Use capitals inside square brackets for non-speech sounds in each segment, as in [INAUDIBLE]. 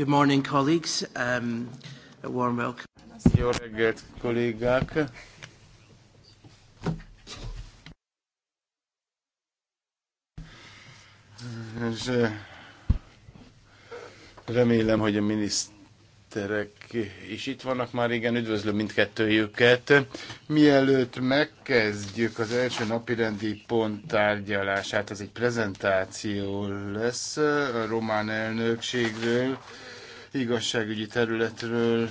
Good morning, colleagues. Um, a warm welcome. Jó reggelt, kollégák! És eh, remélem, hogy a miniszterek is itt vannak már, igen, üdvözlöm mindkettőjüket. Mielőtt megkezdjük az első napi rendi pont tárgyalását, ez egy prezentáció lesz a román elnökségről, igazságügyi területről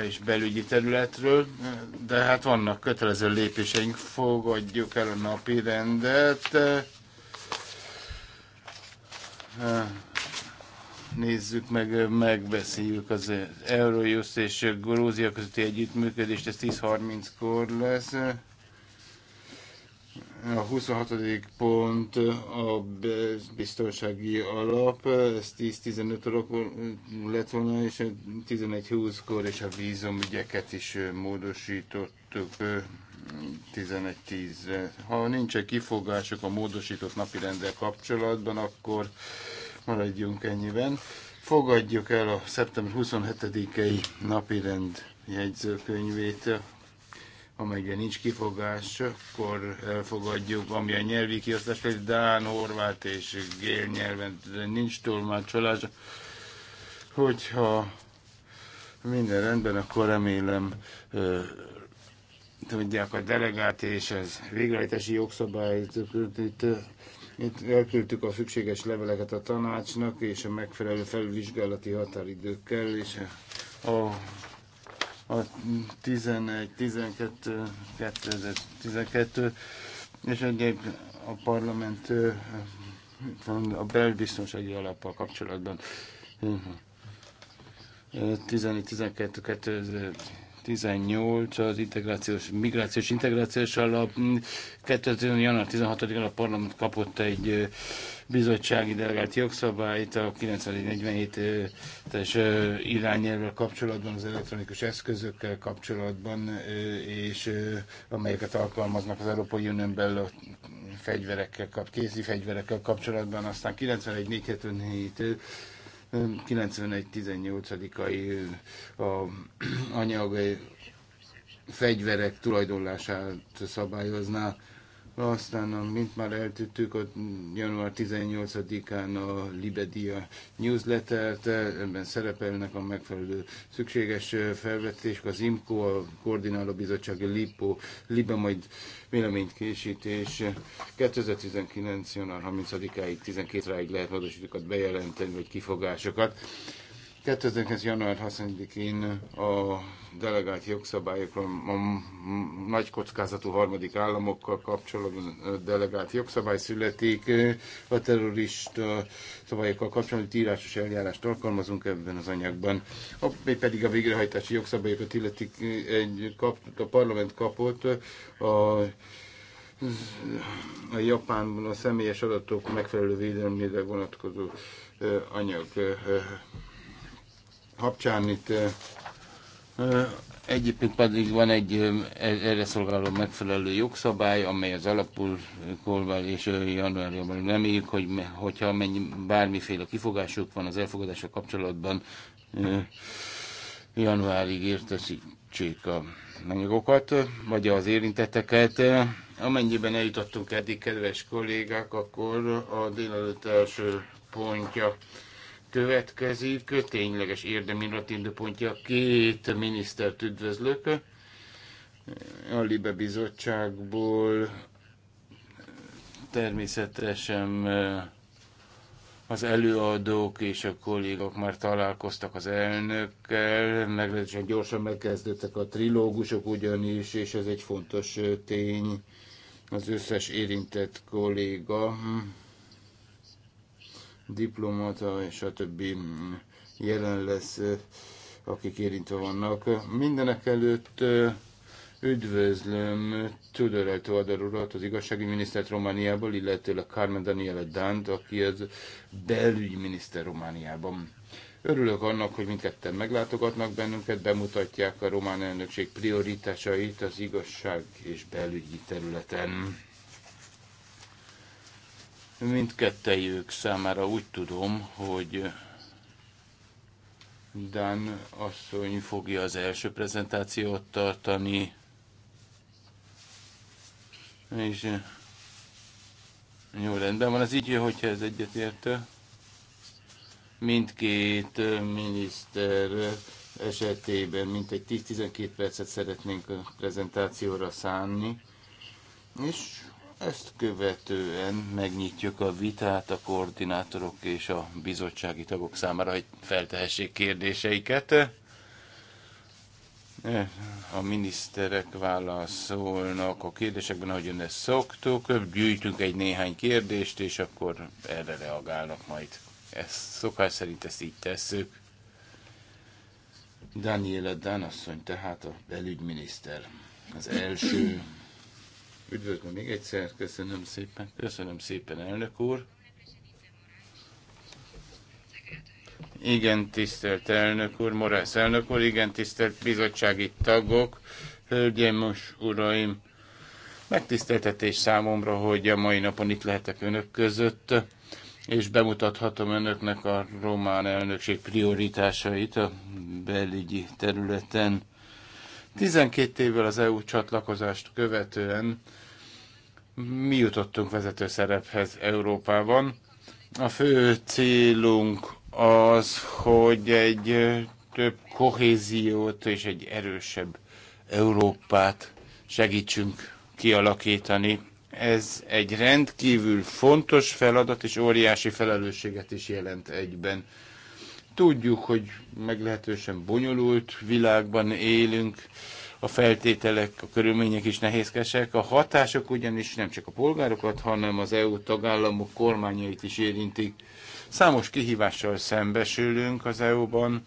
és belügyi területről, de hát vannak kötelező lépéseink, fogadjuk el a napi rendet. Nézzük meg, megbeszéljük az Eurojust és Grúzia közötti együttműködést, ez 10.30-kor lesz. A 26. pont a biztonsági alap, ez 10-15 alap lett volna, és 11-20-kor, és a vízumügyeket is módosítottuk 11-10-re. Ha nincsen kifogások a módosított napi rendel kapcsolatban, akkor maradjunk ennyiben. Fogadjuk el a szeptember 27-i napirend jegyzőkönyvét amelyre nincs kifogás, akkor elfogadjuk, ami a nyelvi kiosztás, például Dán, Horvát és Gél nyelven nincs tolmácsolás. Hogyha minden rendben, akkor remélem tudják a delegát és az végrehajtási jogszabályt. Itt, itt elküldtük a szükséges leveleket a tanácsnak és a megfelelő felvizsgálati határidőkkel, és a a 11-12-2012, és egyéb a parlament a belbiztonsági alappal kapcsolatban 11-12-2012 18 az integrációs, migrációs integrációs alap. 2000. január 16-án a parlament kapott egy bizottsági delegált jogszabályt a 9047 es irányelvvel kapcsolatban, az elektronikus eszközökkel kapcsolatban, és amelyeket alkalmaznak az Európai Unión belül a fegyverekkel, kap, kézi fegyverekkel kapcsolatban, aztán 9147 91-18-ai [CLEARS THROAT] anyag fegyverek tulajdonlását szabályozná. Aztán, mint már eltűntük, a január 18-án a Libedia newslettert, ebben szerepelnek a megfelelő szükséges felvetések, az IMCO, a Koordináló Bizottság, LIPO, LIBE majd véleményt készít, és 2019. január 30-áig 12 ráig lehet módosítókat bejelenteni, vagy kifogásokat. 2009. január 20 én a delegált jogszabályokról a nagy kockázatú harmadik államokkal kapcsolatban delegált jogszabály születik. A terrorista szabályokkal kapcsolatban írásos eljárást alkalmazunk ebben az anyagban. A, pedig a végrehajtási jogszabályokat illetik egy, kap, a parlament kapott a a Japánban a személyes adatok megfelelő védelmére vonatkozó anyag kapcsán itt Egyébként pedig van egy e-, erre szolgáló megfelelő jogszabály, amely az alapul kolbál és januárjában reméljük, hogy hogyha mennyi, bármiféle kifogásuk van az elfogadása kapcsolatban, januárig értesítsék a anyagokat, vagy az érintetteket. Amennyiben eljutottunk eddig, kedves kollégák, akkor a délelőtt első pontja következik. Tényleges érdemi pontja két minisztert üdvözlök. A Libe Bizottságból természetesen eh, az előadók és a kollégok már találkoztak az elnökkel, meglehetősen gyorsan megkezdődtek a trilógusok ugyanis, és ez egy fontos eh, tény az összes érintett kolléga hm, diplomata és a többi mm, jelen lesz, akik érintve vannak. Mindenek előtt üdvözlöm Tudorel Toadar urat, az igazsági minisztert Romániából, illetőleg Carmen Daniela Dant, aki az belügyminiszter Romániában. Örülök annak, hogy mindketten meglátogatnak bennünket, bemutatják a román elnökség prioritásait az igazság és belügyi területen. Mindkettejük számára úgy tudom, hogy Dan asszony fogja az első prezentációt tartani, és jó, rendben van, az így, hogyha ez egyetért. Mindkét miniszter esetében mintegy 10-12 percet szeretnénk a prezentációra szánni, és ezt követően megnyitjuk a vitát a koordinátorok és a bizottsági tagok számára, hogy feltehessék kérdéseiket. A miniszterek válaszolnak a kérdésekben, ahogy ön ezt szoktuk, gyűjtünk egy néhány kérdést, és akkor erre reagálnak majd. Ezt szokás szerint ezt így tesszük. Daniela asszony, tehát a belügyminiszter. Az első Üdvözlöm még egyszer, köszönöm szépen. Köszönöm szépen, elnök úr. Igen, tisztelt elnök úr, Morász elnök úr, igen, tisztelt bizottsági tagok, hölgyeim és uraim, megtiszteltetés számomra, hogy a mai napon itt lehetek önök között, és bemutathatom önöknek a román elnökség prioritásait a belügyi területen. 12 évvel az EU csatlakozást követően mi jutottunk vezető szerephez Európában. A fő célunk az, hogy egy több kohéziót és egy erősebb Európát segítsünk kialakítani. Ez egy rendkívül fontos feladat és óriási felelősséget is jelent egyben. Tudjuk, hogy meglehetősen bonyolult világban élünk, a feltételek, a körülmények is nehézkesek. A hatások ugyanis nem csak a polgárokat, hanem az EU tagállamok kormányait is érintik. Számos kihívással szembesülünk az EU-ban,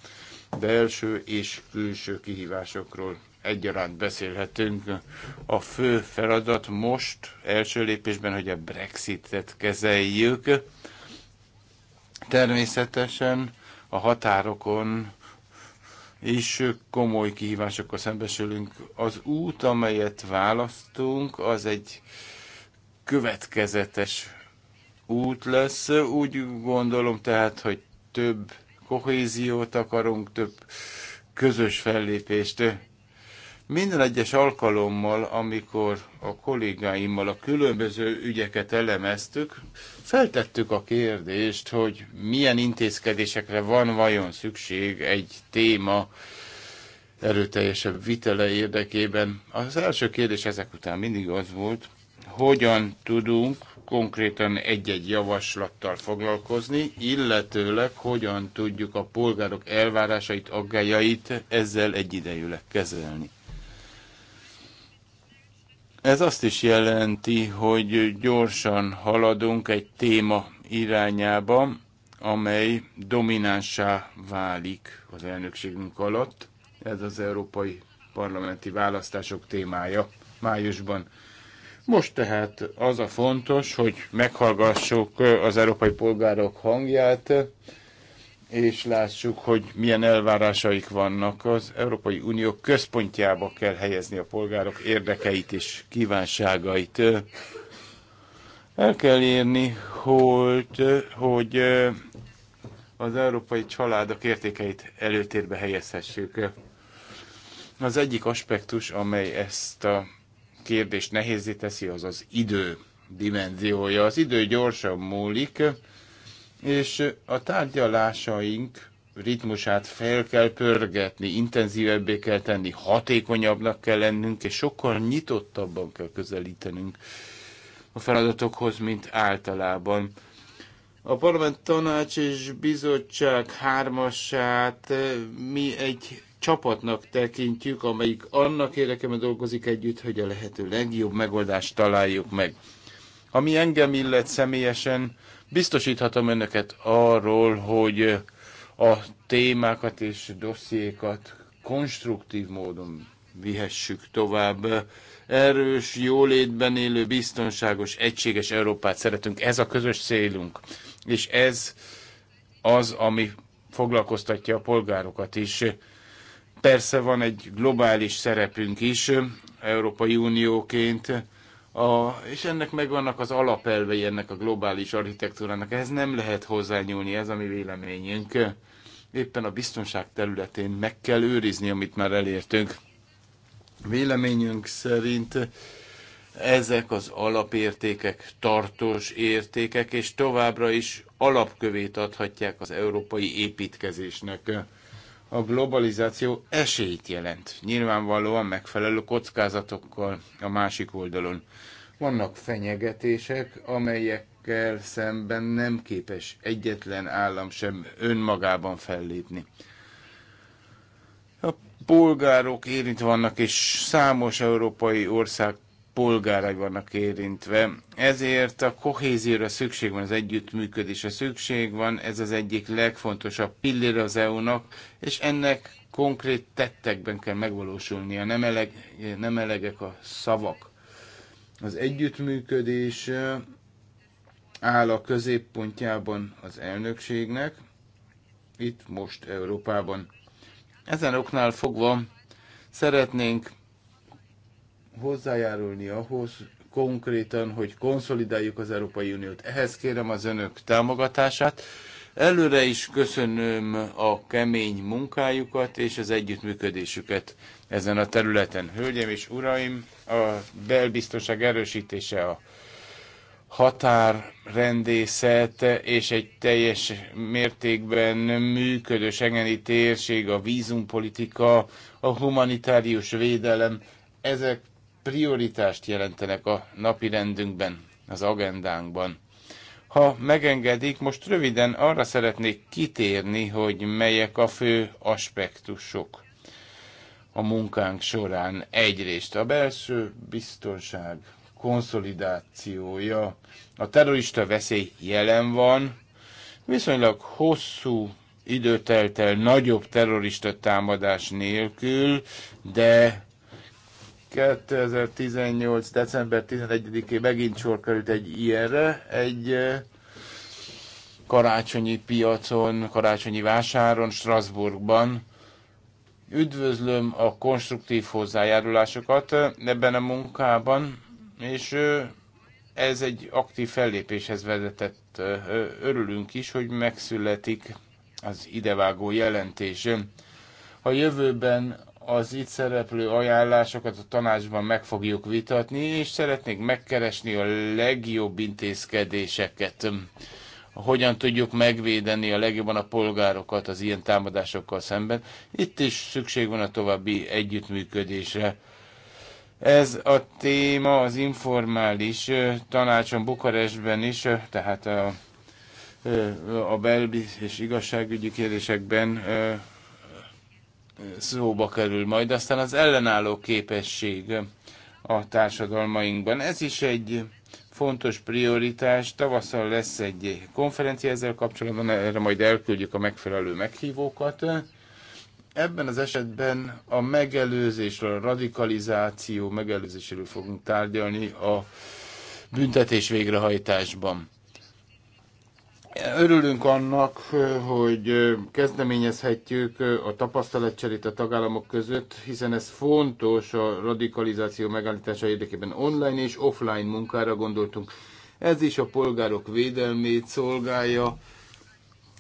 belső és külső kihívásokról egyaránt beszélhetünk. A fő feladat most, első lépésben, hogy a Brexitet kezeljük. Természetesen a határokon és komoly kihívásokkal szembesülünk. Az út, amelyet választunk, az egy következetes út lesz. Úgy gondolom tehát, hogy több kohéziót akarunk, több közös fellépést minden egyes alkalommal, amikor a kollégáimmal a különböző ügyeket elemeztük, feltettük a kérdést, hogy milyen intézkedésekre van vajon szükség egy téma erőteljesebb vitele érdekében. Az első kérdés ezek után mindig az volt, hogyan tudunk konkrétan egy-egy javaslattal foglalkozni, illetőleg hogyan tudjuk a polgárok elvárásait, aggájait ezzel egyidejűleg kezelni. Ez azt is jelenti, hogy gyorsan haladunk egy téma irányába, amely dominánsá válik az elnökségünk alatt. Ez az európai parlamenti választások témája májusban. Most tehát az a fontos, hogy meghallgassuk az európai polgárok hangját, és lássuk, hogy milyen elvárásaik vannak. Az Európai Unió központjába kell helyezni a polgárok érdekeit és kívánságait. El kell érni, hogy, hogy az európai családok értékeit előtérbe helyezhessük. Az egyik aspektus, amely ezt a kérdést nehézé teszi, az az idő dimenziója. Az idő gyorsan múlik, és a tárgyalásaink ritmusát fel kell pörgetni, intenzívebbé kell tenni, hatékonyabbnak kell lennünk, és sokkal nyitottabban kell közelítenünk a feladatokhoz, mint általában. A parlament tanács és bizottság hármasát mi egy csapatnak tekintjük, amelyik annak érdekében dolgozik együtt, hogy a lehető legjobb megoldást találjuk meg. Ami engem illet személyesen, Biztosíthatom önöket arról, hogy a témákat és dossziékat konstruktív módon vihessük tovább. Erős, jólétben élő, biztonságos, egységes Európát szeretünk. Ez a közös célunk. És ez az, ami foglalkoztatja a polgárokat is. Persze van egy globális szerepünk is, Európai Unióként, a, és ennek megvannak az alapelvei ennek a globális architektúrának. Ehhez nem lehet hozzányúlni, ez a mi véleményünk. Éppen a biztonság területén meg kell őrizni, amit már elértünk. Véleményünk szerint ezek az alapértékek tartós értékek, és továbbra is alapkövét adhatják az európai építkezésnek a globalizáció esélyt jelent. Nyilvánvalóan megfelelő kockázatokkal a másik oldalon. Vannak fenyegetések, amelyekkel szemben nem képes egyetlen állam sem önmagában fellépni. A polgárok érintve vannak, és számos európai ország polgárai vannak érintve. Ezért a kohézióra szükség van, az együttműködésre szükség van, ez az egyik legfontosabb pillér az EU-nak, és ennek konkrét tettekben kell megvalósulnia, nem, eleg, nem elegek a szavak. Az együttműködés áll a középpontjában az elnökségnek, itt most Európában. Ezen oknál fogva szeretnénk hozzájárulni ahhoz konkrétan, hogy konszolidáljuk az Európai Uniót. Ehhez kérem az önök támogatását. Előre is köszönöm a kemény munkájukat és az együttműködésüket ezen a területen. Hölgyeim és uraim, a belbiztonság erősítése a határrendészet és egy teljes mértékben működő Schengeni térség, a vízumpolitika, a humanitárius védelem, ezek prioritást jelentenek a napi rendünkben, az agendánkban. Ha megengedik, most röviden arra szeretnék kitérni, hogy melyek a fő aspektusok a munkánk során. Egyrészt a belső biztonság konszolidációja. A terrorista veszély jelen van, viszonylag hosszú időtelt el nagyobb terrorista támadás nélkül, de 2018. december 11-én megint sor került egy ilyenre, egy karácsonyi piacon, karácsonyi vásáron, Strasbourgban. Üdvözlöm a konstruktív hozzájárulásokat ebben a munkában, és ez egy aktív fellépéshez vezetett. Örülünk is, hogy megszületik az idevágó jelentés. A jövőben az itt szereplő ajánlásokat a tanácsban meg fogjuk vitatni, és szeretnék megkeresni a legjobb intézkedéseket. Hogyan tudjuk megvédeni a legjobban a polgárokat az ilyen támadásokkal szemben. Itt is szükség van a további együttműködésre. Ez a téma az informális tanácson Bukarestben is, tehát a, a belbi és igazságügyi kérdésekben szóba kerül majd, aztán az ellenálló képesség a társadalmainkban. Ez is egy fontos prioritás. Tavasszal lesz egy konferencia ezzel kapcsolatban, erre majd elküldjük a megfelelő meghívókat. Ebben az esetben a megelőzésről, a radikalizáció megelőzéséről fogunk tárgyalni a büntetés végrehajtásban. Örülünk annak, hogy kezdeményezhetjük a tapasztalatcserét a tagállamok között, hiszen ez fontos a radikalizáció megállítása érdekében online és offline munkára gondoltunk. Ez is a polgárok védelmét szolgálja,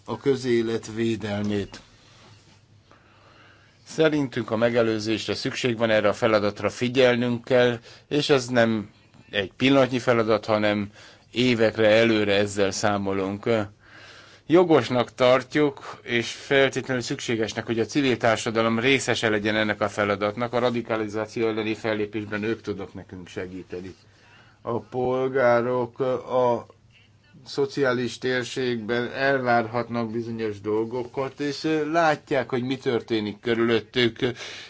a közélet védelmét. Szerintünk a megelőzésre szükség van, erre a feladatra figyelnünk kell, és ez nem egy pillanatnyi feladat, hanem évekre előre ezzel számolunk. Jogosnak tartjuk, és feltétlenül szükségesnek, hogy a civil társadalom részese legyen ennek a feladatnak. A radikalizáció elleni fellépésben ők tudnak nekünk segíteni. A polgárok a szociális térségben elvárhatnak bizonyos dolgokat, és látják, hogy mi történik körülöttük,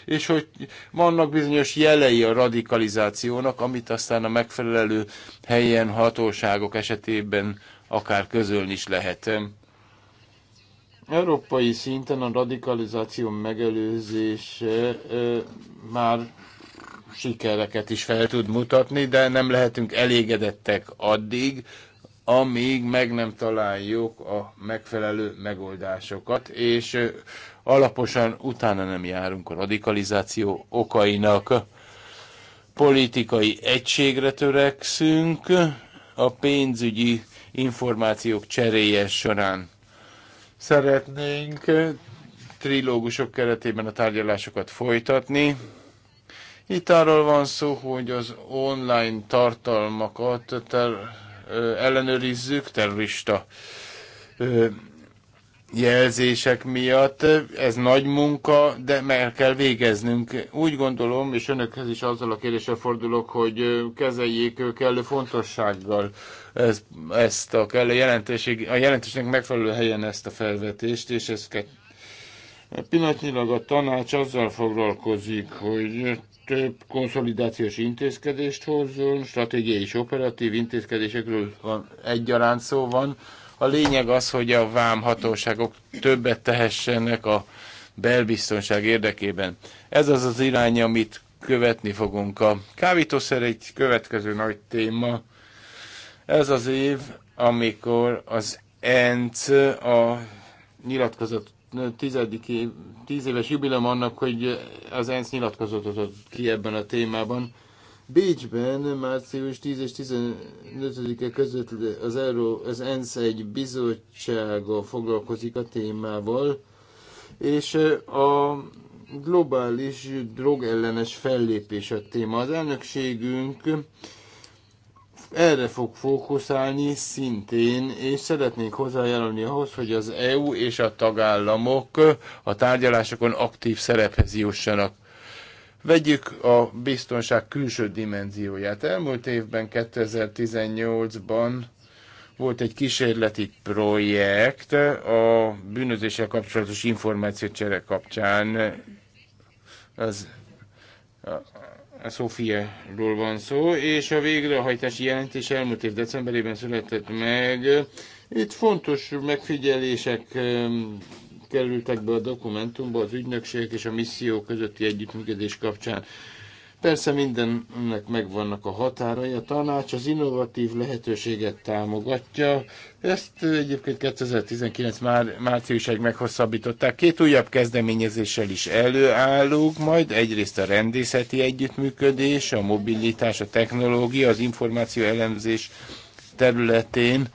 és hogy vannak bizonyos jelei a radikalizációnak, amit aztán a megfelelő helyen hatóságok esetében akár közölni is lehet. Európai szinten a radikalizáció megelőzés már sikereket is fel tud mutatni, de nem lehetünk elégedettek addig, amíg meg nem találjuk a megfelelő megoldásokat, és alaposan utána nem járunk a radikalizáció okainak. Politikai egységre törekszünk a pénzügyi információk cseréje során. Szeretnénk trilógusok keretében a tárgyalásokat folytatni. Itt arról van szó, hogy az online tartalmakat ter- ellenőrizzük terrorista jelzések miatt. Ez nagy munka, de meg kell végeznünk. Úgy gondolom, és önökhez is azzal a kérdésre fordulok, hogy kezeljék kellő fontossággal ezt a kellő jelentőség, a jelentőségnek megfelelő helyen ezt a felvetést, és ezt kell Pillanatnyilag a tanács azzal foglalkozik, hogy több konszolidációs intézkedést hozzon, stratégiai és operatív intézkedésekről van, egyaránt szó van. A lényeg az, hogy a vámhatóságok többet tehessenek a belbiztonság érdekében. Ez az az irány, amit követni fogunk. A kávítószer egy következő nagy téma. Ez az év, amikor az ENC a nyilatkozatot tizedik év, tíz éves jubileum annak, hogy az ENSZ nyilatkozott ott ki ebben a témában. Bécsben március 10 és 15-e között az, Euró, az ENSZ egy bizottsága foglalkozik a témával, és a globális drogellenes fellépés a téma. Az elnökségünk erre fog fókuszálni szintén, és szeretnék hozzájárulni ahhoz, hogy az EU és a tagállamok a tárgyalásokon aktív szerephez jussanak. Vegyük a biztonság külső dimenzióját. Elmúlt évben, 2018-ban volt egy kísérleti projekt a bűnözéssel kapcsolatos információcsere kapcsán. Az a Sofia-ról van szó, és a végrehajtási jelentés elmúlt év decemberében született meg. Itt fontos megfigyelések kerültek be a dokumentumba az ügynökség és a misszió közötti együttműködés kapcsán. Persze mindennek megvannak a határai, a tanács az innovatív lehetőséget támogatja. Ezt egyébként 2019 már, márciusáig meghosszabbították. Két újabb kezdeményezéssel is előállunk, majd egyrészt a rendészeti együttműködés, a mobilitás, a technológia, az információ elemzés területén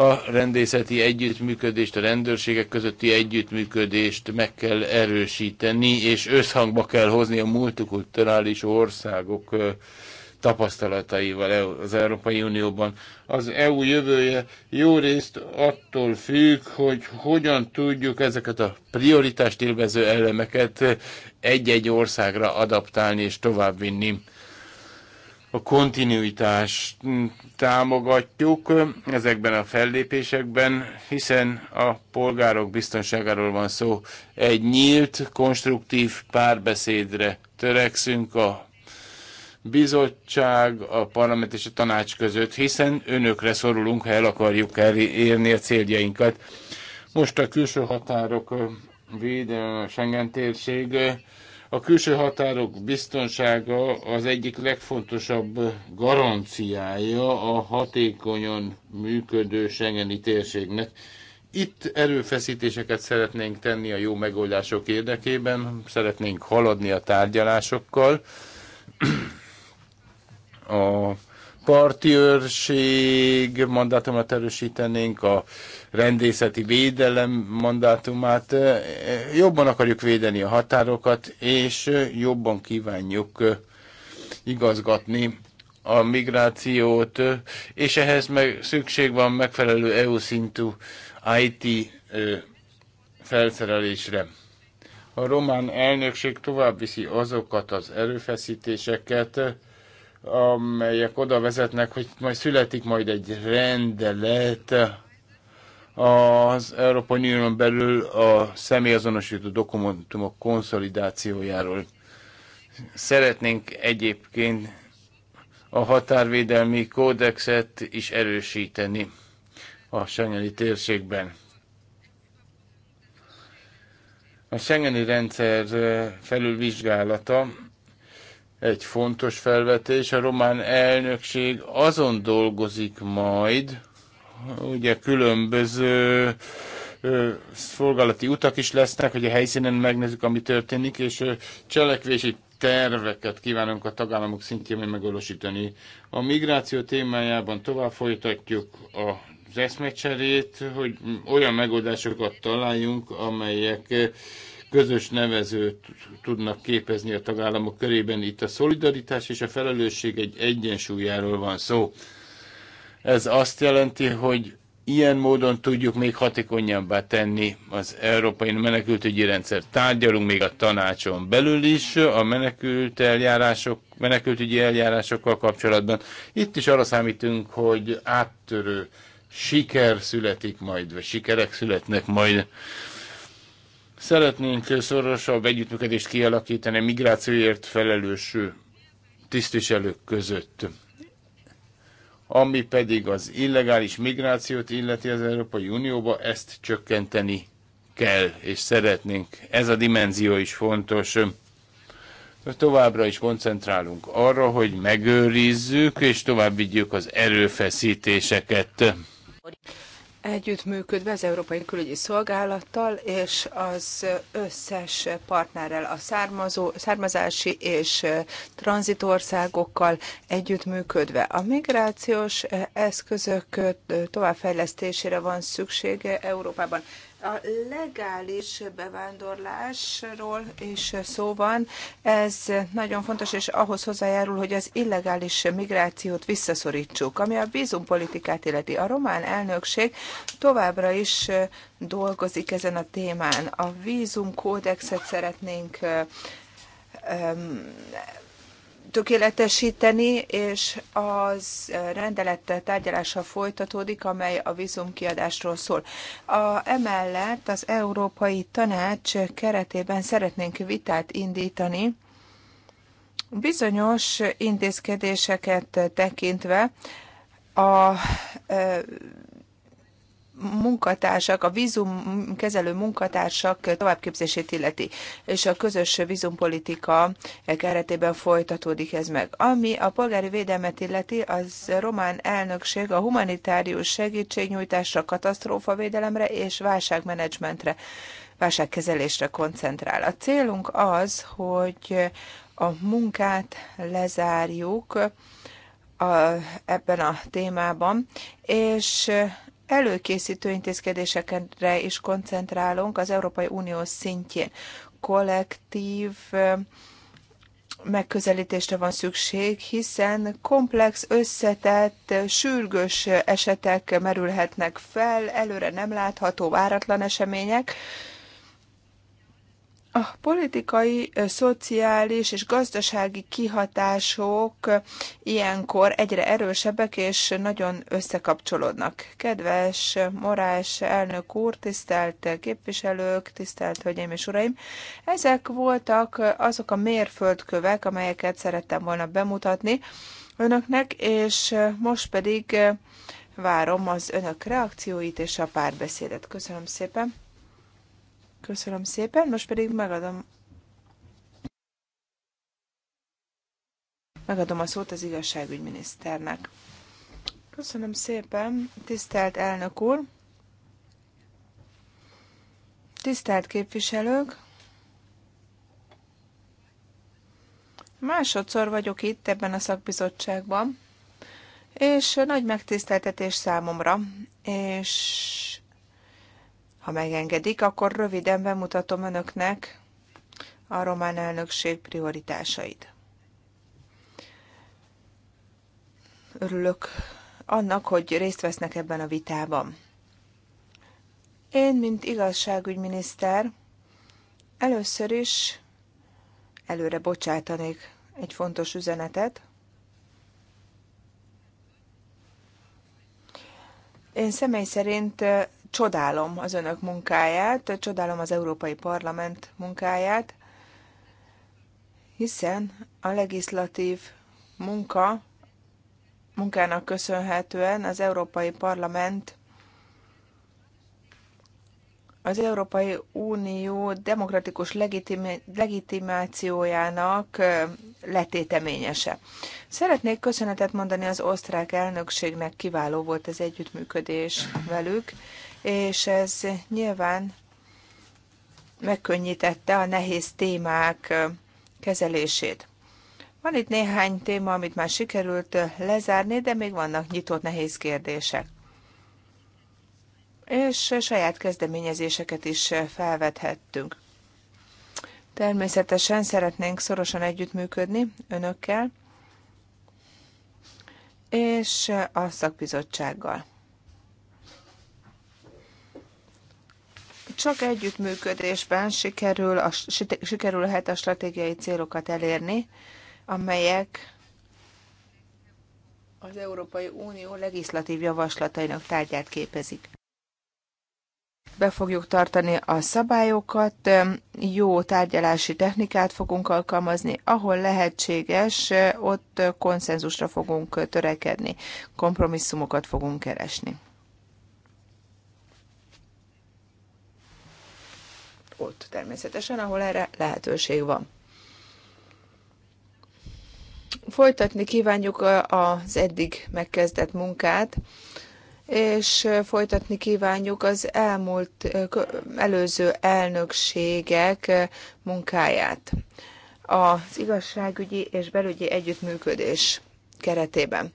a rendészeti együttműködést, a rendőrségek közötti együttműködést meg kell erősíteni, és összhangba kell hozni a multikulturális országok tapasztalataival e- az Európai Unióban. Az EU jövője jó részt attól függ, hogy hogyan tudjuk ezeket a prioritást élvező elemeket egy-egy országra adaptálni és továbbvinni a kontinuitást támogatjuk ezekben a fellépésekben, hiszen a polgárok biztonságáról van szó. Egy nyílt, konstruktív párbeszédre törekszünk a bizottság, a parlament és a tanács között, hiszen önökre szorulunk, ha el akarjuk érni a céljainkat. Most a külső határok védelme, a Schengen térség a külső határok biztonsága az egyik legfontosabb garanciája a hatékonyan működő Schengeni térségnek. Itt erőfeszítéseket szeretnénk tenni a jó megoldások érdekében, szeretnénk haladni a tárgyalásokkal. A parti őrség mandátumát erősítenénk, a rendészeti védelem mandátumát. Jobban akarjuk védeni a határokat, és jobban kívánjuk igazgatni a migrációt, és ehhez meg szükség van megfelelő EU szintű IT felszerelésre. A román elnökség tovább viszi azokat az erőfeszítéseket, amelyek oda vezetnek, hogy majd születik majd egy rendelet az Európai Unión belül a személyazonosító dokumentumok konszolidációjáról. Szeretnénk egyébként a határvédelmi kódexet is erősíteni a Schengeni térségben. A Schengeni rendszer felülvizsgálata egy fontos felvetés. A román elnökség azon dolgozik majd, ugye különböző szolgálati utak is lesznek, hogy a helyszínen megnézzük, ami történik, és cselekvési terveket kívánunk a tagállamok szintjén megvalósítani. A migráció témájában tovább folytatjuk az eszmecserét, hogy olyan megoldásokat találjunk, amelyek közös nevezőt tudnak képezni a tagállamok körében. Itt a szolidaritás és a felelősség egy egyensúlyáról van szó. Ez azt jelenti, hogy ilyen módon tudjuk még hatékonyabbá tenni az európai menekültügyi rendszer. Tárgyalunk még a tanácson belül is a menekült eljárások, menekültügyi eljárásokkal kapcsolatban. Itt is arra számítunk, hogy áttörő siker születik majd, vagy sikerek születnek majd Szeretnénk szorosabb együttműködést kialakítani a migrációért felelős tisztviselők között. Ami pedig az illegális migrációt illeti az Európai Unióba, ezt csökkenteni kell, és szeretnénk. Ez a dimenzió is fontos. Továbbra is koncentrálunk arra, hogy megőrizzük és tovább vigyük az erőfeszítéseket együttműködve az Európai Külügyi Szolgálattal és az összes partnerrel, a származó, származási és tranzitországokkal együttműködve. A migrációs eszközök továbbfejlesztésére van szüksége Európában. A legális bevándorlásról is szó van. Ez nagyon fontos, és ahhoz hozzájárul, hogy az illegális migrációt visszaszorítsuk. Ami a vízumpolitikát illeti, a román elnökség továbbra is dolgozik ezen a témán. A vízumkódexet szeretnénk tökéletesíteni, és az eh, rendelet tárgyalása folytatódik, amely a vízumkiadásról szól. A, emellett az Európai Tanács keretében szeretnénk vitát indítani, bizonyos intézkedéseket tekintve a eh, munkatársak, a vízumkezelő munkatársak továbbképzését illeti, és a közös vízumpolitika keretében folytatódik ez meg. Ami a polgári védelmet illeti, az román elnökség a humanitárius segítségnyújtásra, katasztrófavédelemre és válságmenedzsmentre, válságkezelésre koncentrál. A célunk az, hogy a munkát lezárjuk, a, ebben a témában, és előkészítő intézkedésekre is koncentrálunk az Európai Unió szintjén. Kollektív megközelítésre van szükség, hiszen komplex, összetett, sürgős esetek merülhetnek fel, előre nem látható, váratlan események, a politikai, szociális és gazdasági kihatások ilyenkor egyre erősebbek és nagyon összekapcsolódnak. Kedves Morás elnök úr, tisztelt képviselők, tisztelt hölgyeim és uraim, ezek voltak azok a mérföldkövek, amelyeket szerettem volna bemutatni önöknek, és most pedig várom az önök reakcióit és a párbeszédet. Köszönöm szépen! Köszönöm szépen, most pedig megadom megadom a szót az igazságügyminiszternek. Köszönöm szépen, tisztelt elnök úr, tisztelt képviselők, másodszor vagyok itt ebben a szakbizottságban, és nagy megtiszteltetés számomra, és ha megengedik, akkor röviden bemutatom önöknek a román elnökség prioritásait. Örülök annak, hogy részt vesznek ebben a vitában. Én, mint igazságügyminiszter, először is előre bocsátanék egy fontos üzenetet. Én személy szerint csodálom az önök munkáját, csodálom az Európai Parlament munkáját, hiszen a legislatív munka, munkának köszönhetően az Európai Parlament az Európai Unió demokratikus legitimációjának letéteményese. Szeretnék köszönetet mondani az osztrák elnökségnek, kiváló volt az együttműködés velük, és ez nyilván megkönnyítette a nehéz témák kezelését. Van itt néhány téma, amit már sikerült lezárni, de még vannak nyitott nehéz kérdések. És saját kezdeményezéseket is felvethettünk. Természetesen szeretnénk szorosan együttműködni önökkel és a szakbizottsággal. Csak együttműködésben sikerül a, sikerülhet a stratégiai célokat elérni, amelyek az Európai Unió legislatív javaslatainak tárgyát képezik. Be fogjuk tartani a szabályokat, jó tárgyalási technikát fogunk alkalmazni, ahol lehetséges, ott konszenzusra fogunk törekedni, kompromisszumokat fogunk keresni. ott természetesen, ahol erre lehetőség van. Folytatni kívánjuk az eddig megkezdett munkát, és folytatni kívánjuk az elmúlt előző elnökségek munkáját az igazságügyi és belügyi együttműködés keretében.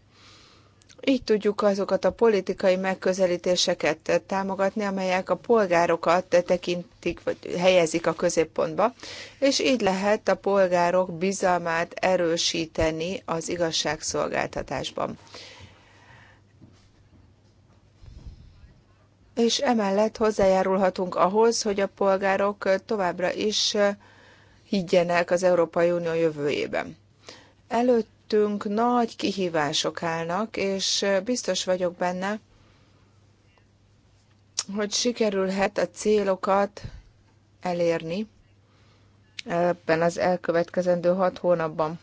Így tudjuk azokat a politikai megközelítéseket támogatni, amelyek a polgárokat tekintik, vagy helyezik a középpontba, és így lehet a polgárok bizalmát erősíteni az igazságszolgáltatásban. És emellett hozzájárulhatunk ahhoz, hogy a polgárok továbbra is higgyenek az Európai Unió jövőjében. Előtt előttünk nagy kihívások állnak, és biztos vagyok benne, hogy sikerülhet a célokat elérni ebben az elkövetkezendő hat hónapban.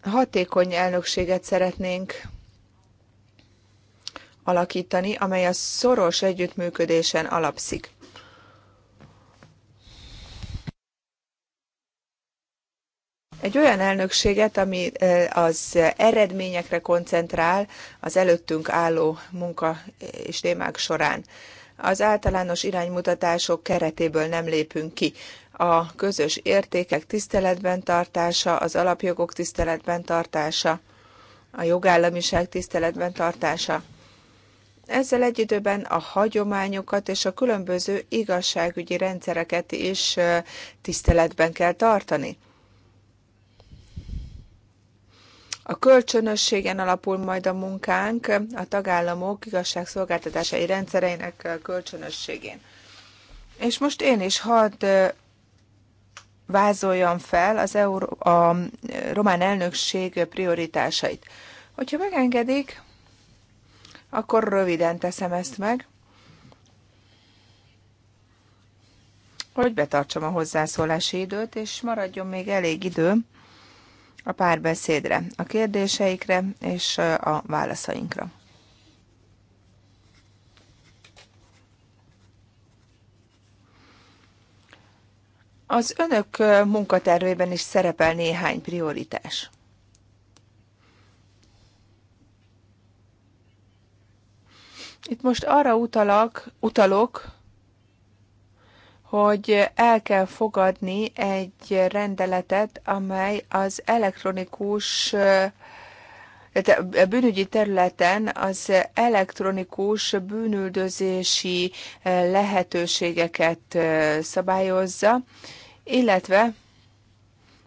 Hatékony elnökséget szeretnénk alakítani, amely a szoros együttműködésen alapszik. egy olyan elnökséget, ami az eredményekre koncentrál az előttünk álló munka és témák során. Az általános iránymutatások keretéből nem lépünk ki. A közös értékek tiszteletben tartása, az alapjogok tiszteletben tartása, a jogállamiság tiszteletben tartása. Ezzel egy időben a hagyományokat és a különböző igazságügyi rendszereket is tiszteletben kell tartani. A kölcsönösségen alapul majd a munkánk a tagállamok igazságszolgáltatásai rendszereinek kölcsönösségén. És most én is hadd vázoljam fel az Euró- a román elnökség prioritásait. Hogyha megengedik, akkor röviden teszem ezt meg, hogy betartsam a hozzászólási időt, és maradjon még elég idő a párbeszédre, a kérdéseikre és a válaszainkra. Az önök munkatervében is szerepel néhány prioritás. Itt most arra utalak, utalok, hogy el kell fogadni egy rendeletet, amely az elektronikus bűnügyi területen az elektronikus bűnüldözési lehetőségeket szabályozza, illetve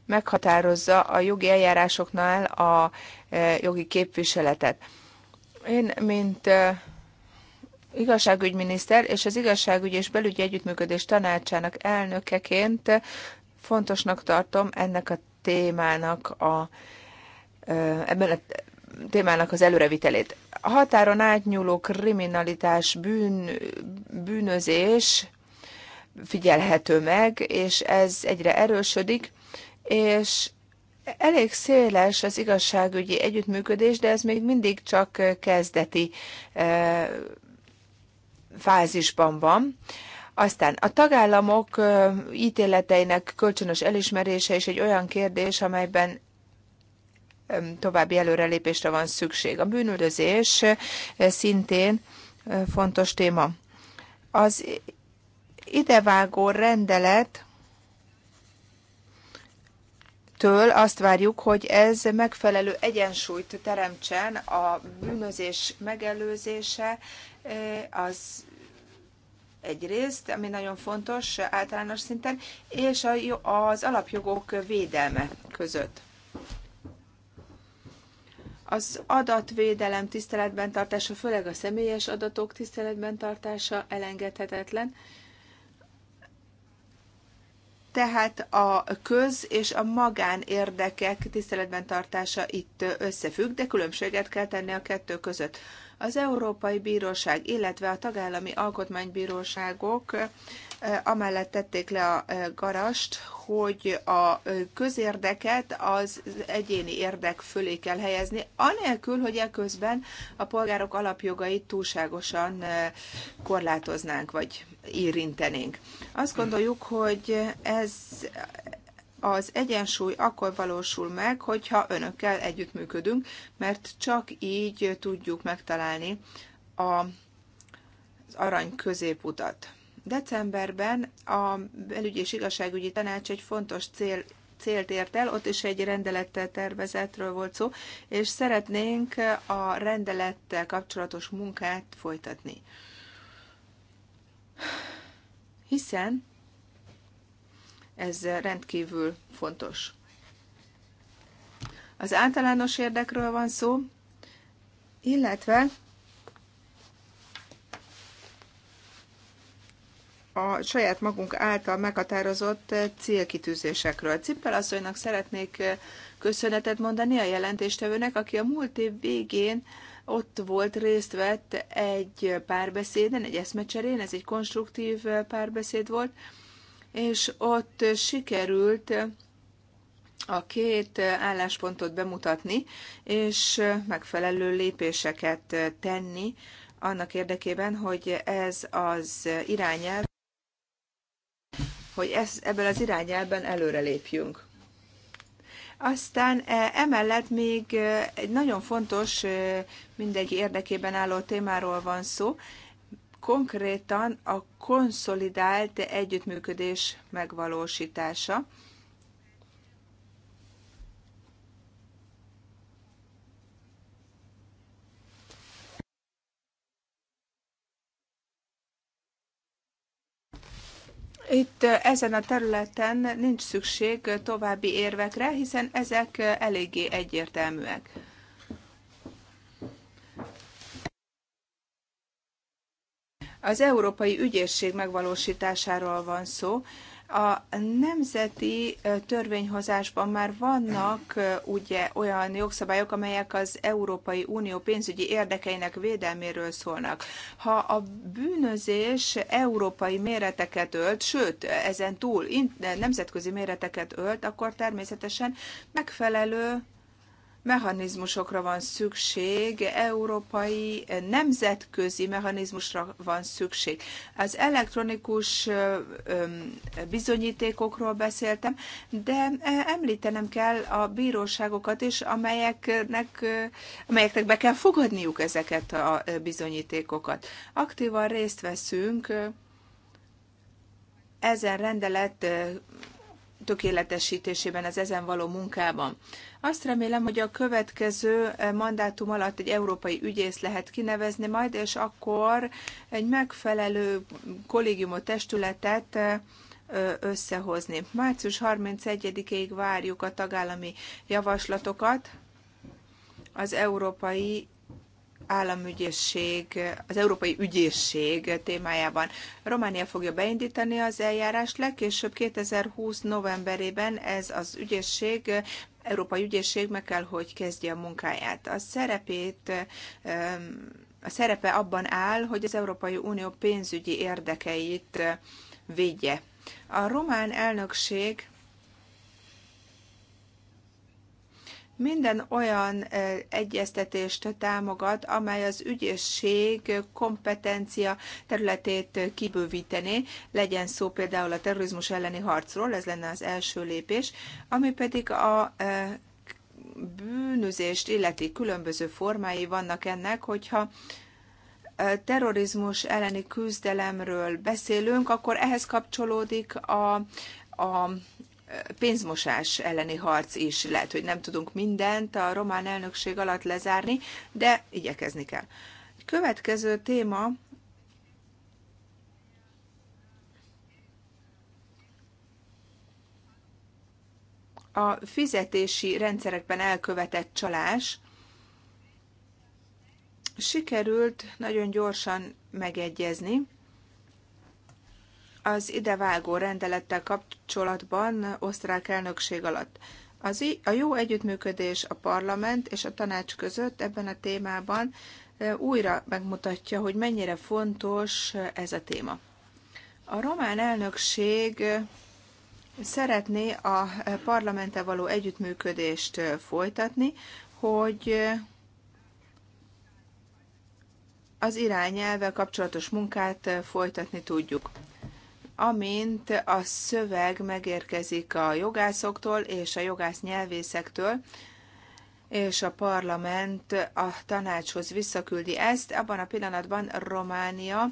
meghatározza a jogi eljárásoknál a jogi képviseletet. Én, mint igazságügyminiszter és az igazságügy és belügyi együttműködés tanácsának elnökeként fontosnak tartom ennek a témának a ebben a témának az előrevitelét. A határon átnyúló kriminalitás, bűn, bűnözés figyelhető meg, és ez egyre erősödik, és Elég széles az igazságügyi együttműködés, de ez még mindig csak kezdeti fázisban van. Aztán a tagállamok ítéleteinek kölcsönös elismerése is egy olyan kérdés, amelyben további előrelépésre van szükség. A bűnüldözés szintén fontos téma. Az idevágó rendelet től azt várjuk, hogy ez megfelelő egyensúlyt teremtsen a bűnözés megelőzése, eh, az egyrészt, ami nagyon fontos általános szinten, és az alapjogok védelme között. Az adatvédelem tiszteletben tartása, főleg a személyes adatok tiszteletben tartása elengedhetetlen tehát a köz és a magán érdekek tiszteletben tartása itt összefügg, de különbséget kell tenni a kettő között. Az Európai Bíróság, illetve a tagállami alkotmánybíróságok amellett tették le a garast, hogy a közérdeket az egyéni érdek fölé kell helyezni, anélkül, hogy eközben a polgárok alapjogait túlságosan korlátoznánk, vagy érintenénk. Azt gondoljuk, hogy ez az egyensúly akkor valósul meg, hogyha önökkel együttműködünk, mert csak így tudjuk megtalálni a, az arany középutat. Decemberben a belügyi és igazságügyi tanács egy fontos cél célt ért el, ott is egy rendelettel tervezetről volt szó, és szeretnénk a rendelettel kapcsolatos munkát folytatni. Hiszen ez rendkívül fontos. Az általános érdekről van szó, illetve a saját magunk által meghatározott célkitűzésekről. Cippel asszonynak szeretnék köszönetet mondani a jelentéstevőnek, aki a múlt év végén ott volt, részt vett egy párbeszéden, egy eszmecserén, ez egy konstruktív párbeszéd volt, és ott sikerült a két álláspontot bemutatni, és megfelelő lépéseket tenni annak érdekében, hogy ez az irányelv, hogy ez, ebből az irányelben előrelépjünk. Aztán e, emellett még egy nagyon fontos, e, mindenki érdekében álló témáról van szó, konkrétan a konszolidált együttműködés megvalósítása. Itt ezen a területen nincs szükség további érvekre, hiszen ezek eléggé egyértelműek. Az Európai Ügyészség megvalósításáról van szó. A nemzeti törvényhozásban már vannak ugye olyan jogszabályok, amelyek az Európai Unió pénzügyi érdekeinek védelméről szólnak. Ha a bűnözés európai méreteket ölt, sőt, ezen túl nemzetközi méreteket ölt, akkor természetesen megfelelő mechanizmusokra van szükség, európai, eh, nemzetközi mechanizmusra van szükség. Az elektronikus eh, bizonyítékokról beszéltem, de eh, említenem kell a bíróságokat is, amelyeknek, amelyeknek be kell fogadniuk ezeket a bizonyítékokat. Aktívan részt veszünk ezen rendelet tökéletesítésében, az ezen való munkában. Azt remélem, hogy a következő eh, mandátum alatt egy európai ügyész lehet kinevezni majd, és akkor egy megfelelő kollégiumot, testületet eh, összehozni. Március 31-ig várjuk a tagállami javaslatokat az európai államügyészség, az Európai Ügyészség témájában. Románia fogja beindítani az eljárást, legkésőbb 2020 novemberében ez az ügyészség Európai Ügyészség meg kell, hogy kezdje a munkáját. A szerepét a szerepe abban áll, hogy az Európai Unió pénzügyi érdekeit védje. A román elnökség minden olyan egyeztetést támogat, amely az ügyészség kompetencia területét kibővítené, legyen szó például a terrorizmus elleni harcról, ez lenne az első lépés, ami pedig a bűnözést illeti különböző formái vannak ennek, hogyha terrorizmus elleni küzdelemről beszélünk, akkor ehhez kapcsolódik a, a, pénzmosás elleni harc is. Lehet, hogy nem tudunk mindent a román elnökség alatt lezárni, de igyekezni kell. Következő téma a fizetési rendszerekben elkövetett csalás sikerült nagyon gyorsan megegyezni az idevágó rendelettel kapcsolatban osztrák elnökség alatt. Az a jó együttműködés a parlament és a tanács között ebben a témában újra megmutatja, hogy mennyire fontos ez a téma. A román elnökség szeretné a parlamente való együttműködést folytatni, hogy az irányelve kapcsolatos munkát folytatni tudjuk amint a szöveg megérkezik a jogászoktól és a jogász nyelvészektől, és a parlament a tanácshoz visszaküldi ezt, abban a pillanatban Románia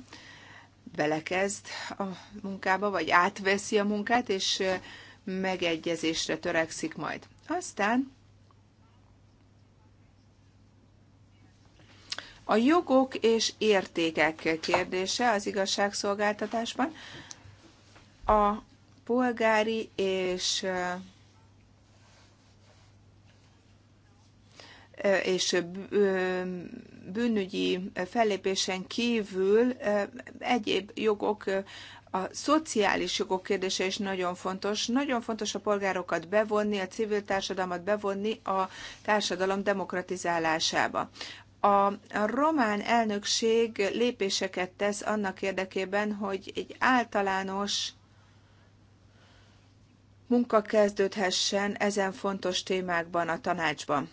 belekezd a munkába, vagy átveszi a munkát, és megegyezésre törekszik majd. Aztán a jogok és értékek kérdése az igazságszolgáltatásban. A polgári és eh, és bűnügyi fellépésen kívül eh, egyéb jogok, a szociális jogok kérdése is nagyon fontos. Nagyon fontos a polgárokat bevonni, a civil társadalmat bevonni a társadalom demokratizálásába. A román elnökség lépéseket tesz annak érdekében, hogy egy általános munka kezdődhessen ezen fontos témákban a tanácsban.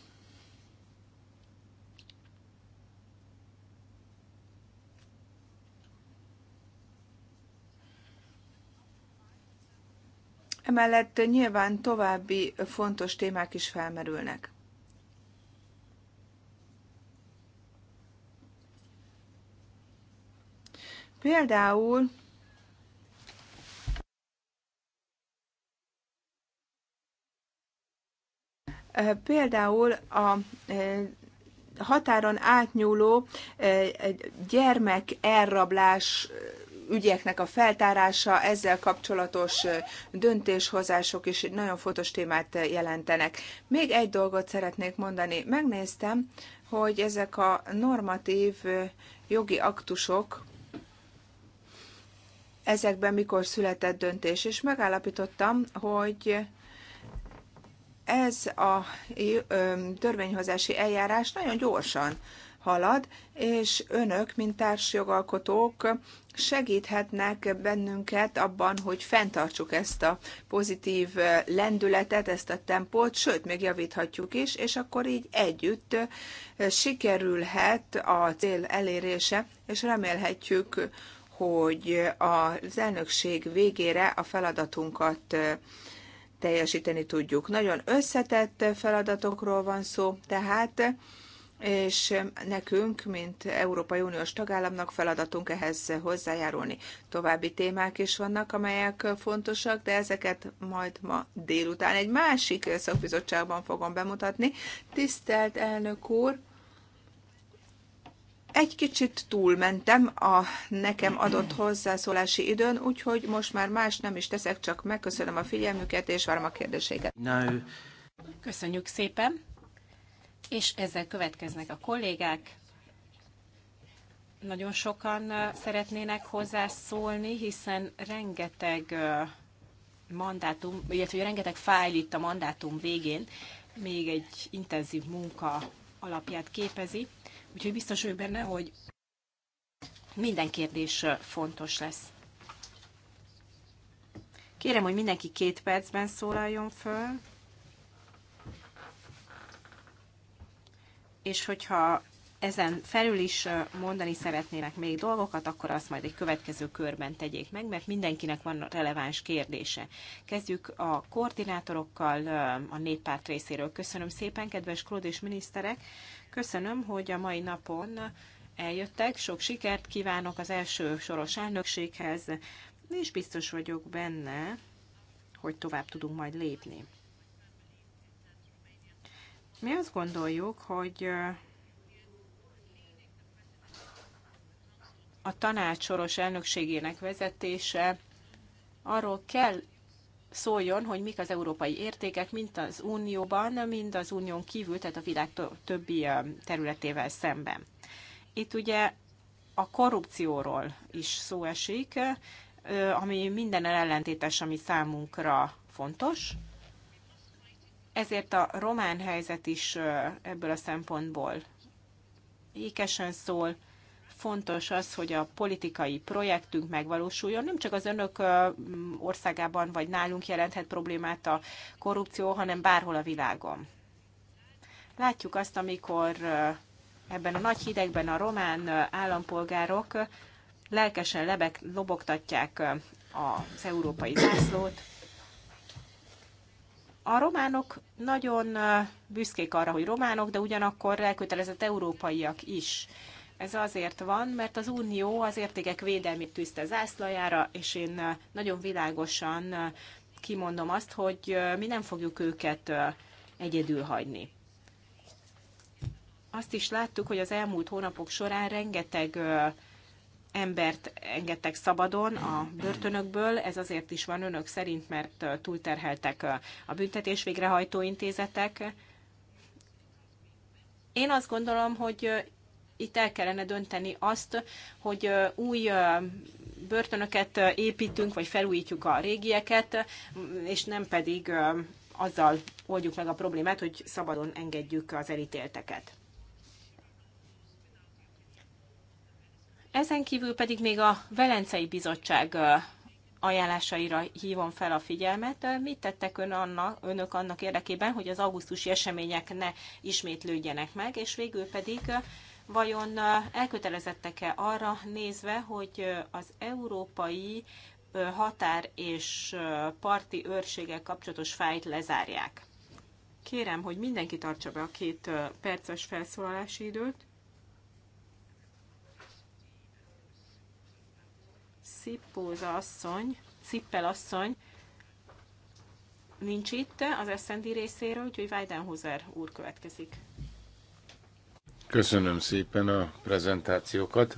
Emellett nyilván további fontos témák is felmerülnek. Például Például a határon átnyúló gyermek elrablás ügyeknek a feltárása, ezzel kapcsolatos döntéshozások is nagyon fontos témát jelentenek. Még egy dolgot szeretnék mondani. Megnéztem, hogy ezek a normatív jogi aktusok, ezekben mikor született döntés, és megállapítottam, hogy ez a törvényhozási eljárás nagyon gyorsan halad, és önök, mint társjogalkotók segíthetnek bennünket abban, hogy fenntartsuk ezt a pozitív lendületet, ezt a tempót, sőt, még javíthatjuk is, és akkor így együtt sikerülhet a cél elérése, és remélhetjük, hogy az elnökség végére a feladatunkat teljesíteni tudjuk. Nagyon összetett feladatokról van szó, tehát és nekünk, mint Európai Uniós tagállamnak feladatunk ehhez hozzájárulni. További témák is vannak, amelyek fontosak, de ezeket majd ma délután egy másik szakbizottságban fogom bemutatni. Tisztelt elnök úr, egy kicsit túlmentem a nekem adott hozzászólási időn, úgyhogy most már más nem is teszek, csak megköszönöm a figyelmüket, és várom a kérdéseket. No. Köszönjük szépen, és ezzel következnek a kollégák. Nagyon sokan szeretnének hozzászólni, hiszen rengeteg mandátum, illetve rengeteg fájl itt a mandátum végén még egy intenzív munka alapját képezi. Úgyhogy biztos vagyok benne, hogy minden kérdés fontos lesz. Kérem, hogy mindenki két percben szólaljon föl, és hogyha ezen felül is mondani szeretnének még dolgokat, akkor azt majd egy következő körben tegyék meg, mert mindenkinek van releváns kérdése. Kezdjük a koordinátorokkal a néppárt részéről. Köszönöm szépen, kedves Klód és miniszterek! Köszönöm, hogy a mai napon eljöttek. Sok sikert kívánok az első soros elnökséghez, és biztos vagyok benne, hogy tovább tudunk majd lépni. Mi azt gondoljuk, hogy a tanács soros elnökségének vezetése arról kell szóljon, hogy mik az európai értékek, mint az Unióban, mind az Unión kívül, tehát a világ többi területével szemben. Itt ugye a korrupcióról is szó esik, ami minden ellentétes, ami számunkra fontos. Ezért a román helyzet is ebből a szempontból ékesen szól, fontos az, hogy a politikai projektünk megvalósuljon. Nem csak az önök országában vagy nálunk jelenthet problémát a korrupció, hanem bárhol a világon. Látjuk azt, amikor ebben a nagy hidegben a román állampolgárok lelkesen lebek, lobogtatják az európai zászlót. A románok nagyon büszkék arra, hogy románok, de ugyanakkor elkötelezett európaiak is. Ez azért van, mert az Unió az értékek védelmét tűzte zászlajára, és én nagyon világosan kimondom azt, hogy mi nem fogjuk őket egyedül hagyni. Azt is láttuk, hogy az elmúlt hónapok során rengeteg embert engedtek szabadon a börtönökből. Ez azért is van önök szerint, mert túlterheltek a büntetés végrehajtó intézetek. Én azt gondolom, hogy itt el kellene dönteni azt, hogy új börtönöket építünk, vagy felújítjuk a régieket, és nem pedig azzal oldjuk meg a problémát, hogy szabadon engedjük az elítélteket. Ezen kívül pedig még a Velencei Bizottság ajánlásaira hívom fel a figyelmet. Mit tettek ön anna, önök annak érdekében, hogy az augusztusi események ne ismétlődjenek meg, és végül pedig vajon elkötelezettek-e arra nézve, hogy az európai határ és parti őrséggel kapcsolatos fájt lezárják. Kérem, hogy mindenki tartsa be a két perces felszólalási időt. Szippóza asszony, Szippel asszony nincs itt az SZND részéről, úgyhogy Weidenhuser úr következik. Köszönöm szépen a prezentációkat.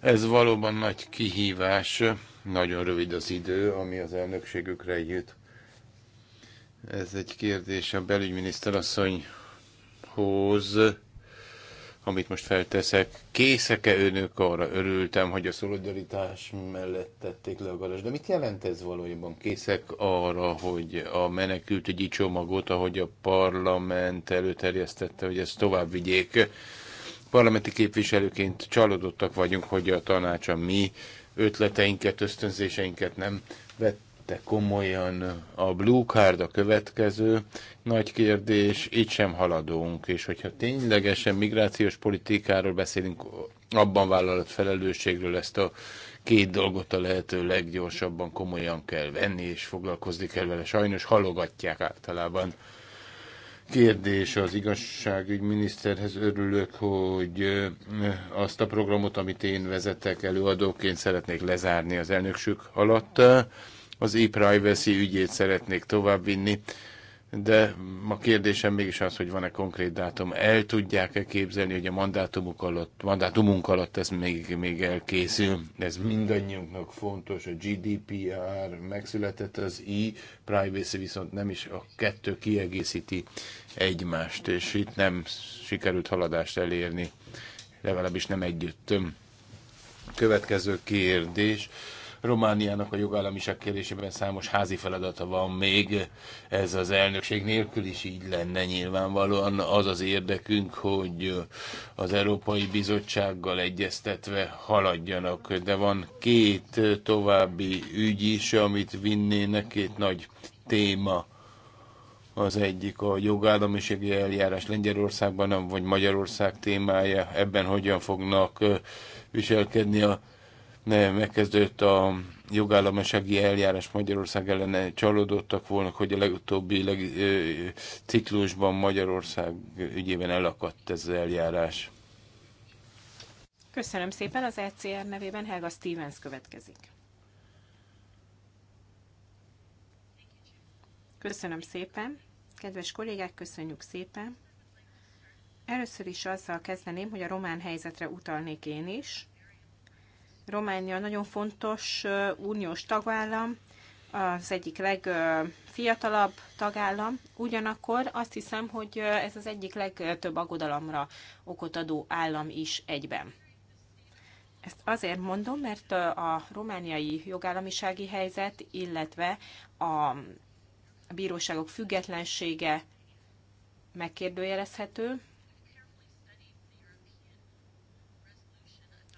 Ez valóban nagy kihívás, nagyon rövid az idő, ami az elnökségükre jut. Ez egy kérdés a belügyminiszter asszonyhoz amit most felteszek. Készek-e önök arra? Örültem, hogy a szolidaritás mellett tették le a garas. De mit jelent ez valójában? Készek arra, hogy a menekült egy csomagot, ahogy a parlament előterjesztette, hogy ezt tovább vigyék. Parlamenti képviselőként csalódottak vagyunk, hogy a tanácsa mi ötleteinket, ösztönzéseinket nem vett vette komolyan. A blue card a következő nagy kérdés, így sem haladunk, és hogyha ténylegesen migrációs politikáról beszélünk, abban vállalat felelősségről ezt a két dolgot a lehető leggyorsabban komolyan kell venni, és foglalkozni kell vele. Sajnos halogatják általában. Kérdés az igazságügyminiszterhez örülök, hogy azt a programot, amit én vezetek előadóként szeretnék lezárni az elnökség alatt az e-privacy ügyét szeretnék továbbvinni, de a kérdésem mégis az, hogy van-e konkrét dátum. El tudják-e képzelni, hogy a mandátumuk alatt, mandátumunk alatt ez még, még elkészül? Ez mindannyiunknak fontos. A GDPR megszületett, az e-privacy viszont nem is a kettő kiegészíti egymást, és itt nem sikerült haladást elérni, legalábbis nem együtt. Következő kérdés Romániának a jogállamiság kérdésében számos házi feladata van még, ez az elnökség nélkül is így lenne nyilvánvalóan. Az az érdekünk, hogy az Európai Bizottsággal egyeztetve haladjanak, de van két további ügy is, amit vinnének, két nagy téma az egyik a jogállamisági eljárás Lengyelországban, vagy Magyarország témája, ebben hogyan fognak viselkedni a megkezdődött a jogállamisági eljárás Magyarország ellen csalódottak volna, hogy a legutóbbi leg, ö, ciklusban Magyarország ügyében elakadt ez az eljárás. Köszönöm szépen, az ECR nevében Helga Stevens következik. Köszönöm szépen, kedves kollégák, köszönjük szépen. Először is azzal kezdeném, hogy a román helyzetre utalnék én is Románia nagyon fontos uniós tagállam, az egyik legfiatalabb tagállam. Ugyanakkor azt hiszem, hogy ez az egyik legtöbb aggodalomra okot adó állam is egyben. Ezt azért mondom, mert a romániai jogállamisági helyzet, illetve a bíróságok függetlensége megkérdőjelezhető,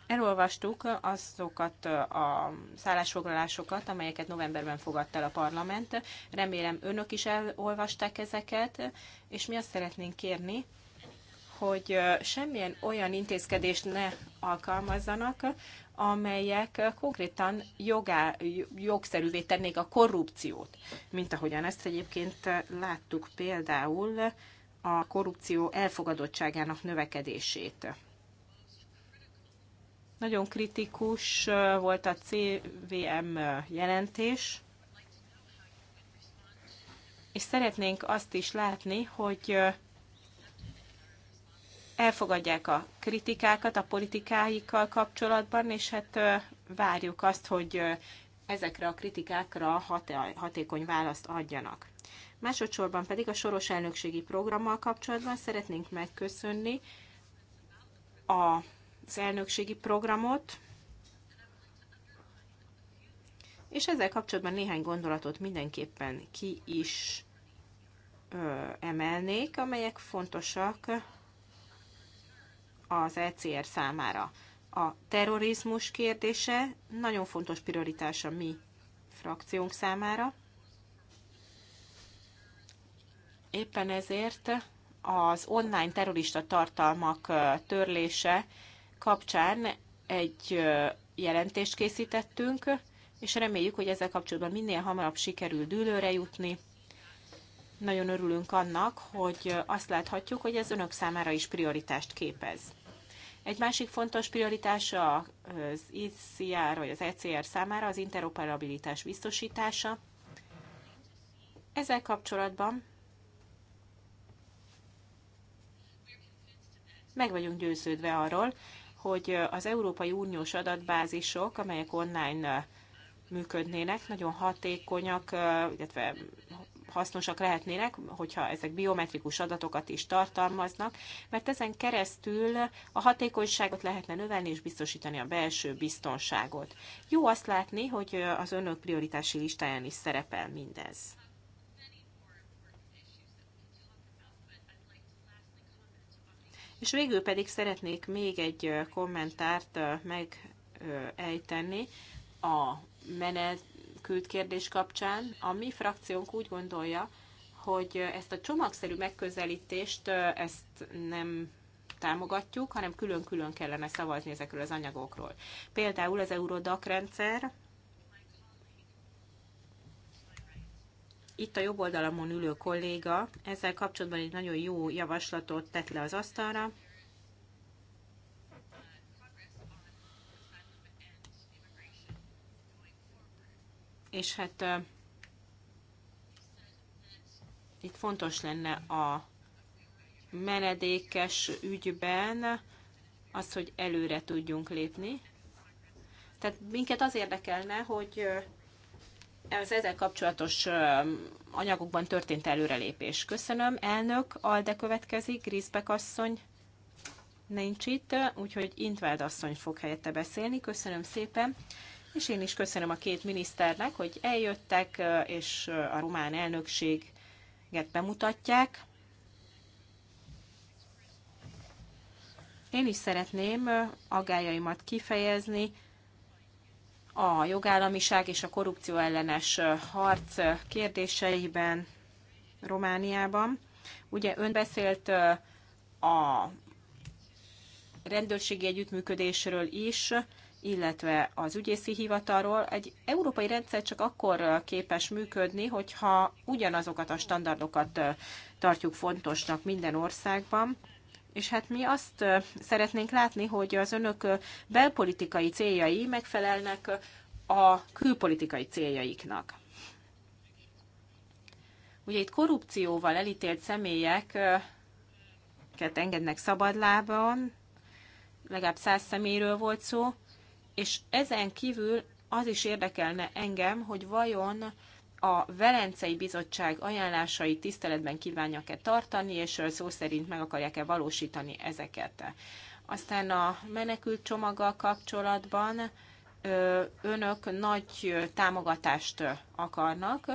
Elolvastuk azokat a szállásfoglalásokat, amelyeket novemberben fogadt el a parlament. Remélem önök is elolvasták ezeket, és mi azt szeretnénk kérni, hogy semmilyen olyan intézkedést ne alkalmazzanak, amelyek konkrétan jogá, jogszerűvé tennék a korrupciót, mint ahogyan ezt egyébként láttuk például a korrupció elfogadottságának növekedését. Nagyon kritikus volt a CVM jelentés, és szeretnénk azt is látni, hogy elfogadják a kritikákat a politikáikkal kapcsolatban, és hát várjuk azt, hogy ezekre a kritikákra hatékony választ adjanak. Másodszorban pedig a soros elnökségi programmal kapcsolatban szeretnénk megköszönni a az elnökségi programot, és ezzel kapcsolatban néhány gondolatot mindenképpen ki is ö, emelnék, amelyek fontosak az ECR számára. A terrorizmus kérdése nagyon fontos prioritás a mi frakciónk számára. Éppen ezért az online terrorista tartalmak törlése kapcsán egy jelentést készítettünk, és reméljük, hogy ezzel kapcsolatban minél hamarabb sikerül dűlőre jutni. Nagyon örülünk annak, hogy azt láthatjuk, hogy ez önök számára is prioritást képez. Egy másik fontos prioritás az ICR vagy az ECR számára az interoperabilitás biztosítása. Ezzel kapcsolatban meg vagyunk győződve arról, hogy az Európai Uniós adatbázisok, amelyek online működnének, nagyon hatékonyak, illetve hasznosak lehetnének, hogyha ezek biometrikus adatokat is tartalmaznak, mert ezen keresztül a hatékonyságot lehetne növelni és biztosítani a belső biztonságot. Jó azt látni, hogy az önök prioritási listáján is szerepel mindez. És végül pedig szeretnék még egy kommentárt megejteni a menekült kérdés kapcsán. A mi frakciónk úgy gondolja, hogy ezt a csomagszerű megközelítést ezt nem támogatjuk, hanem külön-külön kellene szavazni ezekről az anyagokról. Például az Eurodac rendszer, itt a jobb oldalamon ülő kolléga ezzel kapcsolatban egy nagyon jó javaslatot tett le az asztalra. És hát uh, itt fontos lenne a menedékes ügyben az, hogy előre tudjunk lépni. Tehát minket az érdekelne, hogy uh, az ezzel kapcsolatos anyagokban történt előrelépés. Köszönöm, elnök, Alde következik, Griszbek asszony nincs itt, úgyhogy Intváld asszony fog helyette beszélni. Köszönöm szépen, és én is köszönöm a két miniszternek, hogy eljöttek, és a román elnökséget bemutatják. Én is szeretném aggájaimat kifejezni, a jogállamiság és a korrupció ellenes harc kérdéseiben Romániában. Ugye ön beszélt a rendőrségi együttműködésről is, illetve az ügyészi hivatalról. Egy európai rendszer csak akkor képes működni, hogyha ugyanazokat a standardokat tartjuk fontosnak minden országban, és hát mi azt szeretnénk látni, hogy az önök belpolitikai céljai megfelelnek a külpolitikai céljaiknak. Ugye itt korrupcióval elítélt személyeket engednek szabadlábon, legalább száz személyről volt szó, és ezen kívül az is érdekelne engem, hogy vajon a Velencei Bizottság ajánlásai tiszteletben kívánják-e tartani, és szó szerint meg akarják-e valósítani ezeket. Aztán a menekült csomaggal kapcsolatban önök nagy támogatást akarnak,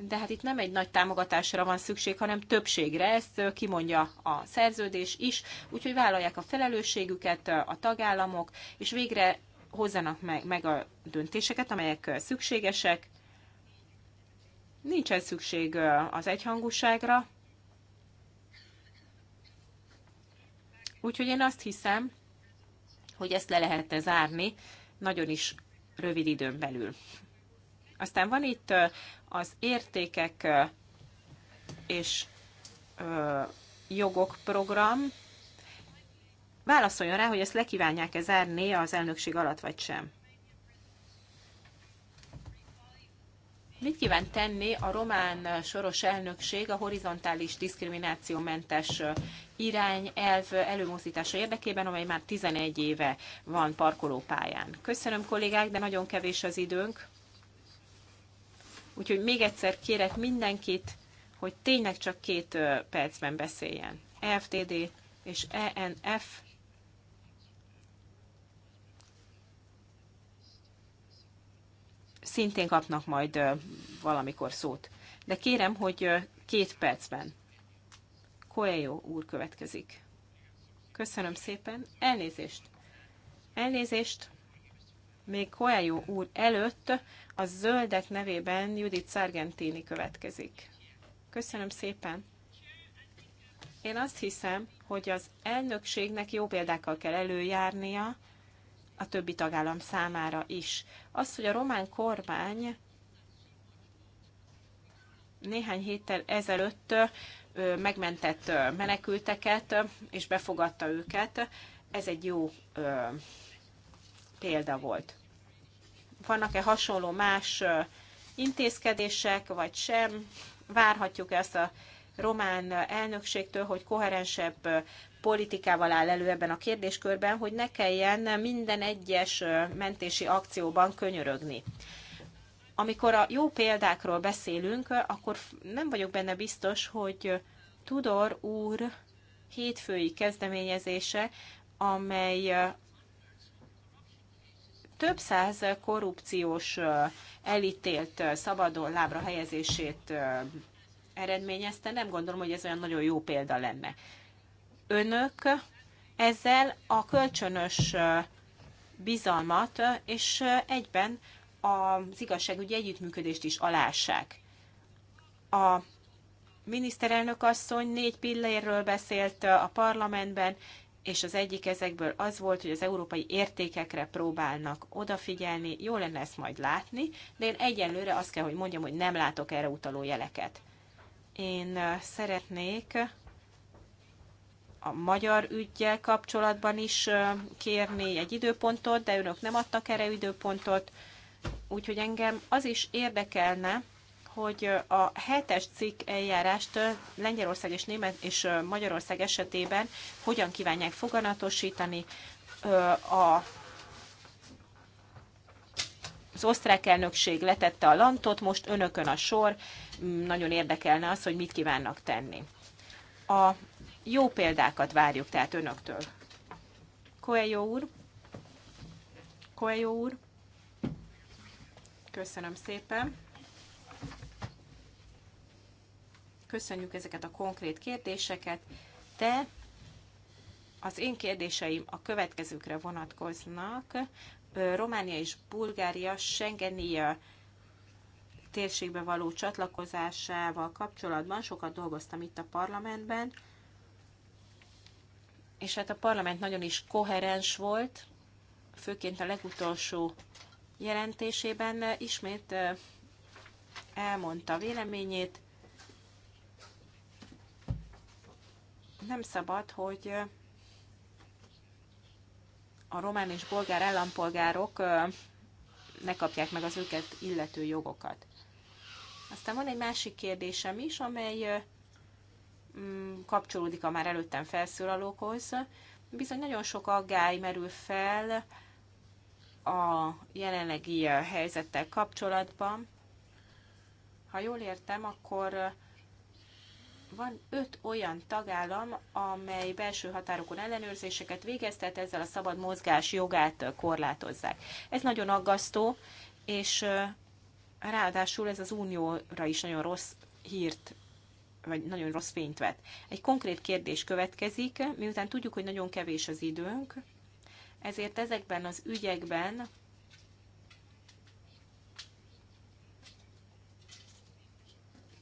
de hát itt nem egy nagy támogatásra van szükség, hanem többségre, ezt kimondja a szerződés is, úgyhogy vállalják a felelősségüket a tagállamok, és végre hozzanak meg, meg a döntéseket, amelyek szükségesek, Nincsen szükség az egyhangúságra. Úgyhogy én azt hiszem, hogy ezt le lehetne zárni nagyon is rövid időn belül. Aztán van itt az értékek és jogok program. Válaszoljon rá, hogy ezt lekívánják-e zárni az elnökség alatt, vagy sem. Mit kíván tenni a román soros elnökség a horizontális diszkriminációmentes irányelv előmozdítása érdekében, amely már 11 éve van parkolópályán? Köszönöm kollégák, de nagyon kevés az időnk. Úgyhogy még egyszer kérek mindenkit, hogy tényleg csak két percben beszéljen. EFTD és ENF szintén kapnak majd valamikor szót. De kérem, hogy két percben. Koejo úr következik. Köszönöm szépen. Elnézést. Elnézést. Még Koejo úr előtt a zöldek nevében Judith Sargentini következik. Köszönöm szépen. Én azt hiszem, hogy az elnökségnek jó példákkal kell előjárnia, a többi tagállam számára is. Az, hogy a román kormány néhány héttel ezelőtt megmentett menekülteket, és befogadta őket, ez egy jó példa volt. Vannak-e hasonló más intézkedések, vagy sem? Várhatjuk ezt a román elnökségtől, hogy koherensebb politikával áll elő ebben a kérdéskörben, hogy ne kelljen minden egyes mentési akcióban könyörögni. Amikor a jó példákról beszélünk, akkor nem vagyok benne biztos, hogy Tudor úr hétfői kezdeményezése, amely több száz korrupciós elítélt szabadon lábra helyezését eredményezte, nem gondolom, hogy ez olyan nagyon jó példa lenne önök ezzel a kölcsönös bizalmat és egyben az igazságügyi együttműködést is alássák. A miniszterelnök asszony négy pillérről beszélt a parlamentben, és az egyik ezekből az volt, hogy az európai értékekre próbálnak odafigyelni, jó lenne ezt majd látni, de én egyelőre azt kell, hogy mondjam, hogy nem látok erre utaló jeleket. Én szeretnék a magyar ügyjel kapcsolatban is kérni egy időpontot, de önök nem adtak erre időpontot, úgyhogy engem az is érdekelne, hogy a hetes cikk eljárást Lengyelország és, Német és Magyarország esetében hogyan kívánják foganatosítani a az osztrák elnökség letette a lantot, most önökön a sor, nagyon érdekelne az, hogy mit kívánnak tenni. A jó példákat várjuk tehát önöktől. Koejó úr. Koejó úr. Köszönöm szépen. Köszönjük ezeket a konkrét kérdéseket. De az én kérdéseim a következőkre vonatkoznak. Románia és Bulgária Schengeni térségbe való csatlakozásával kapcsolatban sokat dolgoztam itt a parlamentben, és hát a parlament nagyon is koherens volt, főként a legutolsó jelentésében ismét elmondta véleményét. Nem szabad, hogy a román és bolgár állampolgárok ne kapják meg az őket illető jogokat. Aztán van egy másik kérdésem is, amely Mm, kapcsolódik a már előttem felszólalókhoz. Bizony nagyon sok aggály merül fel a jelenlegi eh, helyzettel kapcsolatban. Ha jól értem, akkor eh, van öt olyan tagállam, amely belső határokon ellenőrzéseket végeztet, ezzel a szabad mozgás jogát eh, korlátozzák. Ez nagyon aggasztó, és ráadásul ez az unióra is nagyon rossz hírt vagy nagyon rossz fényt vet. Egy konkrét kérdés következik, miután tudjuk, hogy nagyon kevés az időnk, ezért ezekben az ügyekben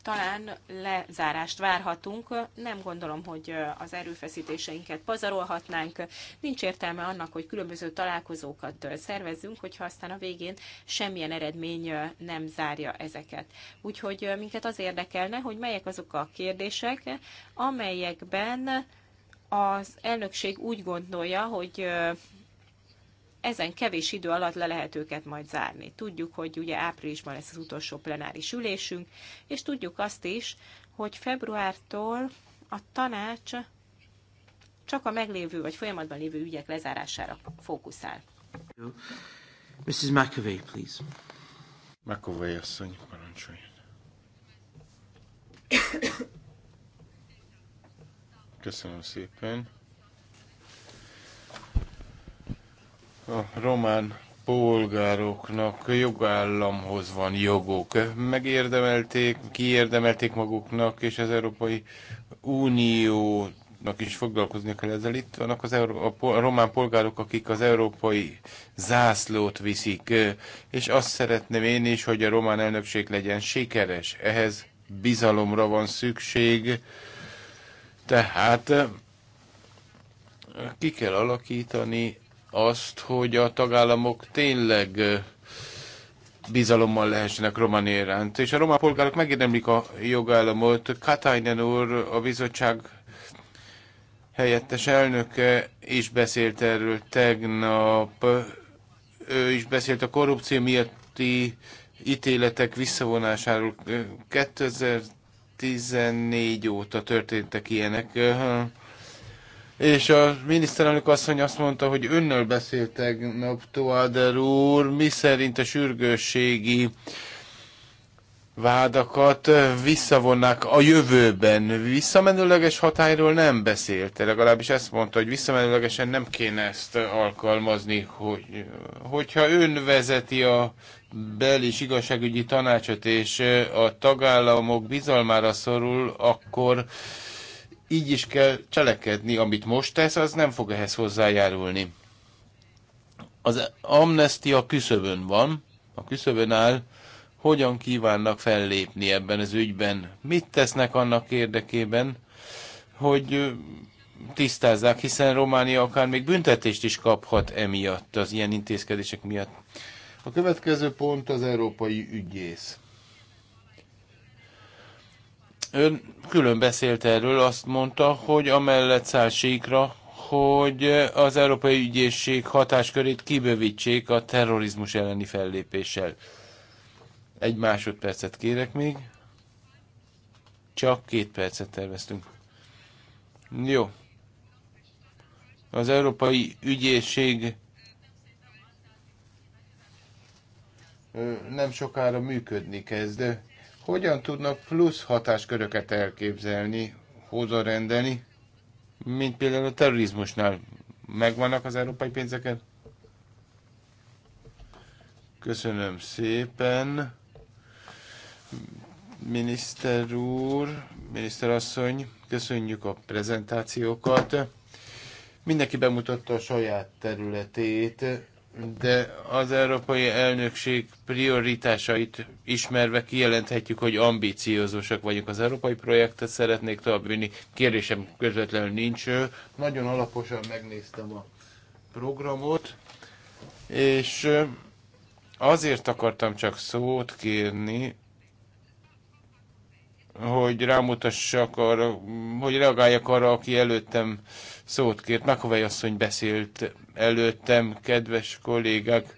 talán lezárást várhatunk. Nem gondolom, hogy az erőfeszítéseinket pazarolhatnánk. Nincs értelme annak, hogy különböző találkozókat szervezzünk, hogyha aztán a végén semmilyen eredmény nem zárja ezeket. Úgyhogy minket az érdekelne, hogy melyek azok a kérdések, amelyekben az elnökség úgy gondolja, hogy ezen kevés idő alatt le lehet őket majd zárni. Tudjuk, hogy ugye áprilisban lesz az utolsó plenáris ülésünk, és tudjuk azt is, hogy februártól a tanács csak a meglévő vagy folyamatban lévő ügyek lezárására fókuszál. Mrs. McAvey, please. McAvey asszony, parancsoljon. [COUGHS] Köszönöm szépen. a román polgároknak jogállamhoz van jogok. Megérdemelték, kiérdemelték maguknak, és az Európai Uniónak is foglalkozni kell ezzel. Itt vannak az Euró- a, a román polgárok, akik az európai zászlót viszik, és azt szeretném én is, hogy a román elnökség legyen sikeres. Ehhez bizalomra van szükség, tehát ki kell alakítani azt, hogy a tagállamok tényleg bizalommal lehessenek román iránt. És a román polgárok megérdemlik a jogállamot. Katainen úr, a bizottság helyettes elnöke is beszélt erről tegnap. Ő is beszélt a korrupció miatti ítéletek visszavonásáról. 2014 óta történtek ilyenek és a miniszterelnök asszony azt mondta, hogy önnel beszélt tegnap Toader úr, mi szerint a sürgősségi vádakat visszavonnák a jövőben. Visszamenőleges hatályról nem beszélt, legalábbis ezt mondta, hogy visszamenőlegesen nem kéne ezt alkalmazni, hogy, hogyha ön vezeti a bel- és igazságügyi tanácsot, és a tagállamok bizalmára szorul, akkor így is kell cselekedni, amit most tesz, az nem fog ehhez hozzájárulni. Az amnestia küszöbön van, a küszöbön áll, hogyan kívánnak fellépni ebben az ügyben, mit tesznek annak érdekében, hogy tisztázzák, hiszen Románia akár még büntetést is kaphat emiatt, az ilyen intézkedések miatt. A következő pont az európai ügyész. Ön külön beszélt erről, azt mondta, hogy amellett száll síkra, hogy az Európai Ügyészség hatáskörét kibővítsék a terrorizmus elleni fellépéssel. Egy másodpercet kérek még. Csak két percet terveztünk. Jó. Az Európai Ügyészség nem sokára működni kezd. Hogyan tudnak plusz hatásköröket elképzelni, hozzárendelni, mint például a terrorizmusnál? Megvannak az európai pénzeket? Köszönöm szépen. Miniszter úr, miniszterasszony, köszönjük a prezentációkat. Mindenki bemutatta a saját területét, de az európai elnökség prioritásait ismerve kijelenthetjük, hogy ambíciózusak vagyunk. Az európai projektet szeretnék továbbvinni. Kérdésem közvetlenül nincs. Nagyon alaposan megnéztem a programot, és azért akartam csak szót kérni, hogy rámutassak arra, hogy reagáljak arra, aki előttem szót kért. Makovej asszony beszélt előttem, kedves kollégák.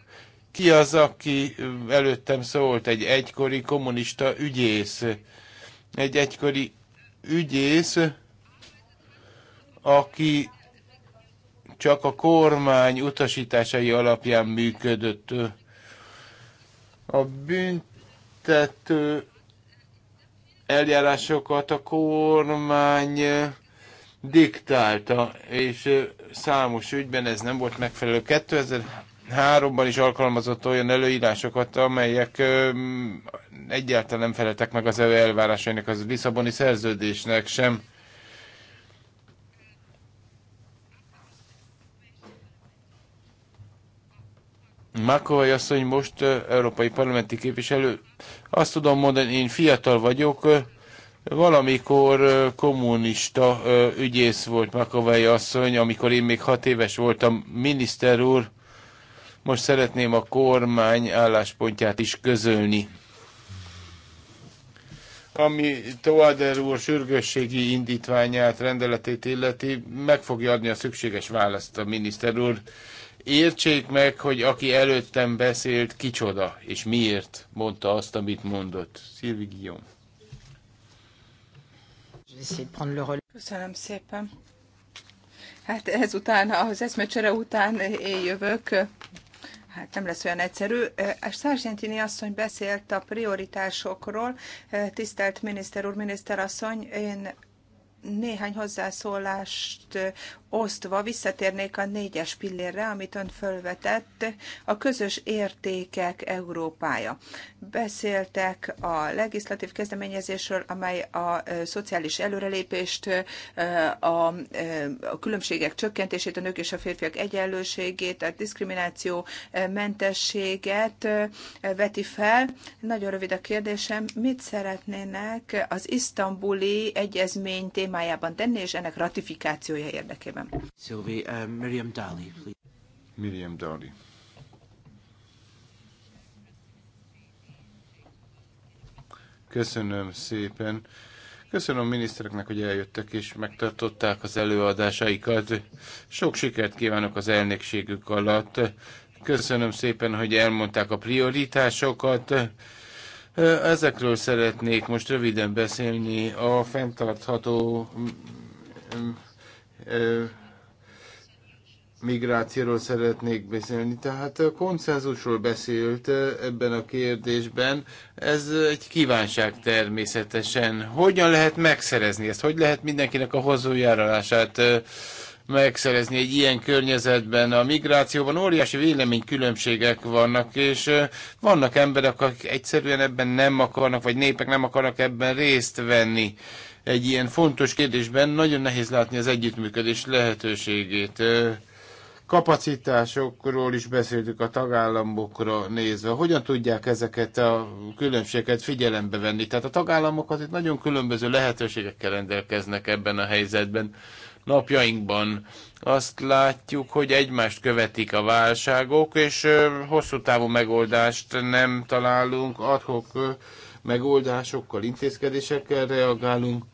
Ki az, aki előttem szólt? Egy egykori kommunista ügyész. Egy egykori ügyész, aki csak a kormány utasításai alapján működött. A büntető eljárásokat a kormány diktálta, és számos ügyben ez nem volt megfelelő. 2003-ban is alkalmazott olyan előírásokat, amelyek egyáltalán nem feleltek meg az elvárásainak, az Lisszaboni szerződésnek sem. Makovai asszony most európai parlamenti képviselő. Azt tudom mondani, én fiatal vagyok, Valamikor kommunista ügyész volt Makovei asszony, amikor én még hat éves voltam, miniszter úr, most szeretném a kormány álláspontját is közölni. Ami Toader úr sürgősségi indítványát, rendeletét illeti, meg fogja adni a szükséges választ a miniszter úr. Értsék meg, hogy aki előttem beszélt, kicsoda, és miért mondta azt, amit mondott. Szilvi Guillaume. Köszönöm szépen. Hát ezután, az eszmecsere után én jövök. Hát nem lesz olyan egyszerű. A Sargentini asszony beszélt a prioritásokról. Tisztelt miniszter úr, miniszter asszony, én néhány hozzászólást osztva visszatérnék a négyes pillérre, amit ön fölvetett, a közös értékek Európája. Beszéltek a legislatív kezdeményezésről, amely a szociális előrelépést, a különbségek csökkentését, a nők és a férfiak egyenlőségét, a diszkrimináció mentességet veti fel. Nagyon rövid a kérdésem, mit szeretnének az isztambuli egyezmény témájában tenni, és ennek ratifikációja érdekében? Köszönöm. Sylvie, uh, Miriam Daly, please. Miriam Daly. Köszönöm szépen. Köszönöm minisztereknek, hogy eljöttek és megtartották az előadásaikat. Sok sikert kívánok az elnökségük alatt. Köszönöm szépen, hogy elmondták a prioritásokat. Ezekről szeretnék most röviden beszélni. A fenntartható migrációról szeretnék beszélni. Tehát a konszenzusról beszélt ebben a kérdésben. Ez egy kívánság természetesen. Hogyan lehet megszerezni ezt? Hogy lehet mindenkinek a hozzájárulását megszerezni egy ilyen környezetben. A migrációban óriási véleménykülönbségek vannak, és vannak emberek, akik egyszerűen ebben nem akarnak, vagy népek nem akarnak ebben részt venni egy ilyen fontos kérdésben nagyon nehéz látni az együttműködés lehetőségét. Kapacitásokról is beszéltük a tagállamokra nézve. Hogyan tudják ezeket a különbségeket figyelembe venni? Tehát a tagállamok azért nagyon különböző lehetőségekkel rendelkeznek ebben a helyzetben. Napjainkban azt látjuk, hogy egymást követik a válságok, és hosszú távú megoldást nem találunk, adhok megoldásokkal, intézkedésekkel reagálunk.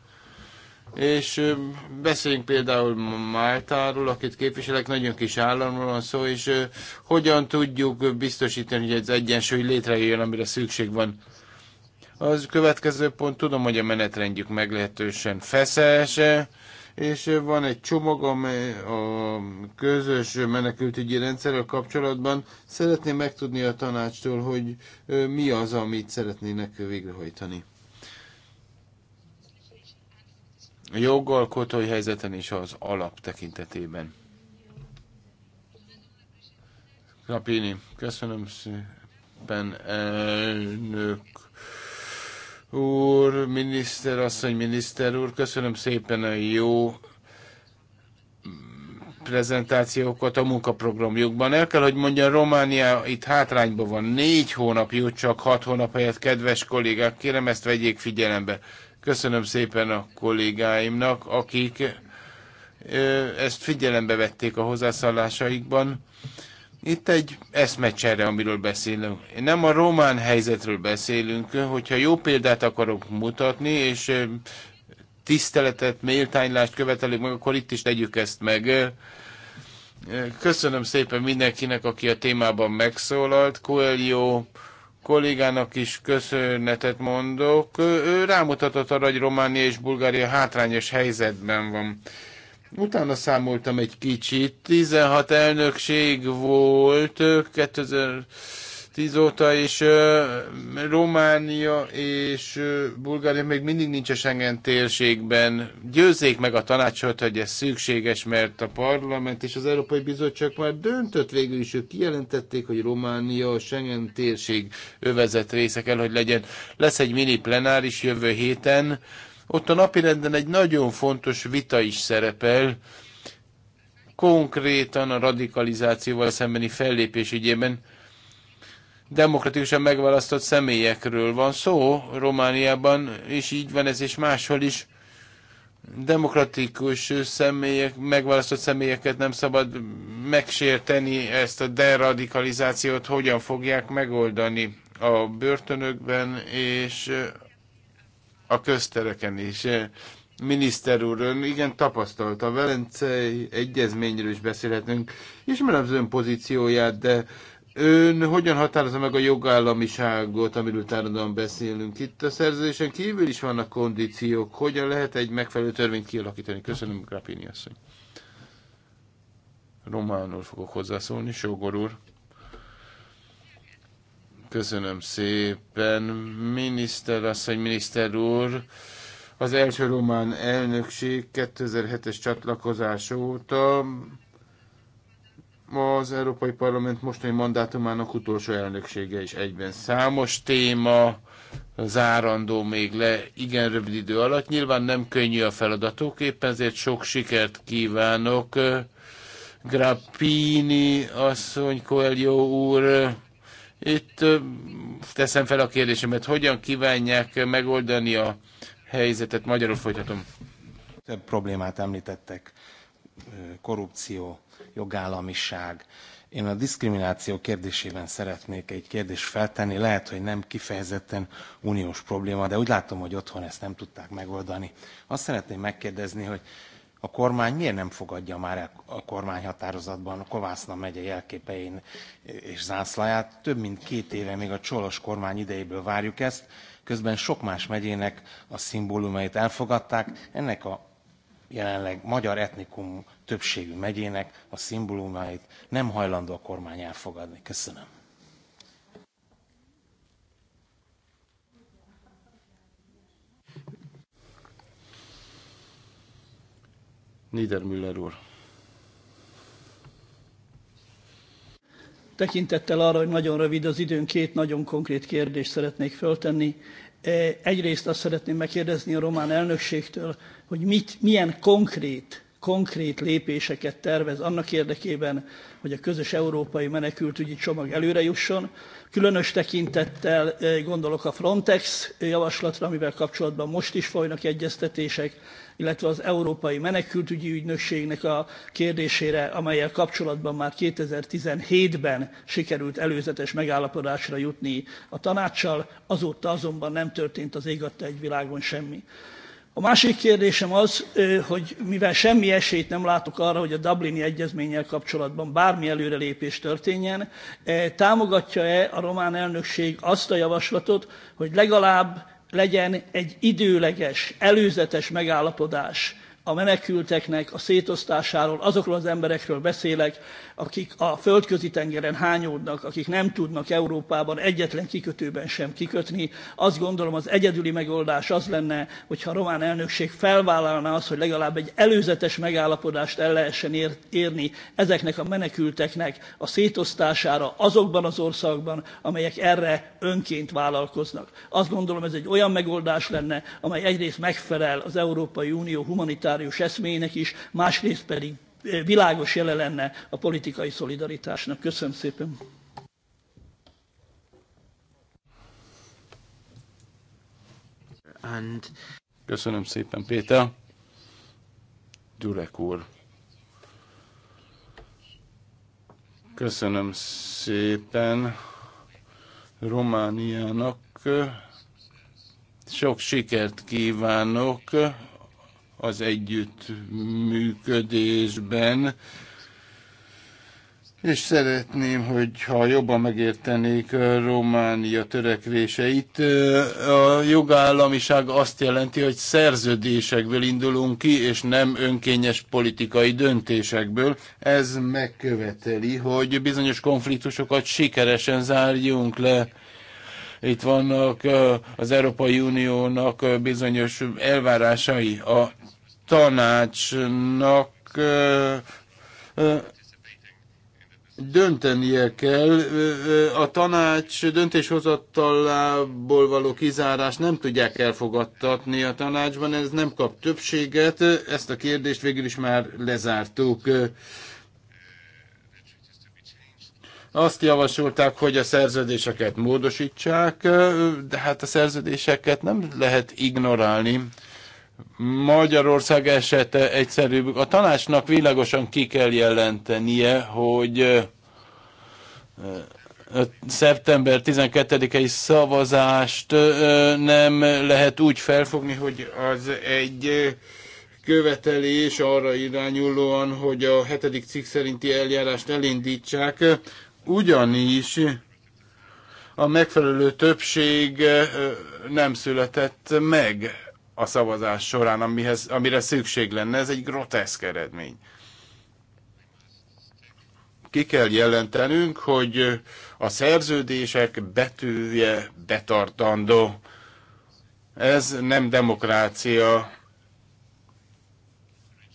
És beszéljünk például Máltáról, akit képviselek, nagyon kis államról van szó, és hogyan tudjuk biztosítani, hogy ez egyensúly létrejöjjön, amire szükség van. Az következő pont, tudom, hogy a menetrendjük meglehetősen feszes, és van egy csomag, amely a közös menekültügyi rendszerrel kapcsolatban. Szeretném megtudni a tanácstól, hogy mi az, amit szeretnének végrehajtani. jogalkotói helyzeten és az alap tekintetében. Krapini, köszönöm szépen, elnök úr, miniszter, asszony, miniszter úr, köszönöm szépen a jó prezentációkat a munkaprogramjukban. El kell, hogy mondja Románia itt hátrányban van. Négy hónap jut, csak hat hónap helyett, kedves kollégák, kérem ezt vegyék figyelembe. Köszönöm szépen a kollégáimnak, akik ezt figyelembe vették a hozzászállásaikban. Itt egy eszmecsere, amiről beszélünk. Nem a román helyzetről beszélünk, hogyha jó példát akarok mutatni, és tiszteletet, méltánylást követelünk meg, akkor itt is tegyük ezt meg. Köszönöm szépen mindenkinek, aki a témában megszólalt. Coelho kollégának is köszönetet mondok. Ő rámutatott arra, hogy Románia és Bulgária hátrányos helyzetben van. Utána számoltam egy kicsit, 16 elnökség volt 2000 2010 óta, és Románia és Bulgária még mindig nincs a Schengen térségben. Győzzék meg a tanácsot, hogy ez szükséges, mert a parlament és az Európai Bizottság már döntött végül is, ők kijelentették, hogy Románia a Schengen térség övezet része kell, hogy legyen. Lesz egy mini plenáris jövő héten, ott a napirenden egy nagyon fontos vita is szerepel, konkrétan a radikalizációval szembeni fellépés ügyében demokratikusan megválasztott személyekről van szó Romániában, és így van ez, és máshol is demokratikus személyek, megválasztott személyeket nem szabad megsérteni ezt a deradikalizációt, hogyan fogják megoldani a börtönökben és a köztereken is. Miniszter úr, ön igen tapasztalt, a Velencei Egyezményről is beszélhetünk, ismerem az ön pozícióját, de Ön hogyan határozza meg a jogállamiságot, amiről tárgyalóan beszélünk? Itt a szerződésen kívül is vannak kondíciók. Hogyan lehet egy megfelelő törvényt kialakítani? Köszönöm, Grapini asszony. Románul fogok hozzászólni, Sógor úr. Köszönöm szépen, miniszter asszony, miniszter úr. Az első román elnökség 2007-es csatlakozás óta az Európai Parlament mostani mandátumának utolsó elnöksége is egyben. Számos téma zárandó még le igen rövid idő alatt. Nyilván nem könnyű a feladatok, éppen ezért sok sikert kívánok. Grappini asszony, Coelho úr, itt teszem fel a kérdésemet, hogyan kívánják megoldani a helyzetet? Magyarul folytatom. Több problémát említettek, korrupció, jogállamiság. Én a diszkrimináció kérdésében szeretnék egy kérdést feltenni, lehet, hogy nem kifejezetten uniós probléma, de úgy látom, hogy otthon ezt nem tudták megoldani. Azt szeretném megkérdezni, hogy a kormány miért nem fogadja már el a kormányhatározatban a Kovászna megye jelképein és zászlaját? Több mint két éve még a Csolos kormány idejéből várjuk ezt, közben sok más megyének a szimbólumait elfogadták, ennek a jelenleg magyar etnikum többségű megyének a szimbólumait nem hajlandó a kormány elfogadni. Köszönöm. Niedermüller úr. Tekintettel arra, hogy nagyon rövid az időn, két nagyon konkrét kérdést szeretnék föltenni. Eh, egyrészt azt szeretném megkérdezni a román elnökségtől, hogy mit, milyen konkrét, konkrét lépéseket tervez annak érdekében, hogy a közös európai menekültügyi csomag előre jusson. Különös tekintettel eh, gondolok a Frontex javaslatra, amivel kapcsolatban most is folynak egyeztetések, illetve az Európai Menekültügyi Ügynökségnek a kérdésére, amelyel kapcsolatban már 2017-ben sikerült előzetes megállapodásra jutni a tanácssal, azóta azonban nem történt az égatta egy világon semmi. A másik kérdésem az, hogy mivel semmi esélyt nem látok arra, hogy a Dublini egyezménnyel kapcsolatban bármi előrelépés történjen, támogatja-e a román elnökség azt a javaslatot, hogy legalább legyen egy időleges, előzetes megállapodás a menekülteknek a szétosztásáról, azokról az emberekről beszélek, akik a földközi tengeren hányódnak, akik nem tudnak Európában egyetlen kikötőben sem kikötni. Azt gondolom az egyedüli megoldás az lenne, hogyha a román elnökség felvállalna, azt, hogy legalább egy előzetes megállapodást el lehessen ér- érni ezeknek a menekülteknek a szétosztására azokban az országban, amelyek erre önként vállalkoznak. Azt gondolom ez egy olyan megoldás lenne, amely egyrészt megfelel az Európai Unió humanitárius humanitárius eszmének is, másrészt pedig eh, világos jele lenne a politikai szolidaritásnak. Köszönöm szépen! And... Köszönöm szépen, Péter. Gyurek úr. Köszönöm szépen Romániának. Eh, sok sikert kívánok az együttműködésben. És szeretném, hogyha jobban megértenék Románia törekvéseit. A jogállamiság azt jelenti, hogy szerződésekből indulunk ki, és nem önkényes politikai döntésekből. Ez megköveteli, hogy bizonyos konfliktusokat sikeresen zárjunk le. Itt vannak az Európai Uniónak bizonyos elvárásai a tanácsnak döntenie kell. A tanács döntéshozatalából való kizárás nem tudják elfogadtatni a tanácsban, ez nem kap többséget. Ezt a kérdést végül is már lezártuk. Azt javasolták, hogy a szerződéseket módosítsák, de hát a szerződéseket nem lehet ignorálni. Magyarország esete egyszerűbb. A tanácsnak világosan ki kell jelentenie, hogy szeptember 12-i szavazást nem lehet úgy felfogni, hogy az egy követelés arra irányulóan, hogy a hetedik cikk szerinti eljárást elindítsák, ugyanis a megfelelő többség nem született meg a szavazás során, amihez, amire szükség lenne. Ez egy groteszk eredmény. Ki kell jelentenünk, hogy a szerződések betűje betartandó. Ez nem demokrácia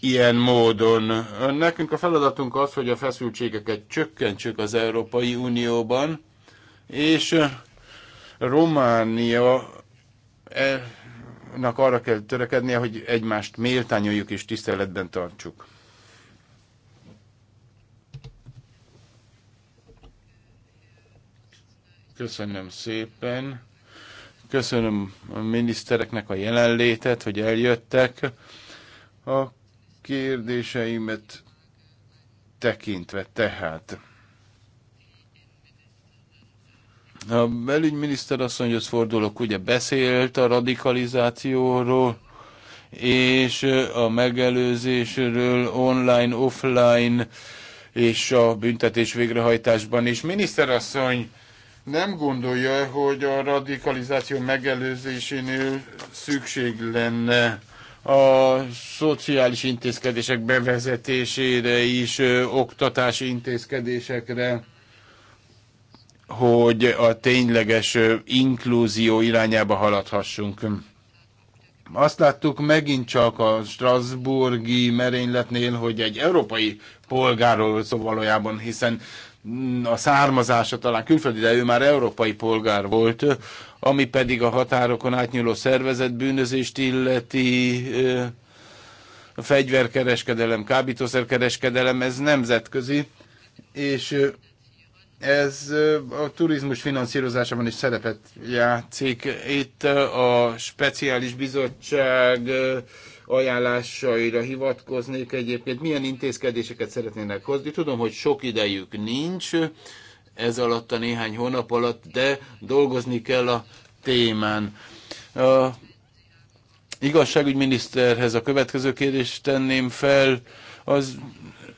ilyen módon. Nekünk a feladatunk az, hogy a feszültségeket csökkentsük az Európai Unióban, és Románia Európának arra kell törekednie, hogy egymást méltányoljuk és tiszteletben tartsuk. Köszönöm szépen. Köszönöm a minisztereknek a jelenlétet, hogy eljöttek. A kérdéseimet tekintve tehát. A belügyminiszter asszonyhoz fordulok, ugye beszélt a radikalizációról, és a megelőzésről online, offline, és a büntetés végrehajtásban is. Miniszterasszony nem gondolja, hogy a radikalizáció megelőzésénél szükség lenne a szociális intézkedések bevezetésére is, oktatási intézkedésekre hogy a tényleges inkluzió irányába haladhassunk. Azt láttuk megint csak a Strasburgi merényletnél, hogy egy európai polgárról szó valójában, hiszen mm, a származása talán külföldi, de ő már európai polgár volt, ami pedig a határokon átnyúló szervezetbűnözést illeti, a fegyverkereskedelem, kábítószerkereskedelem, ez nemzetközi, és ez a turizmus finanszírozásában is szerepet játszik. Itt a speciális bizottság ajánlásaira hivatkoznék egyébként. Milyen intézkedéseket szeretnének hozni? Tudom, hogy sok idejük nincs ez alatt a néhány hónap alatt, de dolgozni kell a témán. A igazságügyminiszterhez a következő kérdést tenném fel. Az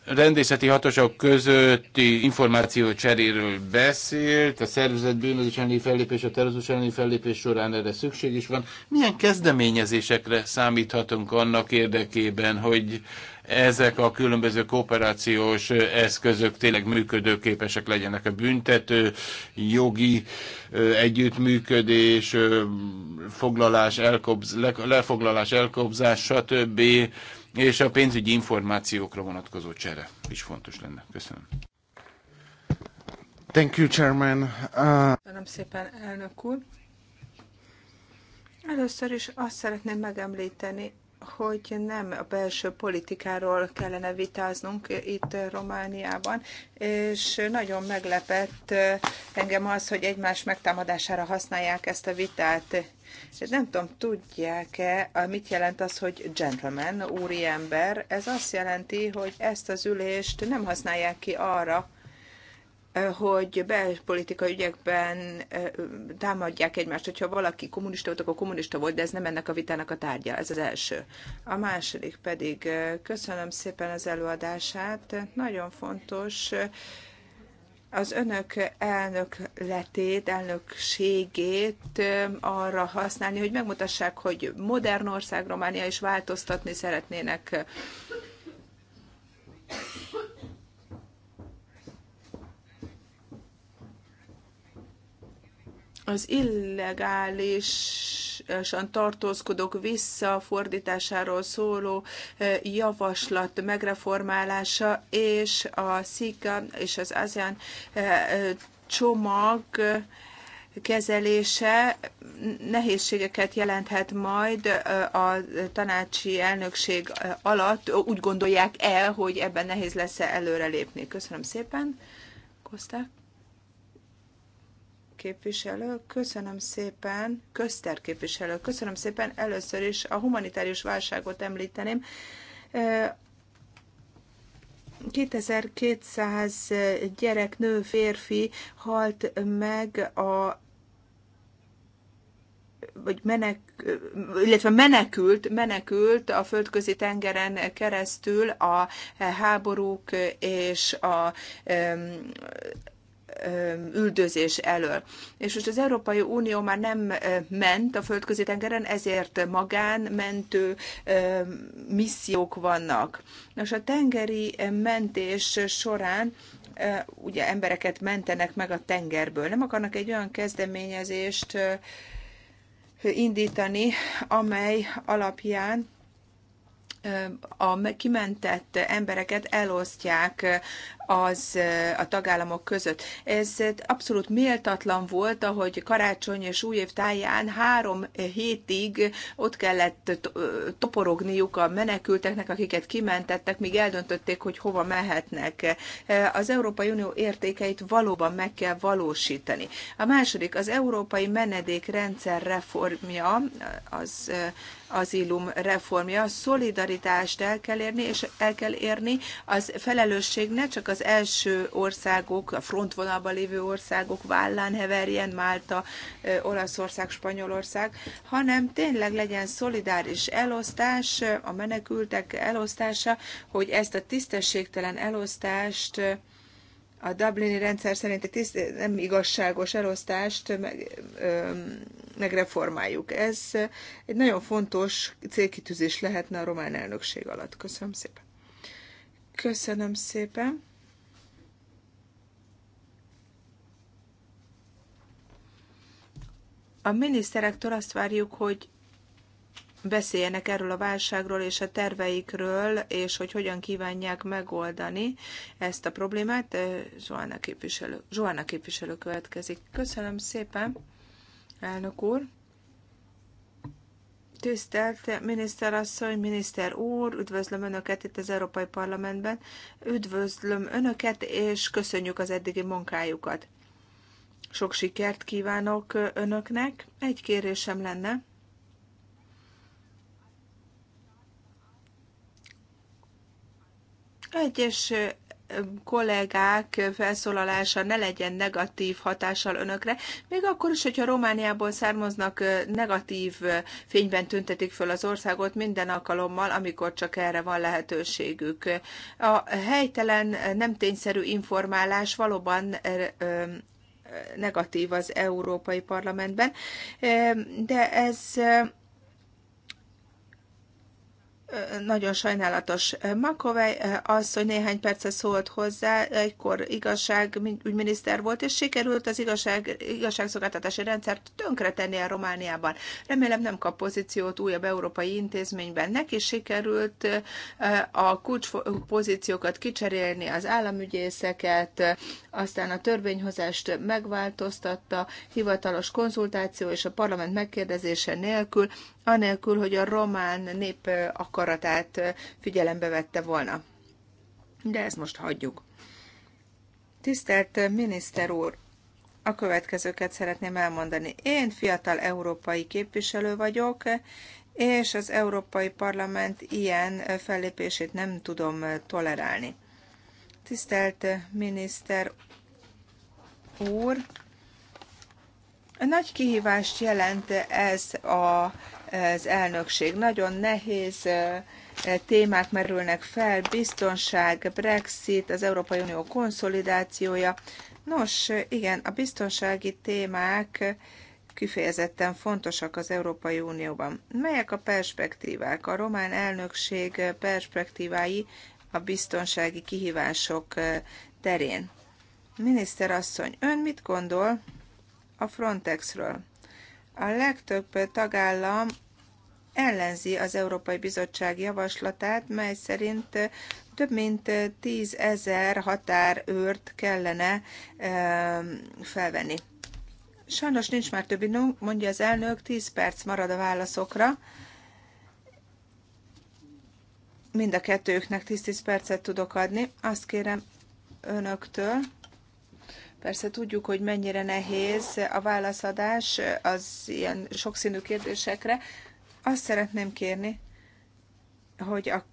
rendészeti hatóságok közötti információ cseréről beszélt, a szervezet bűnözés elleni fellépés, a terrorizmus elleni fellépés során erre szükség is van. Milyen kezdeményezésekre számíthatunk annak érdekében, hogy ezek a különböző kooperációs eszközök tényleg működőképesek legyenek a büntető, jogi együttműködés, foglalás, elkobz, lefoglalás, elkobzás, stb és a pénzügyi információkra vonatkozó csere is fontos lenne. Köszönöm. Thank you, Chairman. Uh... Köszönöm szépen, elnök úr. Először is azt szeretném megemlíteni, hogy nem a belső politikáról kellene vitáznunk itt Romániában, és nagyon meglepett engem az, hogy egymás megtámadására használják ezt a vitát. Nem tudom, tudják-e, mit jelent az, hogy gentleman, úriember. Ez azt jelenti, hogy ezt az ülést nem használják ki arra, hogy belpolitikai ügyekben támadják egymást. Hogyha valaki kommunista volt, akkor kommunista volt, de ez nem ennek a vitának a tárgya. Ez az első. A második pedig köszönöm szépen az előadását. Nagyon fontos az önök elnök letét, elnökségét arra használni, hogy megmutassák, hogy modern ország Románia is változtatni szeretnének az illegálisan tartózkodók visszafordításáról szóló javaslat megreformálása és a SZIKA és az ASEAN csomag kezelése nehézségeket jelenthet majd a tanácsi elnökség alatt. Úgy gondolják el, hogy ebben nehéz lesz -e előrelépni. Köszönöm szépen. Kosták képviselő, köszönöm szépen, közter képviselő, köszönöm szépen. Először is a humanitárius válságot említeném. 2200 gyerek, nő, férfi halt meg a vagy menek, illetve menekült, menekült a földközi tengeren keresztül a háborúk és a üldözés elől. És most az Európai Unió már nem ment a földközi tengeren, ezért magánmentő missziók vannak. Nos, a tengeri mentés során ugye embereket mentenek meg a tengerből. Nem akarnak egy olyan kezdeményezést indítani, amely alapján a kimentett embereket elosztják az a tagállamok között. Ez abszolút méltatlan volt, ahogy karácsony és újév táján három hétig ott kellett toporogniuk a menekülteknek, akiket kimentettek, míg eldöntötték, hogy hova mehetnek. Az Európai Unió értékeit valóban meg kell valósítani. A második, az európai menedékrendszer reformja, az azilum reformja, a szolidaritást el kell érni, és el kell érni, az felelősség ne csak az az első országok, a frontvonalban lévő országok vállán heverjen, Málta, Olaszország, Spanyolország, hanem tényleg legyen szolidáris elosztás, a menekültek elosztása, hogy ezt a tisztességtelen elosztást a Dublini rendszer szerint a tiszt, nem igazságos elosztást meg, ö, megreformáljuk. Ez egy nagyon fontos célkitűzés lehetne a román elnökség alatt. Köszönöm szépen. Köszönöm szépen. A miniszterektől azt várjuk, hogy beszéljenek erről a válságról és a terveikről, és hogy hogyan kívánják megoldani ezt a problémát. Eh, Zsolna képviselő, Zsolna képviselő következik. Köszönöm szépen, elnök úr. Tisztelt miniszterasszony, miniszter úr, üdvözlöm Önöket itt az Európai Parlamentben, üdvözlöm Önöket, és köszönjük az eddigi munkájukat. Sok sikert kívánok önöknek. Egy kérésem lenne. Egyes kollégák felszólalása ne legyen negatív hatással önökre, még akkor is, hogyha Romániából származnak, negatív fényben tüntetik föl az országot minden alkalommal, amikor csak erre van lehetőségük. A helytelen, nem tényszerű informálás valóban negatív az Európai Parlamentben, de ez nagyon sajnálatos. Makovej eh, az, hogy néhány perce szólt hozzá, egykor igazságügyminiszter volt, és sikerült az igazság, igazságszolgáltatási rendszert tönkretenni a Romániában. Remélem nem kap pozíciót újabb európai intézményben. Neki sikerült eh, a kulcspozíciókat kicserélni, az államügyészeket, aztán a törvényhozást megváltoztatta, hivatalos konzultáció és a parlament megkérdezése nélkül, anélkül, hogy a román nép eh, akar akaratát figyelembe vette volna. De ezt most hagyjuk. Tisztelt miniszter úr, a következőket szeretném elmondani. Én fiatal európai képviselő vagyok, és az Európai Parlament ilyen fellépését nem tudom tolerálni. Tisztelt miniszter úr, nagy kihívást jelent ez a, az elnökség. Nagyon nehéz témák merülnek fel, biztonság, Brexit, az Európai Unió konszolidációja. Nos, igen, a biztonsági témák kifejezetten fontosak az Európai Unióban. Melyek a perspektívák? A román elnökség perspektívái a biztonsági kihívások terén. Miniszter asszony, ön mit gondol? a Frontexről. A legtöbb tagállam ellenzi az Európai Bizottság javaslatát, mely szerint több mint 10 ezer határőrt kellene felvenni. Sajnos nincs már több időnk, mondja az elnök, 10 perc marad a válaszokra. Mind a kettőknek 10-10 percet tudok adni. Azt kérem önöktől, Persze tudjuk, hogy mennyire nehéz a válaszadás az ilyen sokszínű kérdésekre. Azt szeretném kérni, hogy a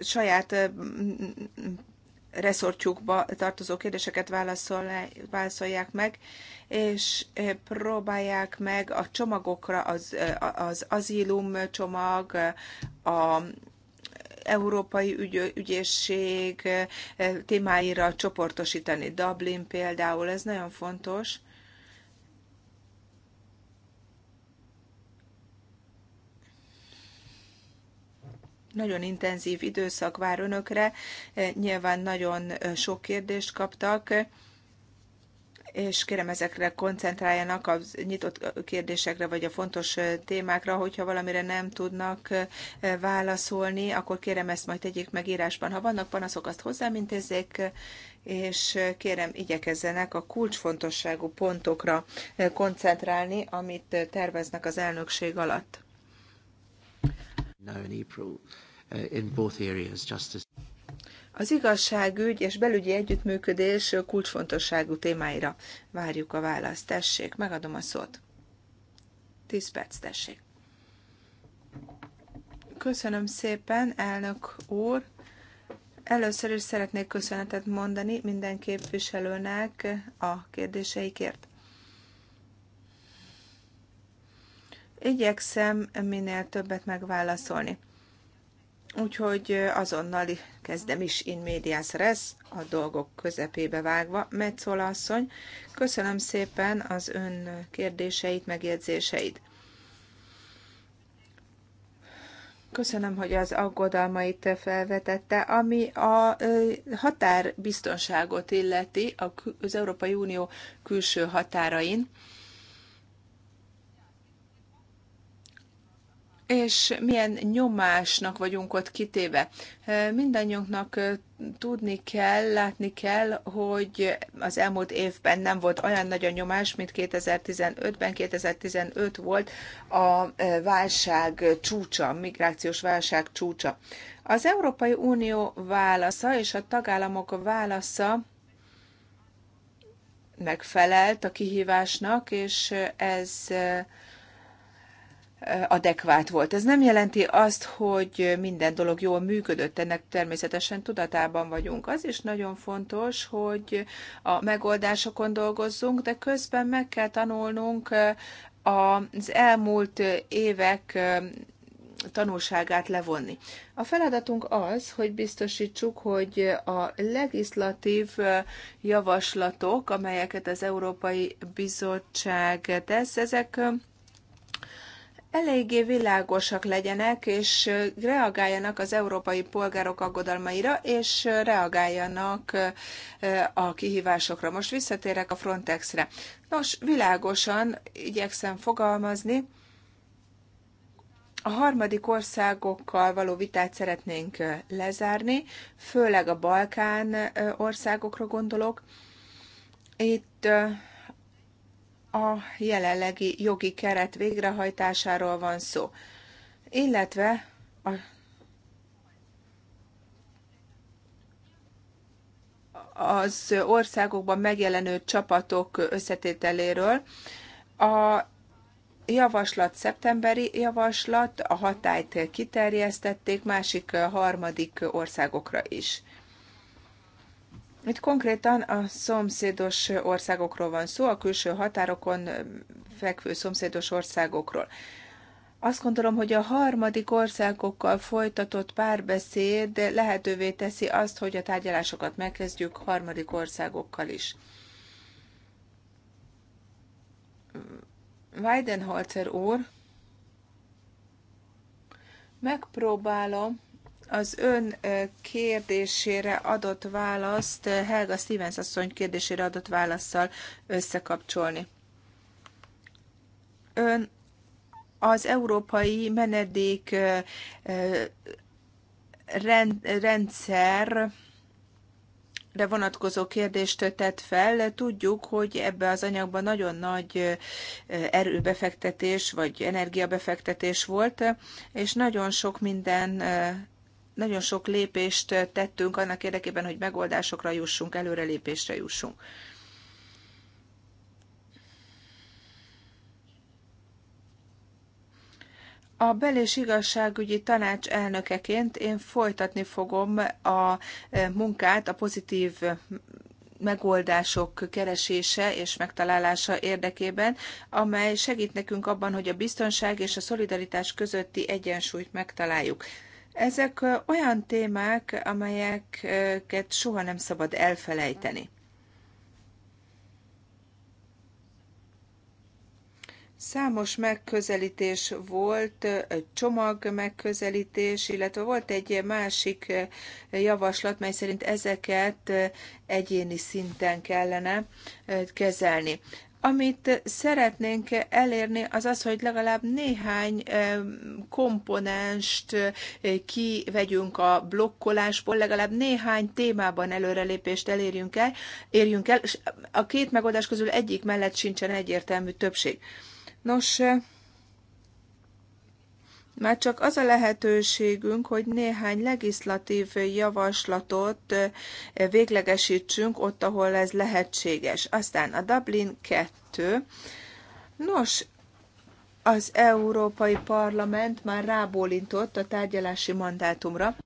saját reszortjukba tartozó kérdéseket válaszolják meg, és próbálják meg a csomagokra, az, az azilum csomag, a Európai Ügy, Ügyészség eh, témáira csoportosítani. Dublin például, ez nagyon fontos. Nagyon intenzív időszak vár önökre, eh, nyilván nagyon eh, sok kérdést kaptak és kérem ezekre koncentráljanak a nyitott kérdésekre, vagy a fontos témákra, hogyha valamire nem tudnak válaszolni, akkor kérem ezt majd tegyék meg írásban. Ha vannak panaszok, azt hozzám intézzék, és kérem igyekezzenek a kulcsfontosságú pontokra koncentrálni, amit terveznek az elnökség alatt. Now in April, uh, in both areas, justice. Az igazságügy és belügyi együttműködés kulcsfontosságú témáira várjuk a választ. Tessék, megadom a szót. Tíz perc, tessék. Köszönöm szépen, elnök úr. Először is szeretnék köszönetet mondani minden képviselőnek a kérdéseikért. Igyekszem minél többet megválaszolni. Úgyhogy azonnal kezdem is in medias res, a dolgok közepébe vágva. Metzola asszony, köszönöm szépen az ön kérdéseit, megjegyzéseit. Köszönöm, hogy az aggodalmait felvetette. Ami a határbiztonságot illeti az Európai Unió külső határain, és milyen nyomásnak vagyunk ott kitéve. Mindannyiunknak tudni kell, látni kell, hogy az elmúlt évben nem volt olyan nagy a nyomás, mint 2015-ben. 2015 volt a válság csúcsa, a migrációs válság csúcsa. Az Európai Unió válasza és a tagállamok válasza megfelelt a kihívásnak, és ez adekvát volt. Ez nem jelenti azt, hogy minden dolog jól működött, ennek természetesen tudatában vagyunk. Az is nagyon fontos, hogy a megoldásokon dolgozzunk, de közben meg kell tanulnunk az elmúlt évek tanulságát levonni. A feladatunk az, hogy biztosítsuk, hogy a legislatív javaslatok, amelyeket az Európai Bizottság tesz, ezek eléggé világosak legyenek, és reagáljanak az európai polgárok aggodalmaira, és reagáljanak a kihívásokra. Most visszatérek a Frontexre. Nos, világosan igyekszem fogalmazni, a harmadik országokkal való vitát szeretnénk lezárni, főleg a Balkán országokra gondolok. Itt a jelenlegi jogi keret végrehajtásáról van szó, illetve a az országokban megjelenő csapatok összetételéről. A javaslat szeptemberi javaslat, a hatályt kiterjesztették másik harmadik országokra is. Itt konkrétan a szomszédos országokról van szó, a külső határokon fekvő szomszédos országokról. Azt gondolom, hogy a harmadik országokkal folytatott párbeszéd lehetővé teszi azt, hogy a tárgyalásokat megkezdjük harmadik országokkal is. Weidenholzer úr, megpróbálom az ön kérdésére adott választ, Helga Stevens asszony kérdésére adott válaszsal összekapcsolni. Ön az európai menedék rendszer de vonatkozó kérdést tett fel. Tudjuk, hogy ebbe az anyagban nagyon nagy erőbefektetés vagy energiabefektetés volt, és nagyon sok minden nagyon sok lépést tettünk annak érdekében, hogy megoldásokra jussunk, előrelépésre jussunk. A bel- és igazságügyi tanács elnökeként én folytatni fogom a munkát, a pozitív megoldások keresése és megtalálása érdekében, amely segít nekünk abban, hogy a biztonság és a szolidaritás közötti egyensúlyt megtaláljuk. Ezek olyan témák, amelyeket soha nem szabad elfelejteni. Számos megközelítés volt, csomag megközelítés, illetve volt egy másik javaslat, mely szerint ezeket egyéni szinten kellene kezelni. Amit szeretnénk elérni, az az, hogy legalább néhány komponenst kivegyünk a blokkolásból, legalább néhány témában előrelépést elérjünk el, érjünk el, és a két megoldás közül egyik mellett sincsen egyértelmű többség. Nos, már csak az a lehetőségünk, hogy néhány legislatív javaslatot eh, véglegesítsünk ott, ahol ez lehetséges. Aztán a Dublin 2. Nos, az Európai Parlament már rábólintott a tárgyalási mandátumra.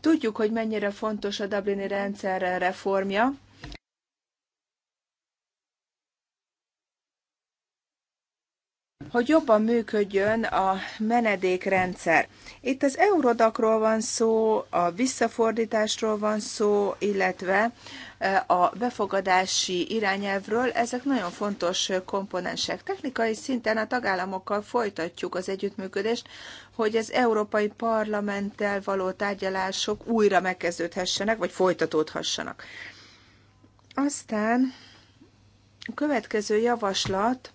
Tudjuk, hogy mennyire fontos a Dublini rendszer reformja, hogy jobban működjön a menedékrendszer. Itt az eurodakról van szó, a visszafordításról van szó, illetve eh, a befogadási irányelvről. Ezek nagyon fontos komponensek. Technikai szinten a tagállamokkal folytatjuk az együttműködést, hogy az Európai Parlamenttel való tárgyalások újra megkezdődhessenek, vagy folytatódhassanak. Aztán a következő javaslat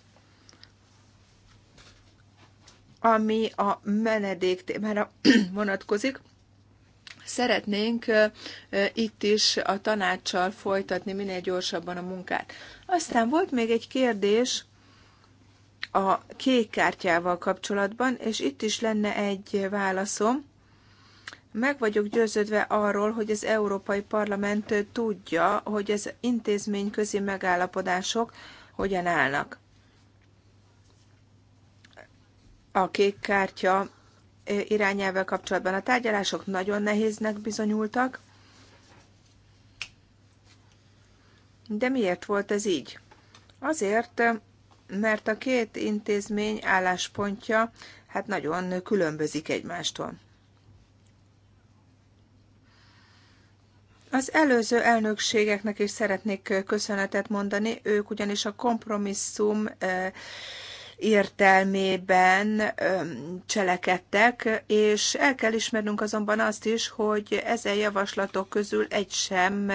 ami a menedék témára [CLEARS THROAT] vonatkozik. Szeretnénk itt is a tanácssal folytatni minél gyorsabban a munkát. Aztán volt még egy kérdés a kék kártyával kapcsolatban, és itt is lenne egy válaszom. Meg vagyok győződve arról, hogy az Európai Parlament tudja, hogy az intézményközi megállapodások hogyan állnak. a kék kártya irányával kapcsolatban. A tárgyalások nagyon nehéznek bizonyultak, de miért volt ez így? Azért, mert a két intézmény álláspontja hát nagyon különbözik egymástól. Az előző elnökségeknek is szeretnék köszönetet mondani, ők ugyanis a kompromisszum értelmében cselekedtek, és el kell ismernünk azonban azt is, hogy ezen javaslatok közül egy sem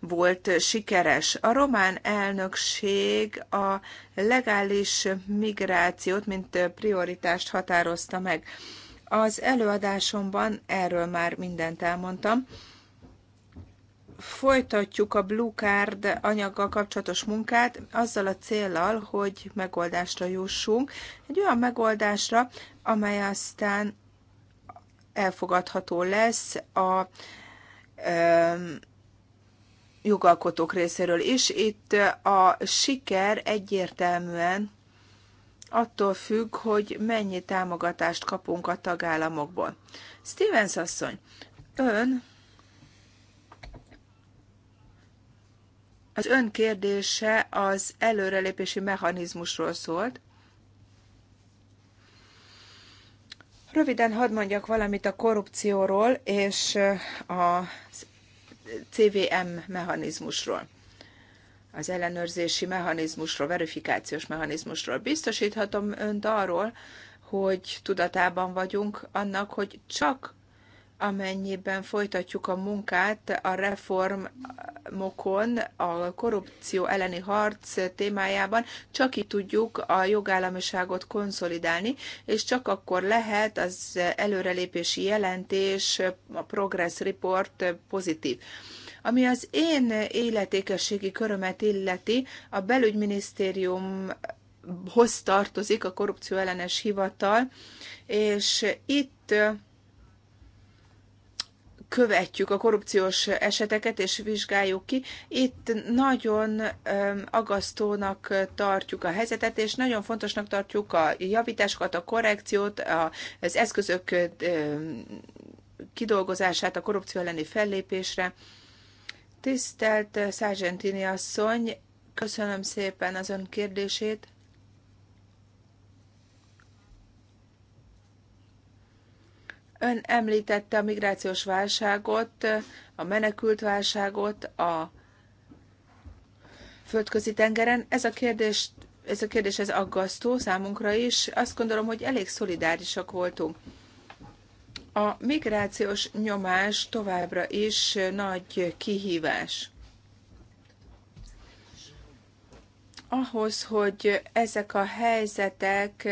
volt sikeres. A román elnökség a legális migrációt, mint prioritást határozta meg. Az előadásomban erről már mindent elmondtam folytatjuk a Blue Card anyaggal kapcsolatos munkát, azzal a céllal, hogy megoldásra jussunk. Egy olyan megoldásra, amely aztán elfogadható lesz a jogalkotók részéről is. Itt a siker egyértelműen attól függ, hogy mennyi támogatást kapunk a tagállamokból. Stevens asszony, ön Az ön kérdése az előrelépési mechanizmusról szólt. Röviden hadd mondjak valamit a korrupcióról és eh, a CVM mechanizmusról az ellenőrzési mechanizmusról, verifikációs mechanizmusról. Biztosíthatom önt arról, hogy tudatában vagyunk annak, hogy csak amennyiben folytatjuk a munkát a reformokon, a korrupció elleni harc témájában, csak így tudjuk a jogállamiságot konszolidálni, és csak akkor lehet az előrelépési jelentés, a progress report pozitív. Ami az én életékességi körömet illeti, a belügyminisztérium hoz tartozik a korrupció ellenes hivatal, és itt követjük a korrupciós eseteket és vizsgáljuk ki. Itt nagyon agasztónak tartjuk a helyzetet, és nagyon fontosnak tartjuk a javításokat, a korrekciót, az eszközök kidolgozását a korrupció elleni fellépésre. Tisztelt Sargentini asszony, köszönöm szépen az ön kérdését. Ön említette a migrációs válságot, a menekült válságot, a földközi tengeren. Ez a kérdés, ez a kérdés ez aggasztó számunkra is. Azt gondolom, hogy elég szolidárisak voltunk. A migrációs nyomás továbbra is nagy kihívás. ahhoz, hogy ezek a helyzetek,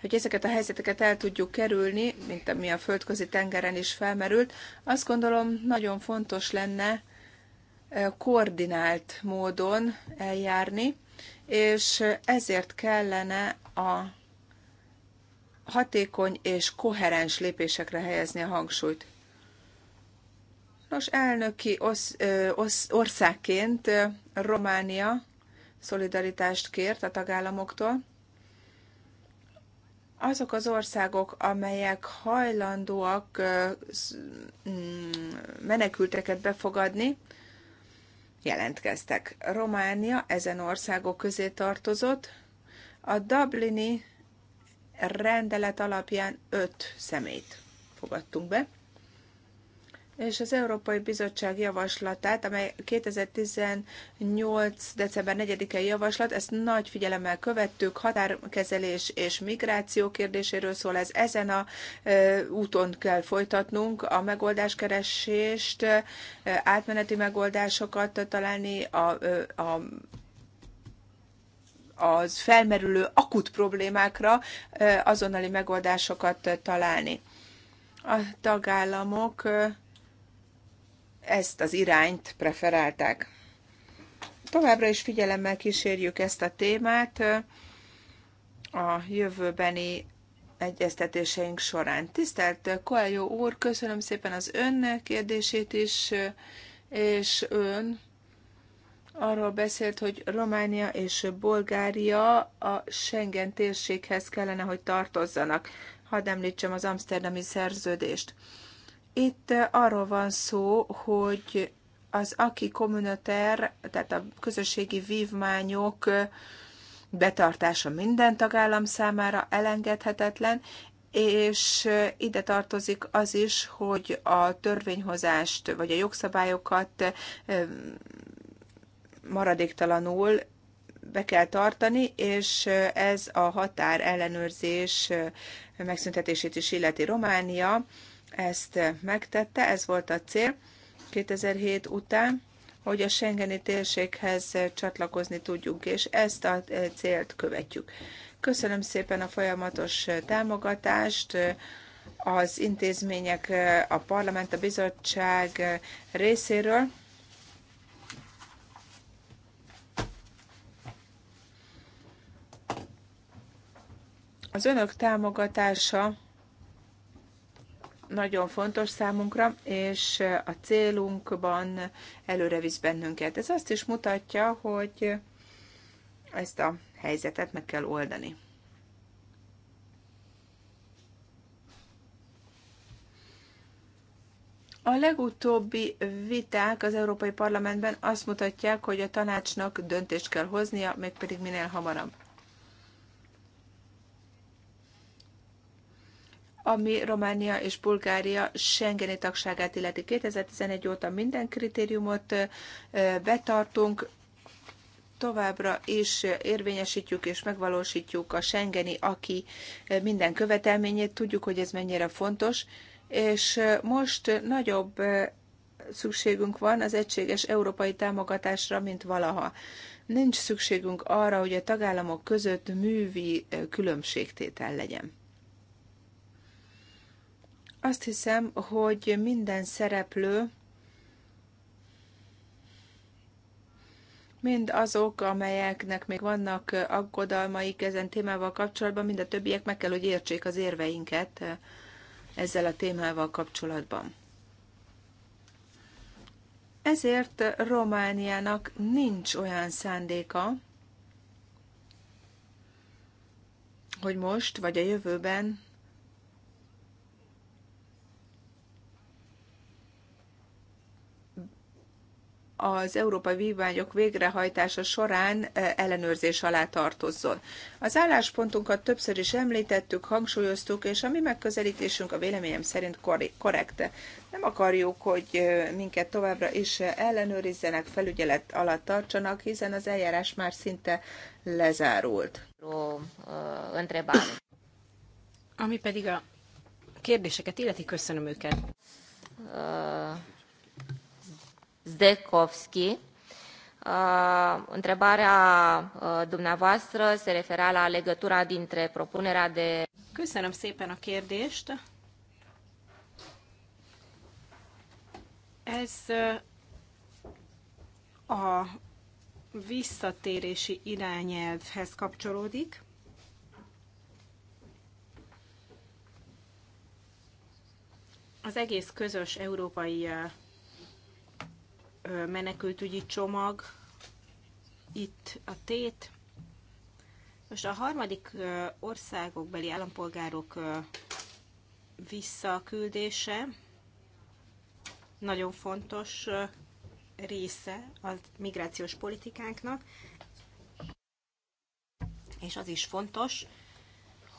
hogy ezeket a helyzeteket el tudjuk kerülni, mint ami a földközi tengeren is felmerült, azt gondolom nagyon fontos lenne koordinált módon eljárni, és ezért kellene a hatékony és koherens lépésekre helyezni a hangsúlyt. Nos, elnöki osz, osz, országként Románia szolidaritást kért a tagállamoktól. Azok az országok, amelyek hajlandóak mm, menekülteket befogadni, jelentkeztek. Románia ezen országok közé tartozott, a Dublini rendelet alapján öt szemét fogadtunk be és az Európai Bizottság javaslatát, amely 2018. december 4-i javaslat, ezt nagy figyelemmel követtük, határkezelés és migráció kérdéséről szól, ez ezen a e, úton kell folytatnunk a megoldáskeresést, e, átmeneti megoldásokat találni, a, a az felmerülő akut problémákra azonnali megoldásokat találni. A tagállamok ezt az irányt preferálták. Továbbra is figyelemmel kísérjük ezt a témát a jövőbeni egyeztetéseink során. Tisztelt Koeljó úr, köszönöm szépen az ön kérdését is, és ön arról beszélt, hogy Románia és Bulgária a Schengen térséghez kellene, hogy tartozzanak. Hadd említsem az Amsterdami szerződést. Itt eh, arról van szó, hogy az aki kommunater, tehát a közösségi vívmányok eh, betartása minden tagállam számára elengedhetetlen, és eh, ide tartozik az is, hogy a törvényhozást vagy a jogszabályokat maradéktalanul be kell tartani, és ez a határ ellenőrzés megszüntetését is illeti Románia ezt megtette, ez volt a cél 2007 után, hogy a Schengeni térséghez csatlakozni tudjunk, és ezt a célt követjük. Köszönöm szépen a folyamatos támogatást, az intézmények, a parlament, a bizottság részéről. Az önök támogatása nagyon fontos számunkra, és a célunkban előre visz bennünket. Ez azt is mutatja, hogy ezt a helyzetet meg kell oldani. A legutóbbi viták az Európai Parlamentben azt mutatják, hogy a tanácsnak döntést kell hoznia, mégpedig minél hamarabb. ami Románia és Bulgária Schengeni tagságát illeti. 2011 óta minden kritériumot betartunk, továbbra is érvényesítjük és megvalósítjuk a Schengeni, aki minden követelményét, tudjuk, hogy ez mennyire fontos, és most nagyobb szükségünk van az egységes európai támogatásra, mint valaha. Nincs szükségünk arra, hogy a tagállamok között művi különbségtétel legyen. Azt hiszem, hogy minden szereplő, mind azok, amelyeknek még vannak aggodalmaik ezen témával kapcsolatban, mind a többiek meg kell, hogy értsék az érveinket eh, ezzel a témával kapcsolatban. Ezért Romániának nincs olyan szándéka, hogy most vagy a jövőben az európai vívmányok végrehajtása során eh, ellenőrzés alá tartozzon. Az álláspontunkat többször is említettük, hangsúlyoztuk, és a mi megközelítésünk a véleményem szerint korrekte, Nem akarjuk, hogy eh, minket továbbra is ellenőrizzenek, felügyelet alatt tartsanak, hiszen az eljárás már szinte lezárult. Ami pedig a kérdéseket illeti, köszönöm őket. Zdekovski. Uh, întrebarea uh, dumneavoastră se referea la legătura dintre propunerea de... Köszönöm szépen a kérdést. Ez uh, a visszatérési irányelvhez kapcsolódik. Az egész közös európai menekültügyi csomag itt a tét. Most a harmadik országokbeli állampolgárok visszaküldése nagyon fontos része a migrációs politikánknak, és az is fontos,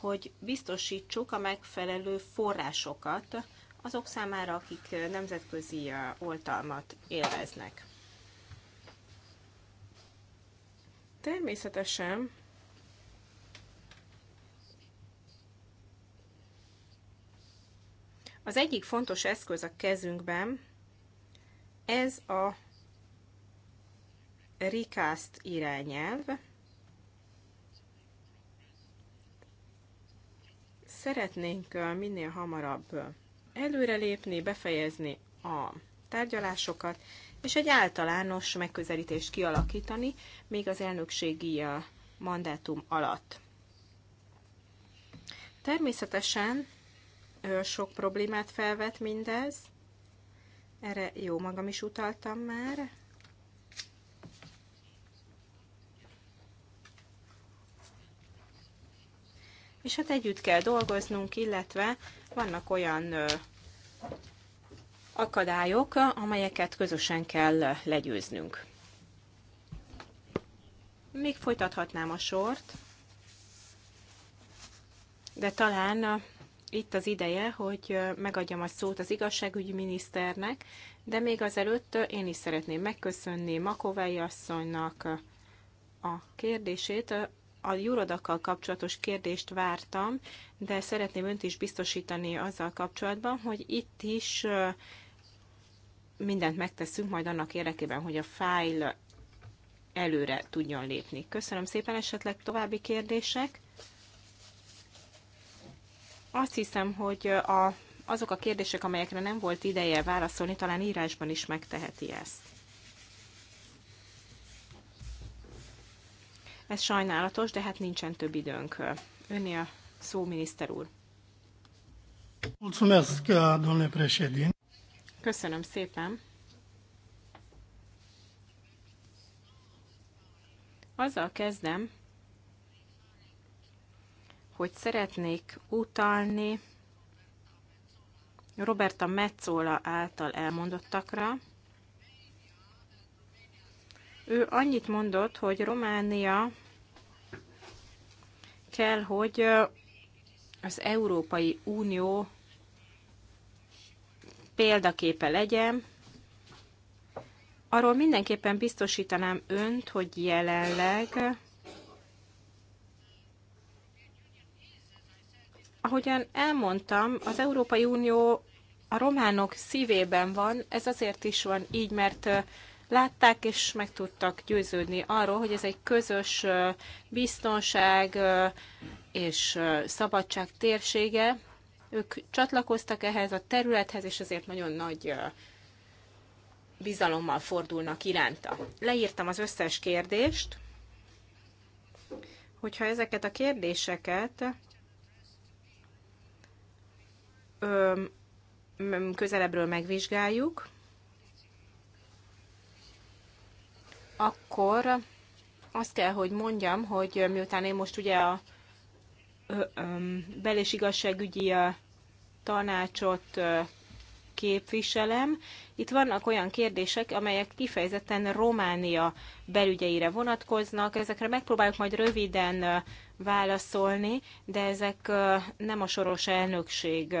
hogy biztosítsuk a megfelelő forrásokat azok számára, akik nemzetközi oltalmat élveznek. Természetesen az egyik fontos eszköz a kezünkben, ez a Recast irányelv. Szeretnénk minél hamarabb előrelépni, befejezni a tárgyalásokat, és egy általános megközelítést kialakítani még az elnökségi mandátum alatt. Természetesen sok problémát felvet mindez, erre jó magam is utaltam már. És hát együtt kell dolgoznunk, illetve vannak olyan akadályok, amelyeket közösen kell legyőznünk. Még folytathatnám a sort, de talán itt az ideje, hogy megadjam a szót az igazságügyi miniszternek, de még azelőtt én is szeretném megköszönni Makovei asszonynak a kérdését, a Jurodakkal kapcsolatos kérdést vártam, de szeretném önt is biztosítani azzal kapcsolatban, hogy itt is mindent megteszünk majd annak érdekében, hogy a fájl előre tudjon lépni. Köszönöm szépen, esetleg további kérdések. Azt hiszem, hogy a, azok a kérdések, amelyekre nem volt ideje válaszolni, talán írásban is megteheti ezt. Ez sajnálatos, de hát nincsen több időnk. Önni a szó, miniszter úr. Köszönöm szépen. Azzal kezdem, hogy szeretnék utalni Roberta Metzola által elmondottakra, ő annyit mondott, hogy Románia kell, hogy az Európai Unió példaképe legyen. Arról mindenképpen biztosítanám önt, hogy jelenleg, ahogyan elmondtam, az Európai Unió a románok szívében van, ez azért is van így, mert látták, és meg tudtak győződni arról, hogy ez egy közös biztonság és szabadság térsége. Ők csatlakoztak ehhez a területhez, és ezért nagyon nagy bizalommal fordulnak iránta. Leírtam az összes kérdést, hogyha ezeket a kérdéseket közelebbről megvizsgáljuk, akkor azt kell, hogy mondjam, hogy miután én most ugye a bel- és igazságügyi tanácsot képviselem. Itt vannak olyan kérdések, amelyek kifejezetten Románia belügyeire vonatkoznak. Ezekre megpróbálok majd röviden válaszolni, de ezek nem a soros elnökség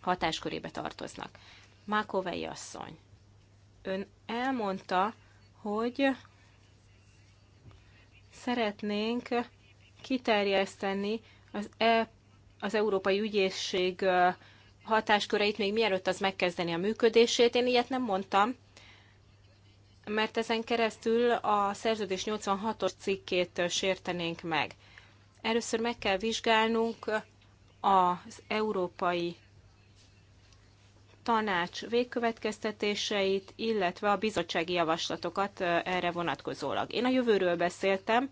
hatáskörébe tartoznak. Mákovei asszony, ön elmondta, hogy szeretnénk kiterjeszteni az, e, az Európai Ügyészség hatásköreit még mielőtt az megkezdeni a működését. Én ilyet nem mondtam, mert ezen keresztül a szerződés 86-os cikkét sértenénk meg. Először meg kell vizsgálnunk az Európai tanács végkövetkeztetéseit, illetve a bizottsági javaslatokat erre vonatkozólag. Én a jövőről beszéltem,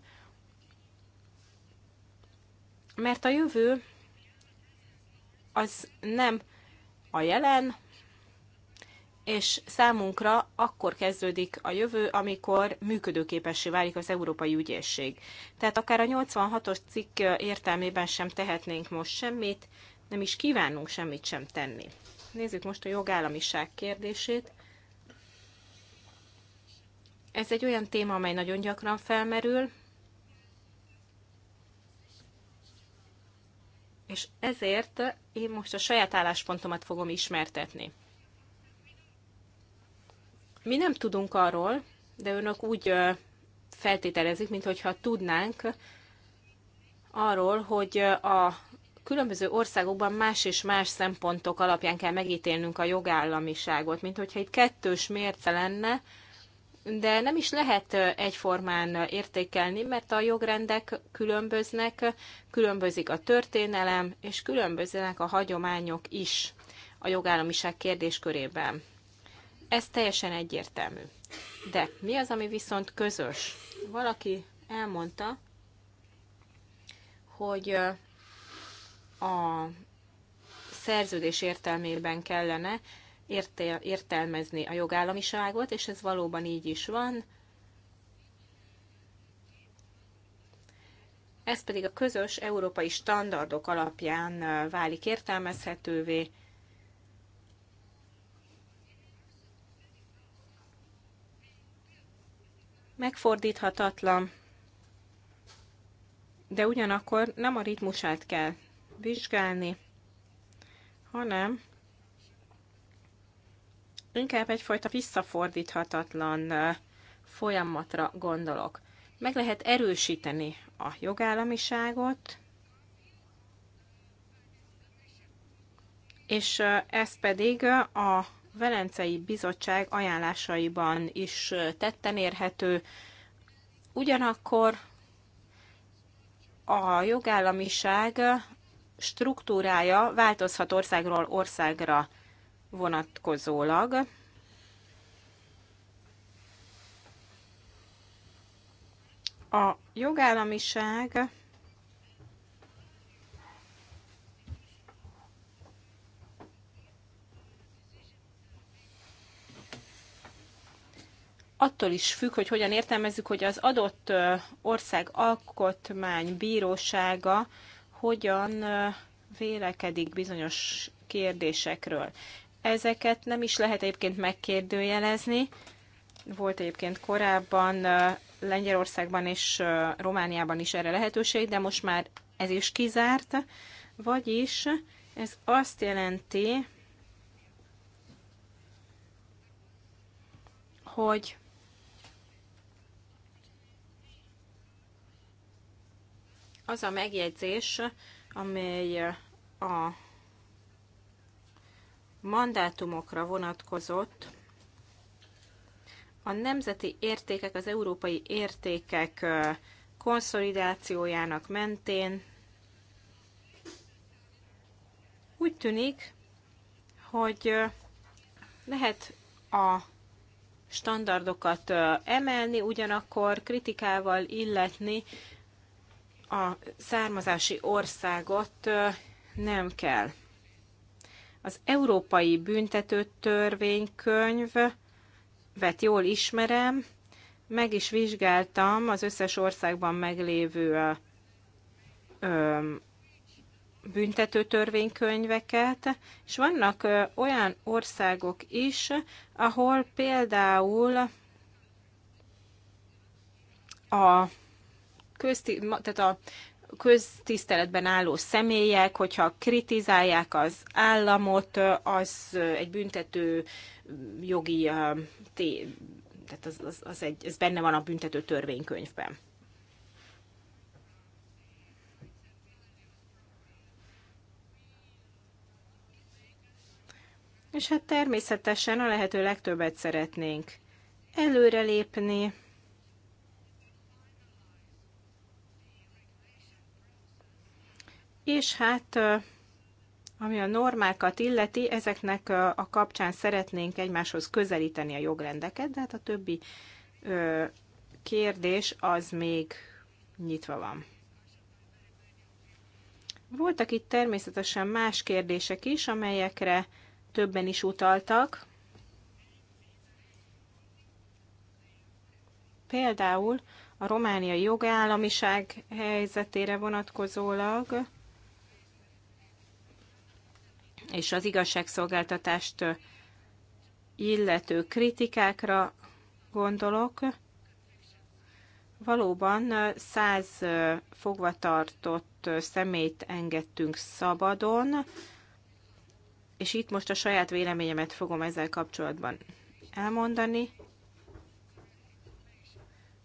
mert a jövő az nem a jelen, és számunkra akkor kezdődik a jövő, amikor működőképessé válik az Európai Ügyészség. Tehát akár a 86-os cikk értelmében sem tehetnénk most semmit, nem is kívánunk semmit sem tenni. Nézzük most a jogállamiság kérdését. Ez egy olyan téma, amely nagyon gyakran felmerül, és ezért én most a saját álláspontomat fogom ismertetni. Mi nem tudunk arról, de önök úgy feltételezik, mintha tudnánk arról, hogy a különböző országokban más és más szempontok alapján kell megítélnünk a jogállamiságot, mint hogyha itt kettős mérce lenne, de nem is lehet egyformán értékelni, mert a jogrendek különböznek, különbözik a történelem, és különböznek a hagyományok is a jogállamiság kérdéskörében. Ez teljesen egyértelmű. De mi az, ami viszont közös? Valaki elmondta, hogy a szerződés értelmében kellene értelmezni a jogállamiságot, és ez valóban így is van. Ez pedig a közös európai standardok alapján válik értelmezhetővé, megfordíthatatlan, de ugyanakkor nem a ritmusát kell vizsgálni, hanem inkább egyfajta visszafordíthatatlan folyamatra gondolok. Meg lehet erősíteni a jogállamiságot, és ez pedig a Velencei Bizottság ajánlásaiban is tetten érhető. Ugyanakkor a jogállamiság struktúrája változhat országról országra vonatkozólag. A jogállamiság attól is függ, hogy hogyan értelmezzük, hogy az adott ország alkotmánybírósága hogyan vélekedik bizonyos kérdésekről. Ezeket nem is lehet egyébként megkérdőjelezni. Volt egyébként korábban Lengyelországban és Romániában is erre lehetőség, de most már ez is kizárt. Vagyis ez azt jelenti, hogy az a megjegyzés, amely a mandátumokra vonatkozott, a nemzeti értékek, az európai értékek konszolidációjának mentén úgy tűnik, hogy lehet a standardokat emelni, ugyanakkor kritikával illetni a származási országot nem kell. Az Európai Büntető Törvénykönyv vet jól ismerem, meg is vizsgáltam az összes országban meglévő büntető törvénykönyveket, és vannak olyan országok is, ahol például a közti, tehát a köztiszteletben álló személyek, hogyha kritizálják az államot, az egy büntető jogi, tehát az, az, az egy, ez benne van a büntető törvénykönyvben. És hát természetesen a lehető legtöbbet szeretnénk előrelépni, És hát ami a normákat illeti, ezeknek a kapcsán szeretnénk egymáshoz közelíteni a jogrendeket, de hát a többi kérdés az még nyitva van. Voltak itt természetesen más kérdések is, amelyekre többen is utaltak. Például a romániai jogállamiság helyzetére vonatkozólag és az igazságszolgáltatást illető kritikákra gondolok. Valóban 100 fogvatartott szemét engedtünk szabadon, és itt most a saját véleményemet fogom ezzel kapcsolatban elmondani.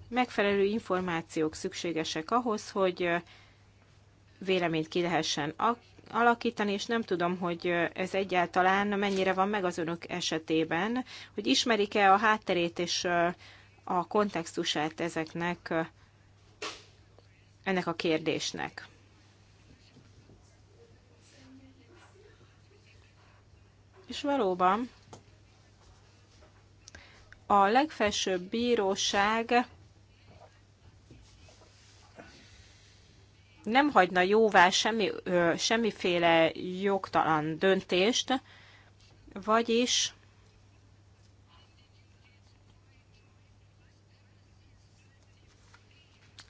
Megfelelő információk szükségesek ahhoz, hogy véleményt ki lehessen alakítani, és nem tudom, hogy ez egyáltalán mennyire van meg az önök esetében, hogy ismerik-e a hátterét és a kontextusát ezeknek, ennek a kérdésnek. És valóban a legfelsőbb bíróság nem hagyna jóvá semmi, ö, semmiféle jogtalan döntést, vagyis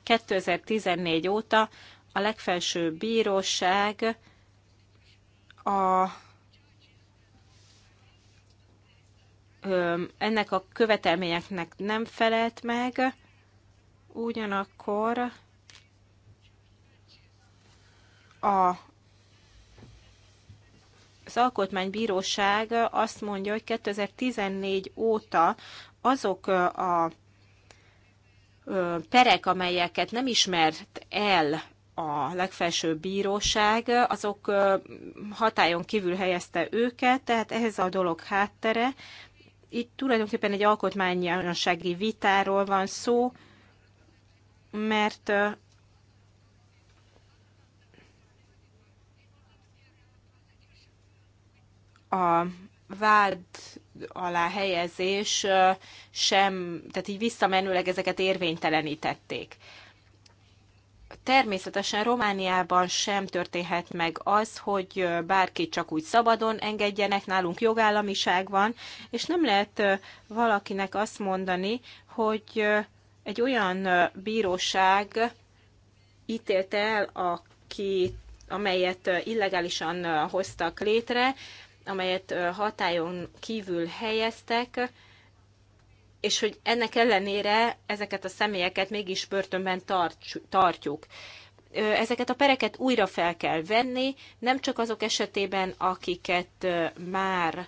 ...2014 óta a legfelső bíróság a, ö, ennek a követelményeknek nem felelt meg, ugyanakkor a az Alkotmánybíróság azt mondja, hogy 2014 óta azok a perek, amelyeket nem ismert el a legfelsőbb bíróság, azok hatájon kívül helyezte őket, tehát ehhez a dolog háttere. Itt tulajdonképpen egy alkotmányossági vitáról van szó, mert a vád alá helyezés sem, tehát így visszamenőleg ezeket érvénytelenítették. Természetesen Romániában sem történhet meg az, hogy bárkit csak úgy szabadon engedjenek, nálunk jogállamiság van, és nem lehet valakinek azt mondani, hogy egy olyan bíróság ítélte el, aki, amelyet illegálisan hoztak létre, amelyet hatályon kívül helyeztek, és hogy ennek ellenére ezeket a személyeket mégis börtönben tartjuk. Ezeket a pereket újra fel kell venni, nem csak azok esetében, akiket már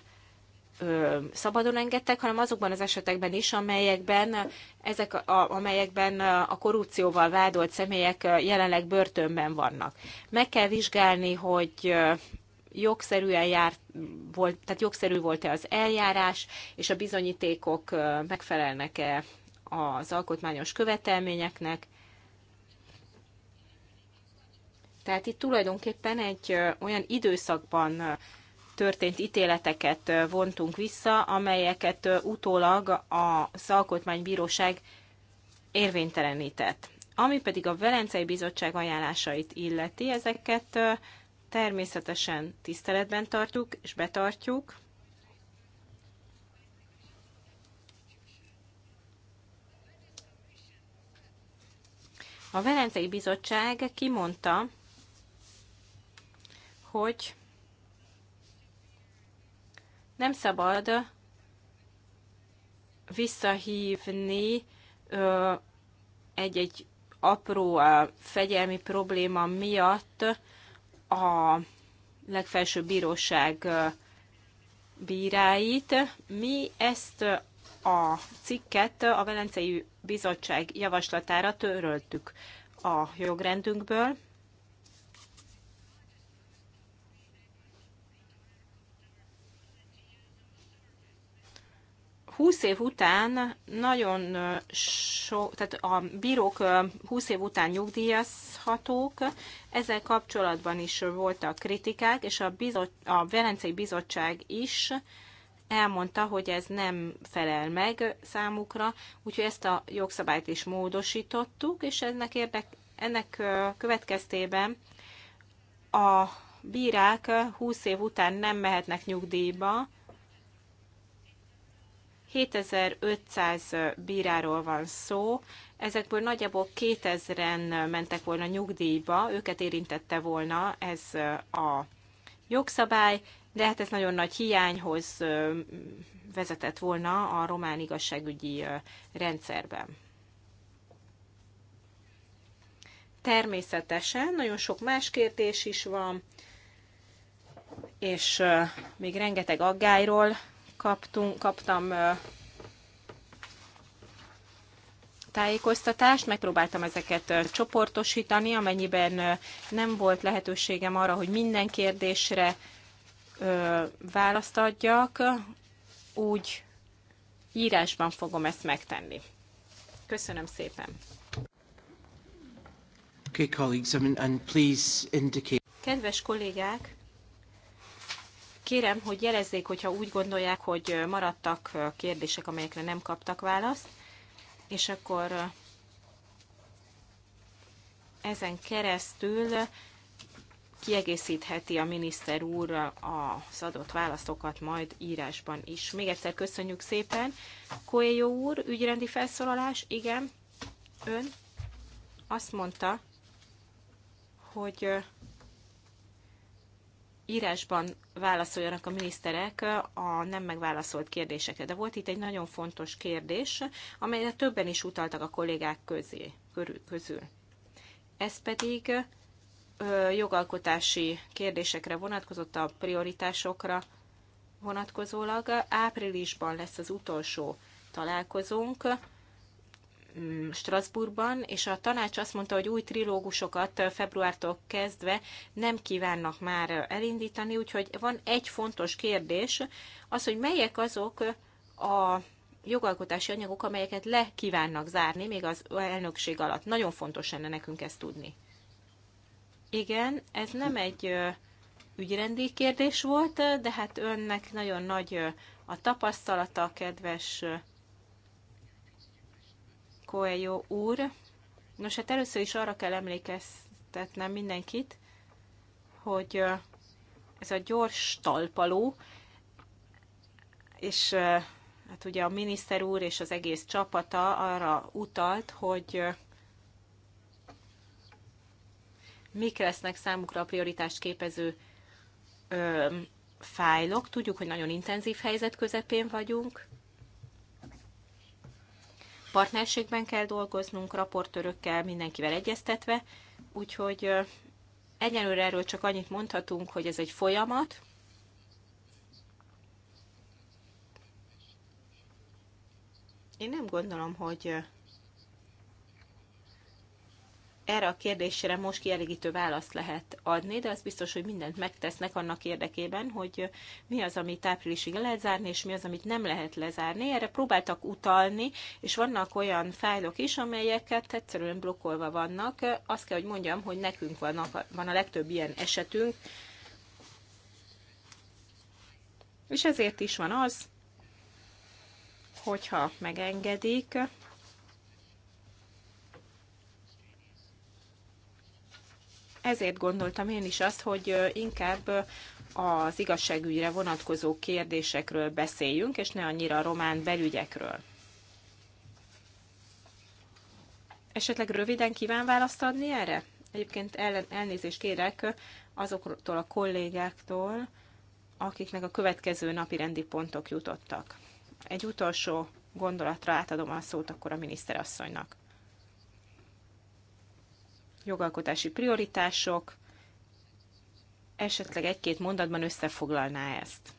szabadon engedtek, hanem azokban az esetekben is, amelyekben, ezek a, amelyekben a korrupcióval vádolt személyek jelenleg börtönben vannak. Meg kell vizsgálni, hogy jogszerűen járt, volt, tehát jogszerű volt-e az eljárás, és a bizonyítékok megfelelnek-e az alkotmányos követelményeknek. Tehát itt tulajdonképpen egy olyan időszakban történt ítéleteket vontunk vissza, amelyeket utólag a Szalkotmánybíróság érvénytelenített. Ami pedig a Velencei Bizottság ajánlásait illeti, ezeket természetesen tiszteletben tartjuk és betartjuk. A Velencei Bizottság kimondta, hogy nem szabad visszahívni egy-egy apró fegyelmi probléma miatt a legfelsőbb bíróság bíráit. Mi ezt a cikket a Velencei Bizottság javaslatára töröltük a jogrendünkből, 20 év után nagyon sok, tehát a bírók 20 év után nyugdíjazhatók, ezzel kapcsolatban is voltak kritikák, és a, bizot, a Velencei Bizottság is elmondta, hogy ez nem felel meg számukra, úgyhogy ezt a jogszabályt is módosítottuk, és ennek, érdek, ennek következtében a bírák 20 év után nem mehetnek nyugdíjba, 7500 bíráról van szó, ezekből nagyjából 2000-en mentek volna nyugdíjba, őket érintette volna ez a jogszabály, de hát ez nagyon nagy hiányhoz vezetett volna a román igazságügyi rendszerben. Természetesen nagyon sok más kérdés is van, és még rengeteg aggályról kaptunk, kaptam tájékoztatást, megpróbáltam ezeket csoportosítani, amennyiben nem volt lehetőségem arra, hogy minden kérdésre választ adjak, úgy írásban fogom ezt megtenni. Köszönöm szépen! Kedves kollégák, Kérem, hogy jelezzék, hogyha úgy gondolják, hogy maradtak kérdések, amelyekre nem kaptak választ, és akkor eh, ezen keresztül kiegészítheti a miniszter úr az adott válaszokat majd írásban is. Még egyszer köszönjük szépen. Koéjó úr, ügyrendi felszólalás, igen, ön azt mondta, hogy eh, írásban válaszoljanak a miniszterek a nem megválaszolt kérdésekre. De volt itt egy nagyon fontos kérdés, amelyre többen is utaltak a kollégák közé, körül, közül. Ez pedig ö, jogalkotási kérdésekre vonatkozott, a prioritásokra vonatkozólag. Áprilisban lesz az utolsó találkozónk Mm, Strasbourgban, és a tanács azt mondta, hogy új trilógusokat februártól kezdve nem kívánnak már elindítani, úgyhogy van egy fontos kérdés, az, hogy melyek azok a jogalkotási anyagok, amelyeket le kívánnak zárni, még az elnökség alatt. Nagyon fontos lenne nekünk ezt tudni. Igen, ez nem egy ügyrendi kérdés volt, de hát önnek nagyon nagy a tapasztalata, kedves Coelho úr. Nos, hát először is arra kell emlékeztetnem mindenkit, hogy ez a gyors talpaló, és hát ugye a miniszter úr és az egész csapata arra utalt, hogy mik lesznek számukra a prioritást képező ö, fájlok. Tudjuk, hogy nagyon intenzív helyzet közepén vagyunk, partnerségben kell dolgoznunk, raportörökkel, mindenkivel egyeztetve, úgyhogy egyelőre erről csak annyit mondhatunk, hogy ez egy folyamat, én nem gondolom, hogy erre a kérdésre most kielégítő választ lehet adni, de az biztos, hogy mindent megtesznek annak érdekében, hogy mi az, amit áprilisig lehet zárni, és mi az, amit nem lehet lezárni. Erre próbáltak utalni, és vannak olyan fájlok is, amelyeket egyszerűen blokkolva vannak. Azt kell, hogy mondjam, hogy nekünk vannak, van a legtöbb ilyen esetünk, és ezért is van az, hogyha megengedik, ezért gondoltam én is azt, hogy inkább az igazságügyre vonatkozó kérdésekről beszéljünk, és ne annyira a román belügyekről. Esetleg röviden kíván választ adni erre? Egyébként elnézést kérek azoktól a kollégáktól, akiknek a következő napi rendi pontok jutottak. Egy utolsó gondolatra átadom a szót akkor a miniszterasszonynak jogalkotási prioritások, esetleg egy-két mondatban összefoglalná ezt.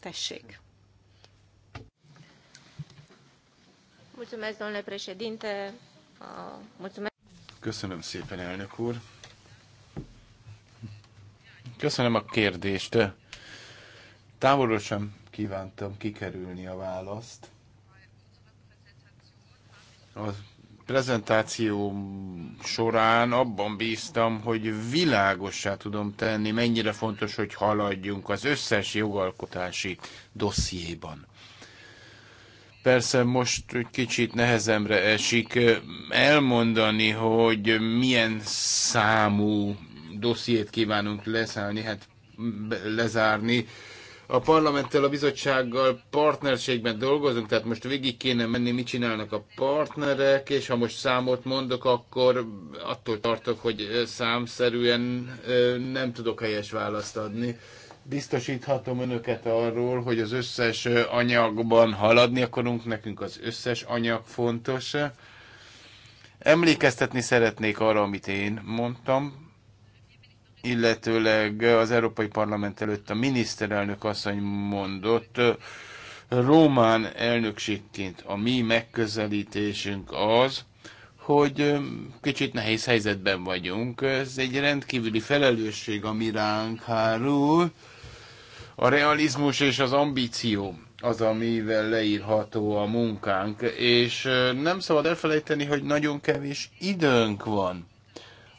Tessék! Köszönöm szépen, elnök úr. Köszönöm a kérdést. Távolról sem kívántam kikerülni a választ. Az Prezentáció során abban bíztam, hogy világossá tudom tenni, mennyire fontos, hogy haladjunk az összes jogalkotási dossziéban. Persze most egy kicsit nehezemre esik elmondani, hogy milyen számú dossziét kívánunk leszállni, hát lezárni a parlamenttel, a bizottsággal partnerségben dolgozunk, tehát most végig kéne menni, mit csinálnak a partnerek, és ha most számot mondok, akkor attól tartok, hogy számszerűen nem tudok helyes választ adni. Biztosíthatom önöket arról, hogy az összes anyagban haladni akarunk, nekünk az összes anyag fontos. Emlékeztetni szeretnék arra, amit én mondtam, illetőleg az Európai Parlament előtt a miniszterelnök asszony mondott, román elnökségként a mi megközelítésünk az, hogy kicsit nehéz helyzetben vagyunk. Ez egy rendkívüli felelősség, ami ránk hárul. A realizmus és az ambíció az, amivel leírható a munkánk, és nem szabad elfelejteni, hogy nagyon kevés időnk van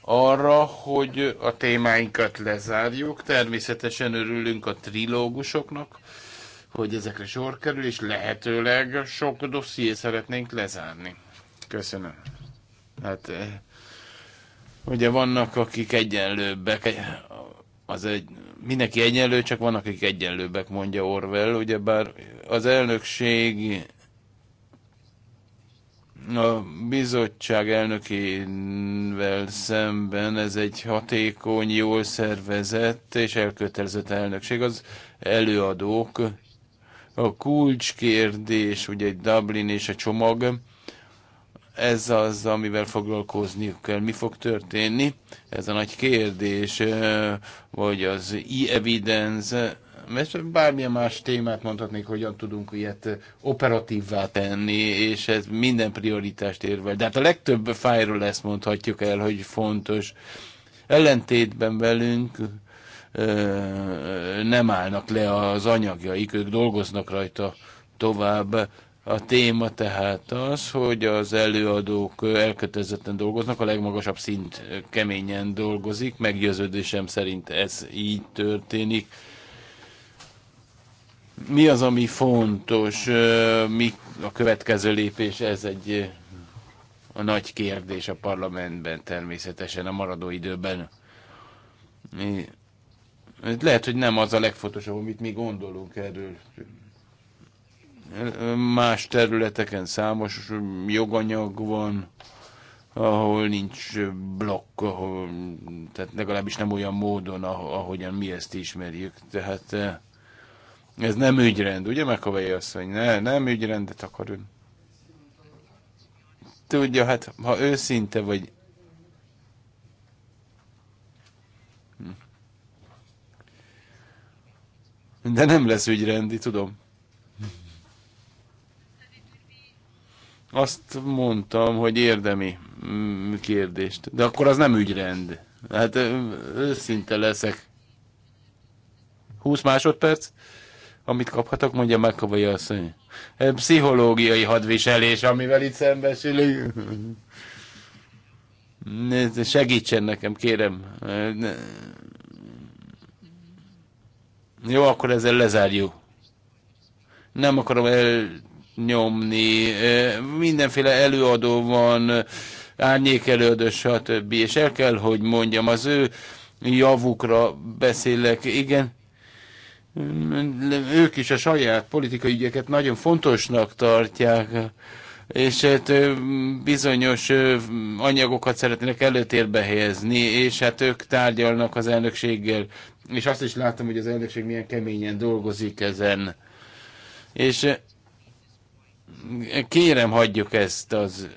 arra, hogy a témáinkat lezárjuk. Természetesen örülünk a trilógusoknak, hogy ezekre sor kerül, és lehetőleg sok dosszié szeretnénk lezárni. Köszönöm. Hát, eh, ugye vannak, akik egyenlőbbek, eh, az egy, mindenki egyenlő, csak vannak, akik egyenlőbbek, mondja Orwell, ugyebár az elnökség a bizottság elnökével szemben ez egy hatékony, jól szervezett és elkötelezett elnökség. Az előadók, a kulcskérdés, ugye egy Dublin és a csomag, ez az, amivel foglalkozniuk kell. Mi fog történni? Ez a nagy kérdés, vagy az e-evidence, mert bármilyen más témát mondhatnék, hogyan tudunk ilyet operatívvá tenni, és ez minden prioritást érvel. De hát a legtöbb fájról ezt mondhatjuk el, hogy fontos. Ellentétben velünk nem állnak le az anyagjaik, ők dolgoznak rajta tovább. A téma tehát az, hogy az előadók elkötelezetten dolgoznak, a legmagasabb szint keményen dolgozik, meggyőződésem szerint ez így történik. Mi az, ami fontos? Mi a következő lépés? Ez egy a nagy kérdés a parlamentben természetesen, a maradó időben. Lehet, hogy nem az a legfontosabb, amit mi gondolunk erről. Más területeken számos joganyag van, ahol nincs blokk, ahol, tehát legalábbis nem olyan módon, ahogyan mi ezt ismerjük. Tehát ez nem ügyrend, ugye, Mekavei asszony? Ne, nem ügyrendet akar ön. Tudja, hát ha őszinte vagy... Hm. De nem lesz ügyrendi, tudom. Azt mondtam, hogy érdemi mm, kérdést. De akkor az nem ügyrend. Hát őszinte leszek. 20 másodperc? amit kaphatok, mondja meg a asszony. Pszichológiai hadviselés, amivel itt szembesülünk. Segítsen nekem, kérem. Jó, akkor ezzel lezárjuk. Nem akarom elnyomni. Mindenféle előadó van, árnyék előadó, stb. És el kell, hogy mondjam, az ő javukra beszélek. Igen, ők is a saját politikai ügyeket nagyon fontosnak tartják, és hát bizonyos anyagokat szeretnének előtérbe helyezni, és hát ők tárgyalnak az elnökséggel, és azt is láttam, hogy az elnökség milyen keményen dolgozik ezen. És kérem, hagyjuk ezt az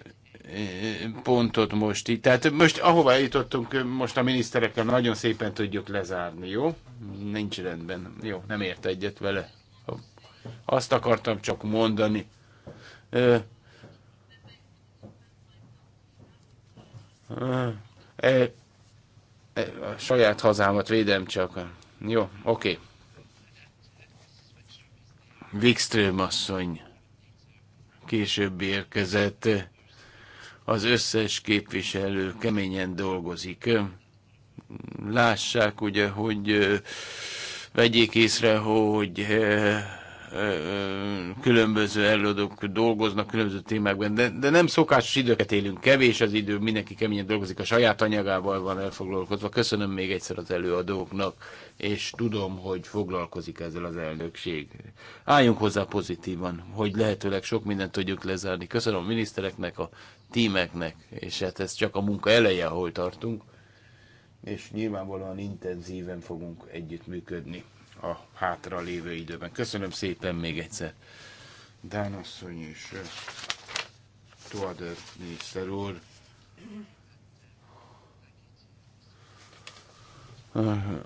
pontot most itt. Tehát most ahova jutottunk, most a miniszterekkel nagyon szépen tudjuk lezárni, jó? Nincs rendben. Jó, nem ért egyet vele. Azt akartam csak mondani. E, a saját hazámat védem csak. Jó, oké. Wikström asszony később érkezett az összes képviselő keményen dolgozik. Lássák ugye, hogy vegyék észre, hogy különböző előadók dolgoznak különböző témákban, de, de nem szokásos időket élünk, kevés az idő, mindenki keményen dolgozik, a saját anyagával van elfoglalkozva. Köszönöm még egyszer az előadóknak, és tudom, hogy foglalkozik ezzel az elnökség. Álljunk hozzá pozitívan, hogy lehetőleg sok mindent tudjuk lezárni. Köszönöm a minisztereknek, a tímeknek, és hát ez csak a munka eleje, ahol tartunk, és nyilvánvalóan intenzíven fogunk együttműködni a hátra lévő időben. Köszönöm szépen még egyszer. Dán asszony és eh, Tuader miniszter úr. Ah,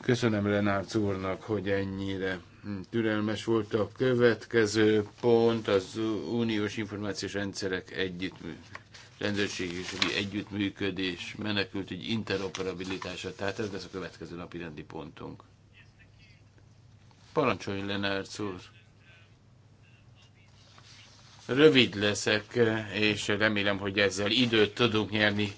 köszönöm Lenárc úrnak, hogy ennyire türelmes volt a következő pont, az uniós információs rendszerek együtt, és együttműködés, menekült egy interoperabilitása, tehát ez lesz a következő napi rendi pontunk. Parancsolj, Lenárc úr! Rövid leszek, és remélem, hogy ezzel időt tudunk nyerni,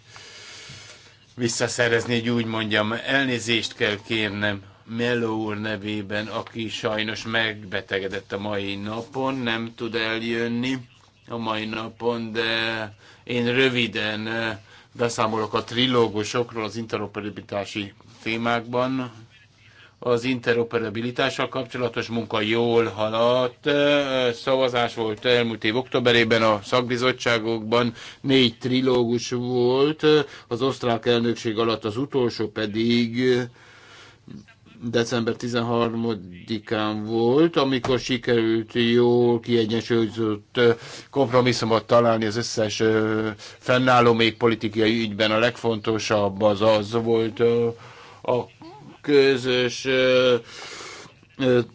visszaszerezni, hogy úgy mondjam, elnézést kell kérnem Melo úr nevében, aki sajnos megbetegedett a mai napon, nem tud eljönni a mai napon, de én röviden eh, beszámolok a trilógusokról az interoperabilitási témákban. Az interoperabilitással kapcsolatos munka jól haladt. Eh, szavazás volt elmúlt év októberében a szakbizottságokban, négy trilógus volt, eh, az osztrák elnökség alatt az utolsó pedig december 13-án volt, amikor sikerült jól kiegyensúlyozott kompromisszumot találni az összes fennálló még politikai ügyben. A legfontosabb az az volt a közös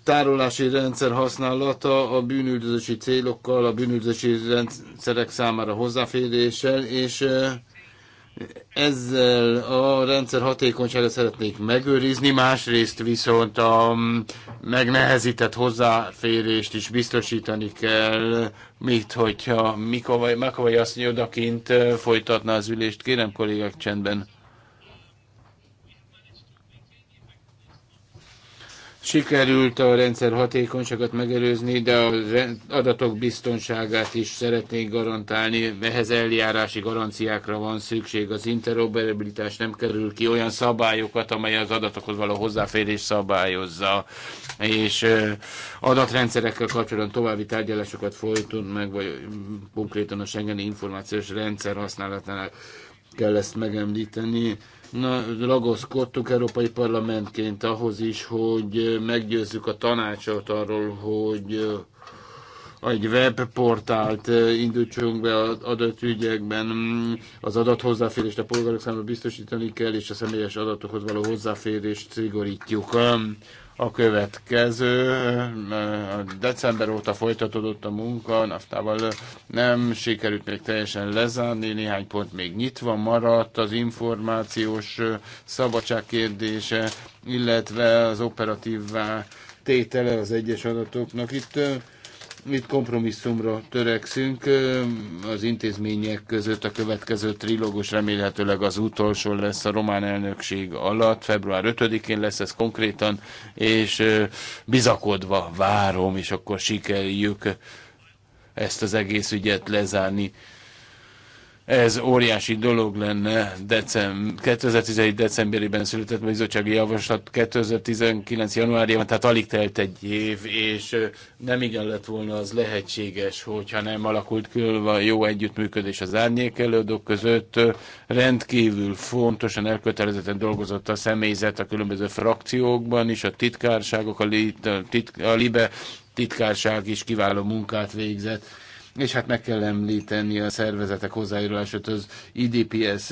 tárolási rendszer használata a bűnüldözési célokkal, a bűnüldözési rendszerek számára hozzáféréssel, és ezzel a rendszer hatékonyságot szeretnék megőrizni, másrészt viszont a megnehezített hozzáférést is biztosítani kell, mint hogyha Mikovai, Mikovai azt mondja, odakint folytatná az ülést. Kérem kollégák csendben. Sikerült a rendszer hatékonyságot megelőzni, de az adatok biztonságát is szeretnénk garantálni. Ehhez eljárási garanciákra van szükség. Az interoperabilitás nem kerül ki olyan szabályokat, amely az adatokhoz való hozzáférés szabályozza. És adatrendszerekkel kapcsolatban további tárgyalásokat folytunk meg, vagy konkrétan a Schengeni információs rendszer használatánál kell ezt megemlíteni Na, ragaszkodtunk Európai Parlamentként ahhoz is, hogy meggyőzzük a tanácsot arról, hogy eh, egy webportált eh, indítsunk be az adatügyekben, az adathozzáférést a polgárok számára biztosítani kell, és a személyes adatokhoz való hozzáférést szigorítjuk. A következő, december óta folytatódott a munka, naftával nem sikerült még teljesen lezárni, néhány pont még nyitva maradt, az információs szabadság kérdése, illetve az operatívvá tétele az egyes adatoknak. Itt Mit kompromisszumra törekszünk az intézmények között a következő trilógus remélhetőleg az utolsó lesz a román elnökség alatt, február 5-én lesz ez konkrétan, és bizakodva várom, és akkor sikerüljük ezt az egész ügyet lezárni. Ez óriási dolog lenne. Decem, 2017. decemberében született a bizottsági javaslat, 2019. januárjában, tehát alig telt egy év, és nem igen lett volna az lehetséges, hogyha nem alakult külve a jó együttműködés az árnyék előadók között. Rendkívül fontosan elkötelezetten dolgozott a személyzet a különböző frakciókban is, a titkárságok, a, li, a, tit, a LIBE titkárság is kiváló munkát végzett és hát meg kell említeni a szervezetek hozzájárulását, az IDPS,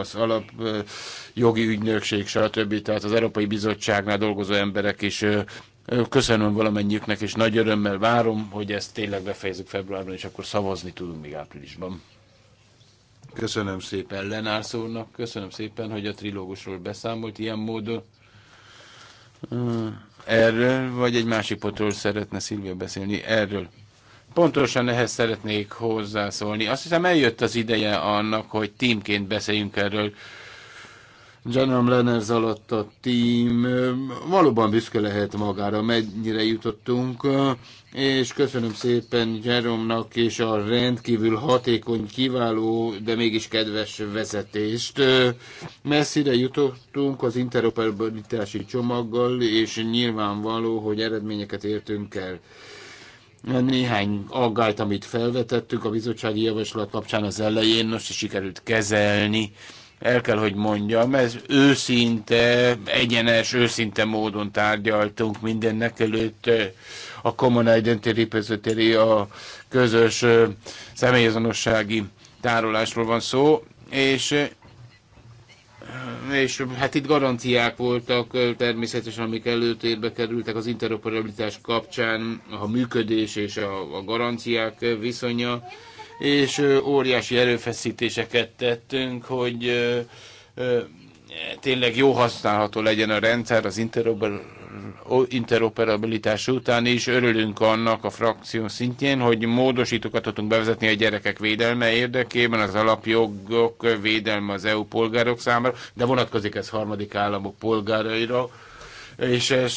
az alapjogi ügynökség, stb. Tehát az Európai Bizottságnál dolgozó emberek is Köszönöm valamennyiüknek, és nagy örömmel várom, hogy ezt tényleg befejezzük februárban, és akkor szavazni tudunk még áprilisban. Köszönöm szépen Lenárszónak, köszönöm szépen, hogy a trilógusról beszámolt ilyen módon. Erről, vagy egy másik potról szeretne Szilvia beszélni? Erről. Pontosan ehhez szeretnék hozzászólni. Azt hiszem eljött az ideje annak, hogy tímként beszéljünk erről. Janom Lenners alatt a tím valóban büszke lehet magára, mennyire jutottunk, és köszönöm szépen Jeromnak és a rendkívül hatékony, kiváló, de mégis kedves vezetést. Messzire jutottunk az interoperabilitási csomaggal, és nyilvánvaló, hogy eredményeket értünk el néhány aggályt, amit felvetettük a bizottsági javaslat kapcsán az elején, most is sikerült kezelni. El kell, hogy mondjam, ez őszinte, egyenes, őszinte módon tárgyaltunk mindennek előtt a Common Identity Repository, a közös személyazonossági tárolásról van szó, és és hát itt garanciák voltak természetesen, amik előtérbe kerültek az interoperabilitás kapcsán, a működés és a, a garanciák viszonya, és óriási erőfeszítéseket tettünk, hogy tényleg jó használható legyen a rendszer az interoperabilitás után is. Örülünk annak a frakció szintjén, hogy módosítókat tudunk bevezetni a gyerekek védelme érdekében, az alapjogok védelme az EU polgárok számára, de vonatkozik ez harmadik államok polgáraira és ez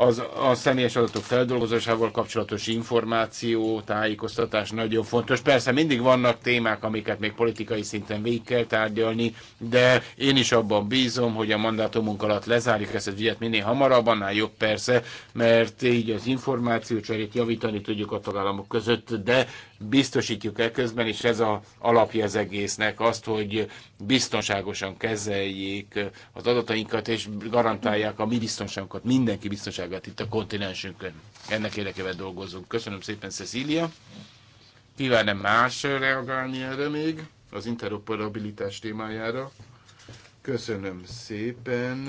az, a személyes adatok feldolgozásával kapcsolatos információ, tájékoztatás nagyon fontos. Persze mindig vannak témák, amiket még politikai szinten végig kell tárgyalni, de én is abban bízom, hogy a mandátumunk alatt lezárjuk ezt az ügyet minél hamarabb, annál jobb persze, mert így az információcserét javítani tudjuk a tagállamok között, de biztosítjuk e közben és ez a alapja az egésznek, azt, hogy biztonságosan kezeljék az adatainkat, és garantálják a mi biztonságunkat, mindenki biztonságos gazdaságát itt a kontinensünkön. Ennek érdekében dolgozunk. Köszönöm szépen, Cecília. Kíván-e más reagálni erre még? Az interoperabilitás témájára. Köszönöm szépen.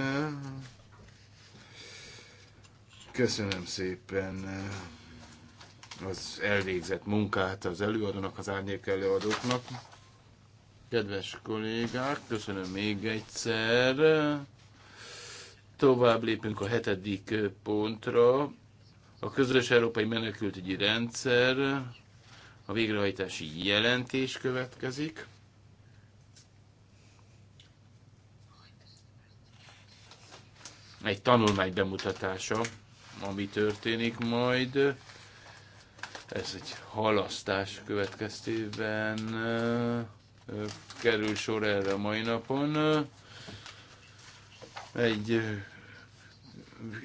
Köszönöm szépen az elvégzett munkát az előadónak, az árnyék előadóknak. Kedves kollégák, köszönöm még egyszer. Tovább lépünk a hetedik pontra. A közös európai menekültügyi rendszer, a végrehajtási jelentés következik. Egy tanulmány bemutatása, ami történik majd. Ez egy halasztás következtében kerül sor erre a mai napon. Egy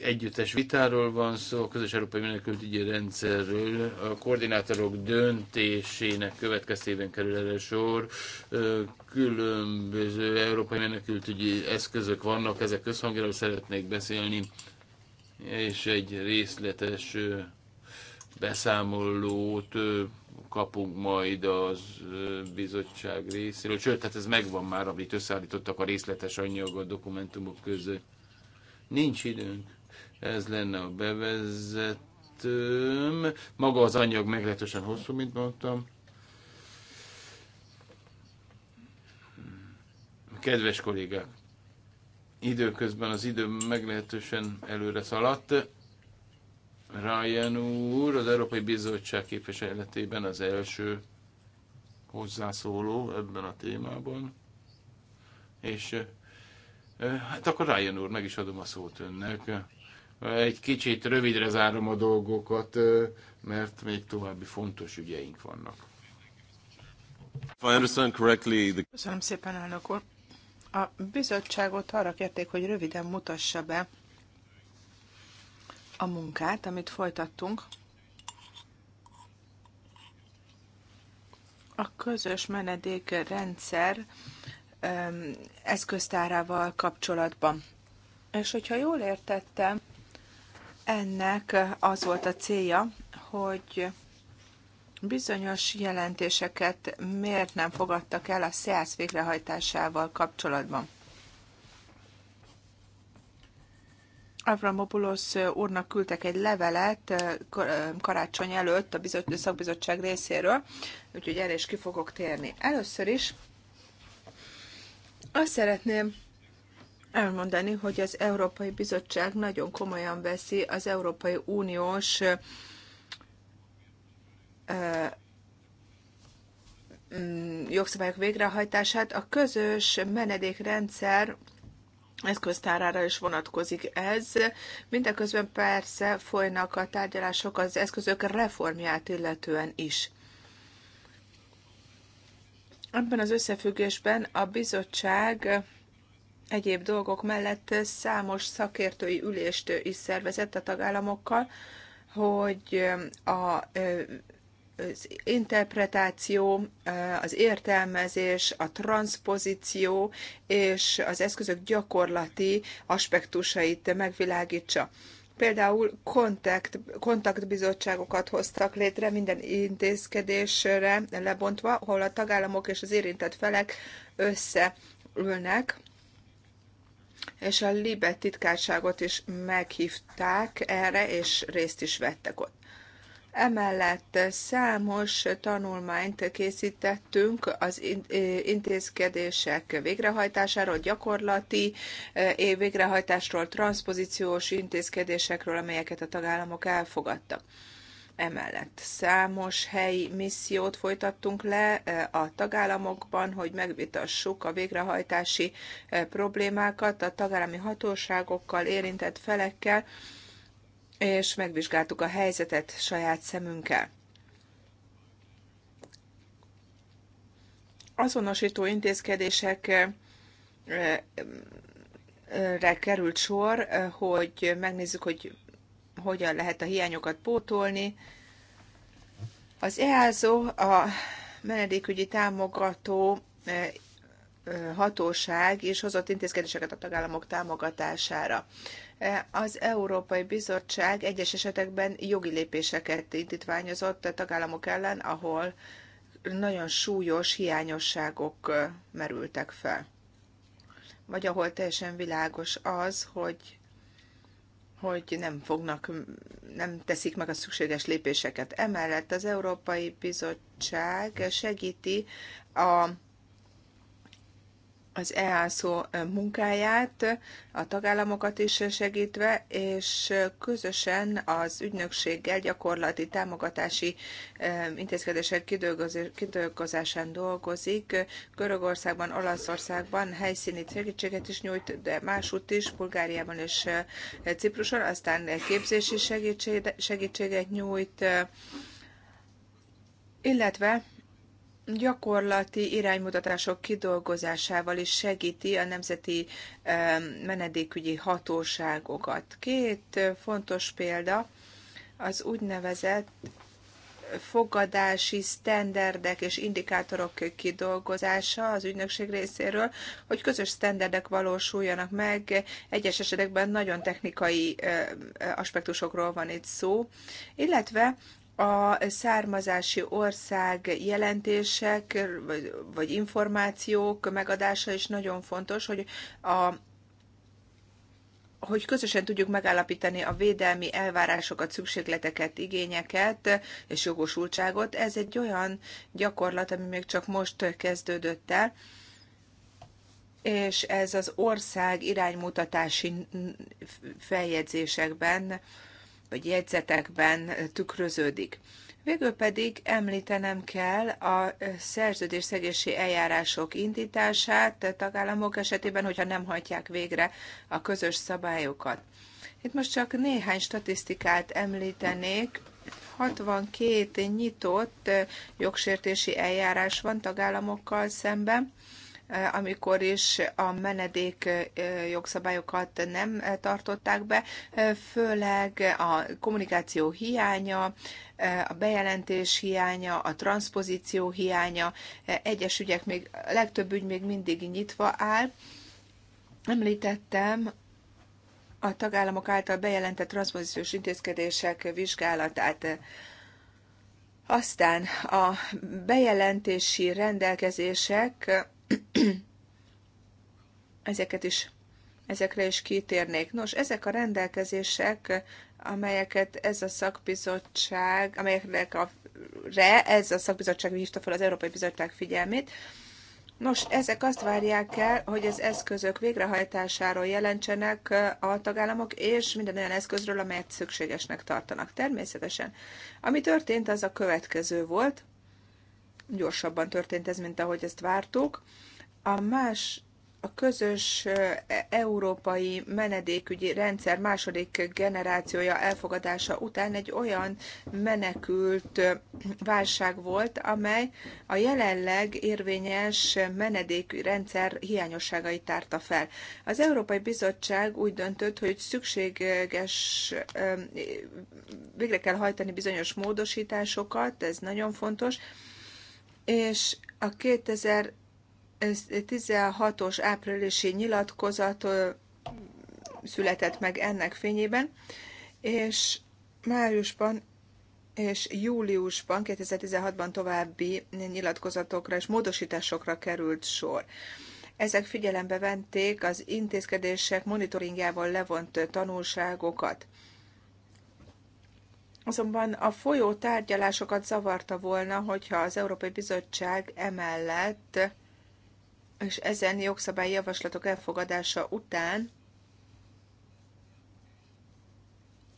együttes vitáról van szó, a közös európai menekültügyi rendszerről. A koordinátorok döntésének következtében kerül erre sor. Különböző európai menekültügyi eszközök vannak, ezek közhangjáról szeretnék beszélni, és egy részletes beszámolót kapunk majd az bizottság részéről. Sőt, tehát ez megvan már, amit összeállítottak a részletes anyag a dokumentumok között Nincs időnk. Ez lenne a bevezetőm. Maga az anyag meglehetősen hosszú, mint mondtam. Kedves kollégák, időközben az idő meglehetősen előre szaladt. Ryan úr az Európai Bizottság képviseletében az első hozzászóló ebben a témában, és Hát akkor Ryan úr, meg is adom a szót önnek. Egy kicsit rövidre zárom a dolgokat, mert még további fontos ügyeink vannak. Köszönöm szépen, elnök úr. A bizottságot arra kérték, hogy röviden mutassa be a munkát, amit folytattunk. A közös menedékrendszer eszköztárával kapcsolatban. És hogyha jól értettem, ennek az volt a célja, hogy bizonyos jelentéseket miért nem fogadtak el a SEASZ végrehajtásával kapcsolatban. Avramopoulos úrnak küldtek egy levelet eh, eh, karácsony előtt a szakbizottság részéről, úgyhogy erre is ki fogok térni. Először is azt szeretném elmondani, hogy az Európai Bizottság nagyon komolyan veszi az Európai Uniós mm, jogszabályok végrehajtását. A közös menedékrendszer eszköztárára is vonatkozik ez. Mindeközben persze folynak a tárgyalások az eszközök reformját illetően is. Ebben az összefüggésben a bizottság egyéb dolgok mellett számos szakértői ülést is szervezett a tagállamokkal, hogy a az interpretáció, az értelmezés, a transpozíció és az eszközök gyakorlati aspektusait megvilágítsa. Például kontakt, kontaktbizottságokat hoztak létre minden intézkedésre lebontva, ahol a tagállamok és az érintett felek összeülnek, és a Libet titkárságot is meghívták erre, és részt is vettek ott. Emellett számos tanulmányt készítettünk az intézkedések végrehajtásáról, gyakorlati végrehajtásról, transzpozíciós intézkedésekről, amelyeket a tagállamok elfogadtak. Emellett számos helyi missziót folytattunk le a tagállamokban, hogy megvitassuk a végrehajtási problémákat a tagállami hatóságokkal, érintett felekkel, és megvizsgáltuk a helyzetet saját szemünkkel. Azonosító intézkedések re eh, eh, eh, került sor, hogy megnézzük, hogy hogyan lehet a hiányokat pótolni. Az EASO, a menedékügyi támogató hatóság és hozott intézkedéseket a tagállamok támogatására az Európai Bizottság egyes esetekben jogi lépéseket indítványozott a tagállamok ellen, ahol nagyon súlyos hiányosságok merültek fel. Vagy ahol teljesen világos az, hogy hogy nem fognak, nem teszik meg a szükséges lépéseket. Emellett az Európai Bizottság segíti a az EASZO munkáját, a tagállamokat is segítve, és közösen az ügynökséggel gyakorlati támogatási intézkedések kidolgozásán dolgozik. Görögországban, Olaszországban helyszíni segítséget is nyújt, de másút is, Bulgáriában és Cipruson, aztán képzési segítséget nyújt, illetve gyakorlati iránymutatások kidolgozásával is segíti a nemzeti menedékügyi hatóságokat. Két fontos példa az úgynevezett fogadási sztenderdek és indikátorok kidolgozása az ügynökség részéről, hogy közös sztenderdek valósuljanak meg. Egyes esetekben nagyon technikai aspektusokról van itt szó, illetve a származási ország jelentések vagy, vagy információk megadása is nagyon fontos, hogy a hogy közösen tudjuk megállapítani a védelmi elvárásokat, szükségleteket, igényeket és jogosultságot. Ez egy olyan gyakorlat, ami még csak most kezdődött el, és ez az ország iránymutatási feljegyzésekben vagy jegyzetekben tükröződik. Végül pedig említenem kell a szerződésszegési eljárások indítását tagállamok esetében, hogyha nem hajtják végre a közös szabályokat. Itt most csak néhány statisztikát említenék. 62 nyitott jogsértési eljárás van tagállamokkal szemben, amikor is a menedék jogszabályokat nem tartották be, főleg a kommunikáció hiánya, a bejelentés hiánya, a transpozíció hiánya, egyes ügyek még, a legtöbb ügy még mindig nyitva áll. Említettem a tagállamok által bejelentett transzpozíciós intézkedések vizsgálatát. Aztán a bejelentési rendelkezések ezeket is, ezekre is kitérnék. Nos, ezek a rendelkezések, amelyeket ez a szakbizottság, amelyeknek a, re, ez a szakbizottság hívta fel az Európai Bizottság figyelmét, Nos, ezek azt várják el, hogy az eszközök végrehajtásáról jelentsenek a tagállamok, és minden olyan eszközről, amelyet szükségesnek tartanak. Természetesen. Ami történt, az a következő volt gyorsabban történt ez, mint ahogy ezt vártuk. A más a közös e, európai menedékügyi rendszer második generációja elfogadása után egy olyan menekült válság volt, amely a jelenleg érvényes menedékügyi rendszer hiányosságait tárta fel. Az Európai Bizottság úgy döntött, hogy szükséges végre kell hajtani bizonyos módosításokat, ez nagyon fontos, és a 2016-os áprilisi nyilatkozat született meg ennek fényében, és májusban és júliusban, 2016-ban további nyilatkozatokra és módosításokra került sor. Ezek figyelembe venték az intézkedések monitoringjával levont tanulságokat. Azonban a folyó tárgyalásokat zavarta volna, hogyha az Európai Bizottság emellett és ezen javaslatok elfogadása után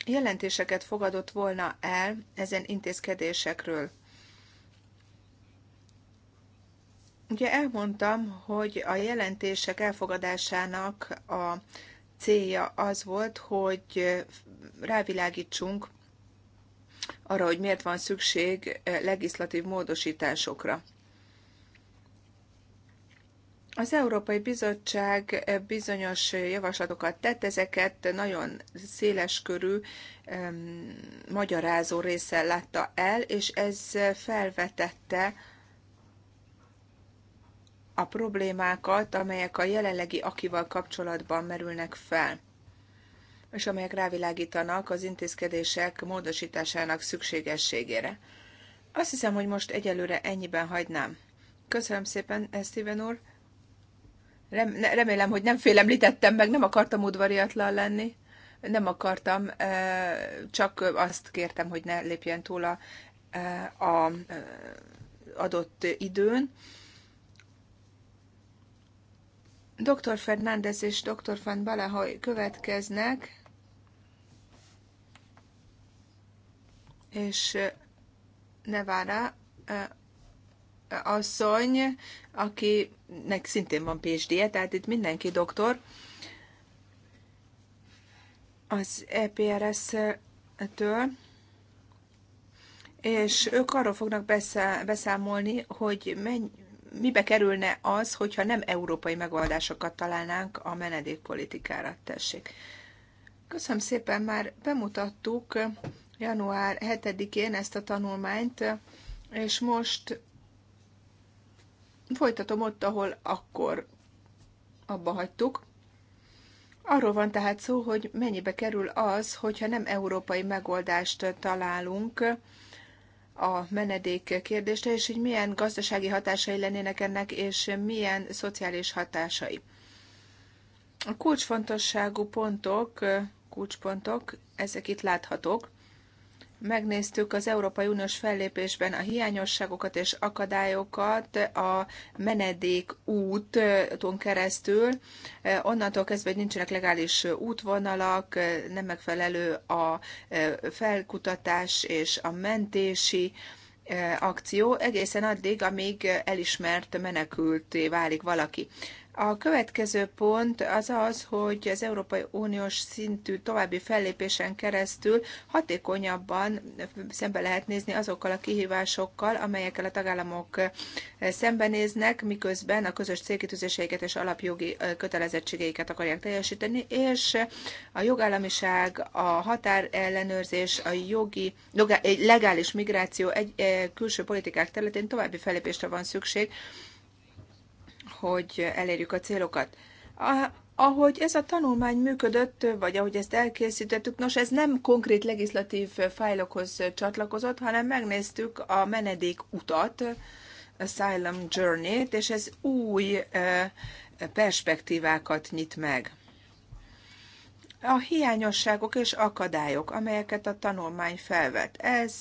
jelentéseket fogadott volna el ezen intézkedésekről. Ugye elmondtam, hogy a jelentések elfogadásának a célja az volt, hogy rávilágítsunk arra, hogy miért van szükség eh, legislatív módosításokra. Az Európai Bizottság eh, bizonyos javaslatokat tett, ezeket nagyon körű um, magyarázó része látta el, és ez felvetette a problémákat, amelyek a jelenlegi akival kapcsolatban merülnek fel és amelyek rávilágítanak az intézkedések módosításának szükségességére. Azt hiszem, hogy most egyelőre ennyiben hagynám. Köszönöm szépen, Steven úr. Rem, remélem, hogy nem félemlítettem meg, nem akartam udvariatlan lenni. Nem akartam, e, csak azt kértem, hogy ne lépjen túl a, e, a e, adott időn. Dr. Fernández és Dr. Van Balahoy következnek, és eh, Nevada eh, asszony, akinek szintén van phd -e, tehát itt mindenki doktor. Az EPRS-től és ők arról fognak beszámolni, hogy mennyi, mibe kerülne az, hogyha nem európai megoldásokat találnánk a menedékpolitikára? Tessék. Köszönöm szépen, már bemutattuk január 7-én ezt a tanulmányt, és most folytatom ott, ahol akkor abba hagytuk. Arról van tehát szó, hogy mennyibe kerül az, hogyha nem európai megoldást találunk a menedék kérdésre, és hogy milyen gazdasági hatásai lennének ennek, és milyen szociális hatásai. A kulcsfontosságú pontok, kulcspontok, ezek itt láthatók megnéztük az Európai Uniós fellépésben a hiányosságokat és akadályokat a menedék úton keresztül. Onnantól kezdve, hogy nincsenek legális útvonalak, nem megfelelő a felkutatás és a mentési eh, akció egészen addig, amíg elismert menekülté válik valaki. A következő pont az az, hogy az Európai Uniós szintű további fellépésen keresztül hatékonyabban szembe lehet nézni azokkal a kihívásokkal, amelyekkel a tagállamok szembenéznek, miközben a közös célkitűzéseiket és alapjogi kötelezettségeiket akarják teljesíteni, és a jogállamiság, a határellenőrzés, a jogi, legális migráció egy eh, külső politikák területén további fellépésre van szükség, hogy elérjük a célokat. Ahogy ez a tanulmány működött, vagy ahogy ezt elkészítettük, nos, ez nem konkrét legislatív fájlokhoz csatlakozott, hanem megnéztük a menedék utat, Asylum Journey-t, és ez új perspektívákat nyit meg. A hiányosságok és akadályok, amelyeket a tanulmány felvet, ez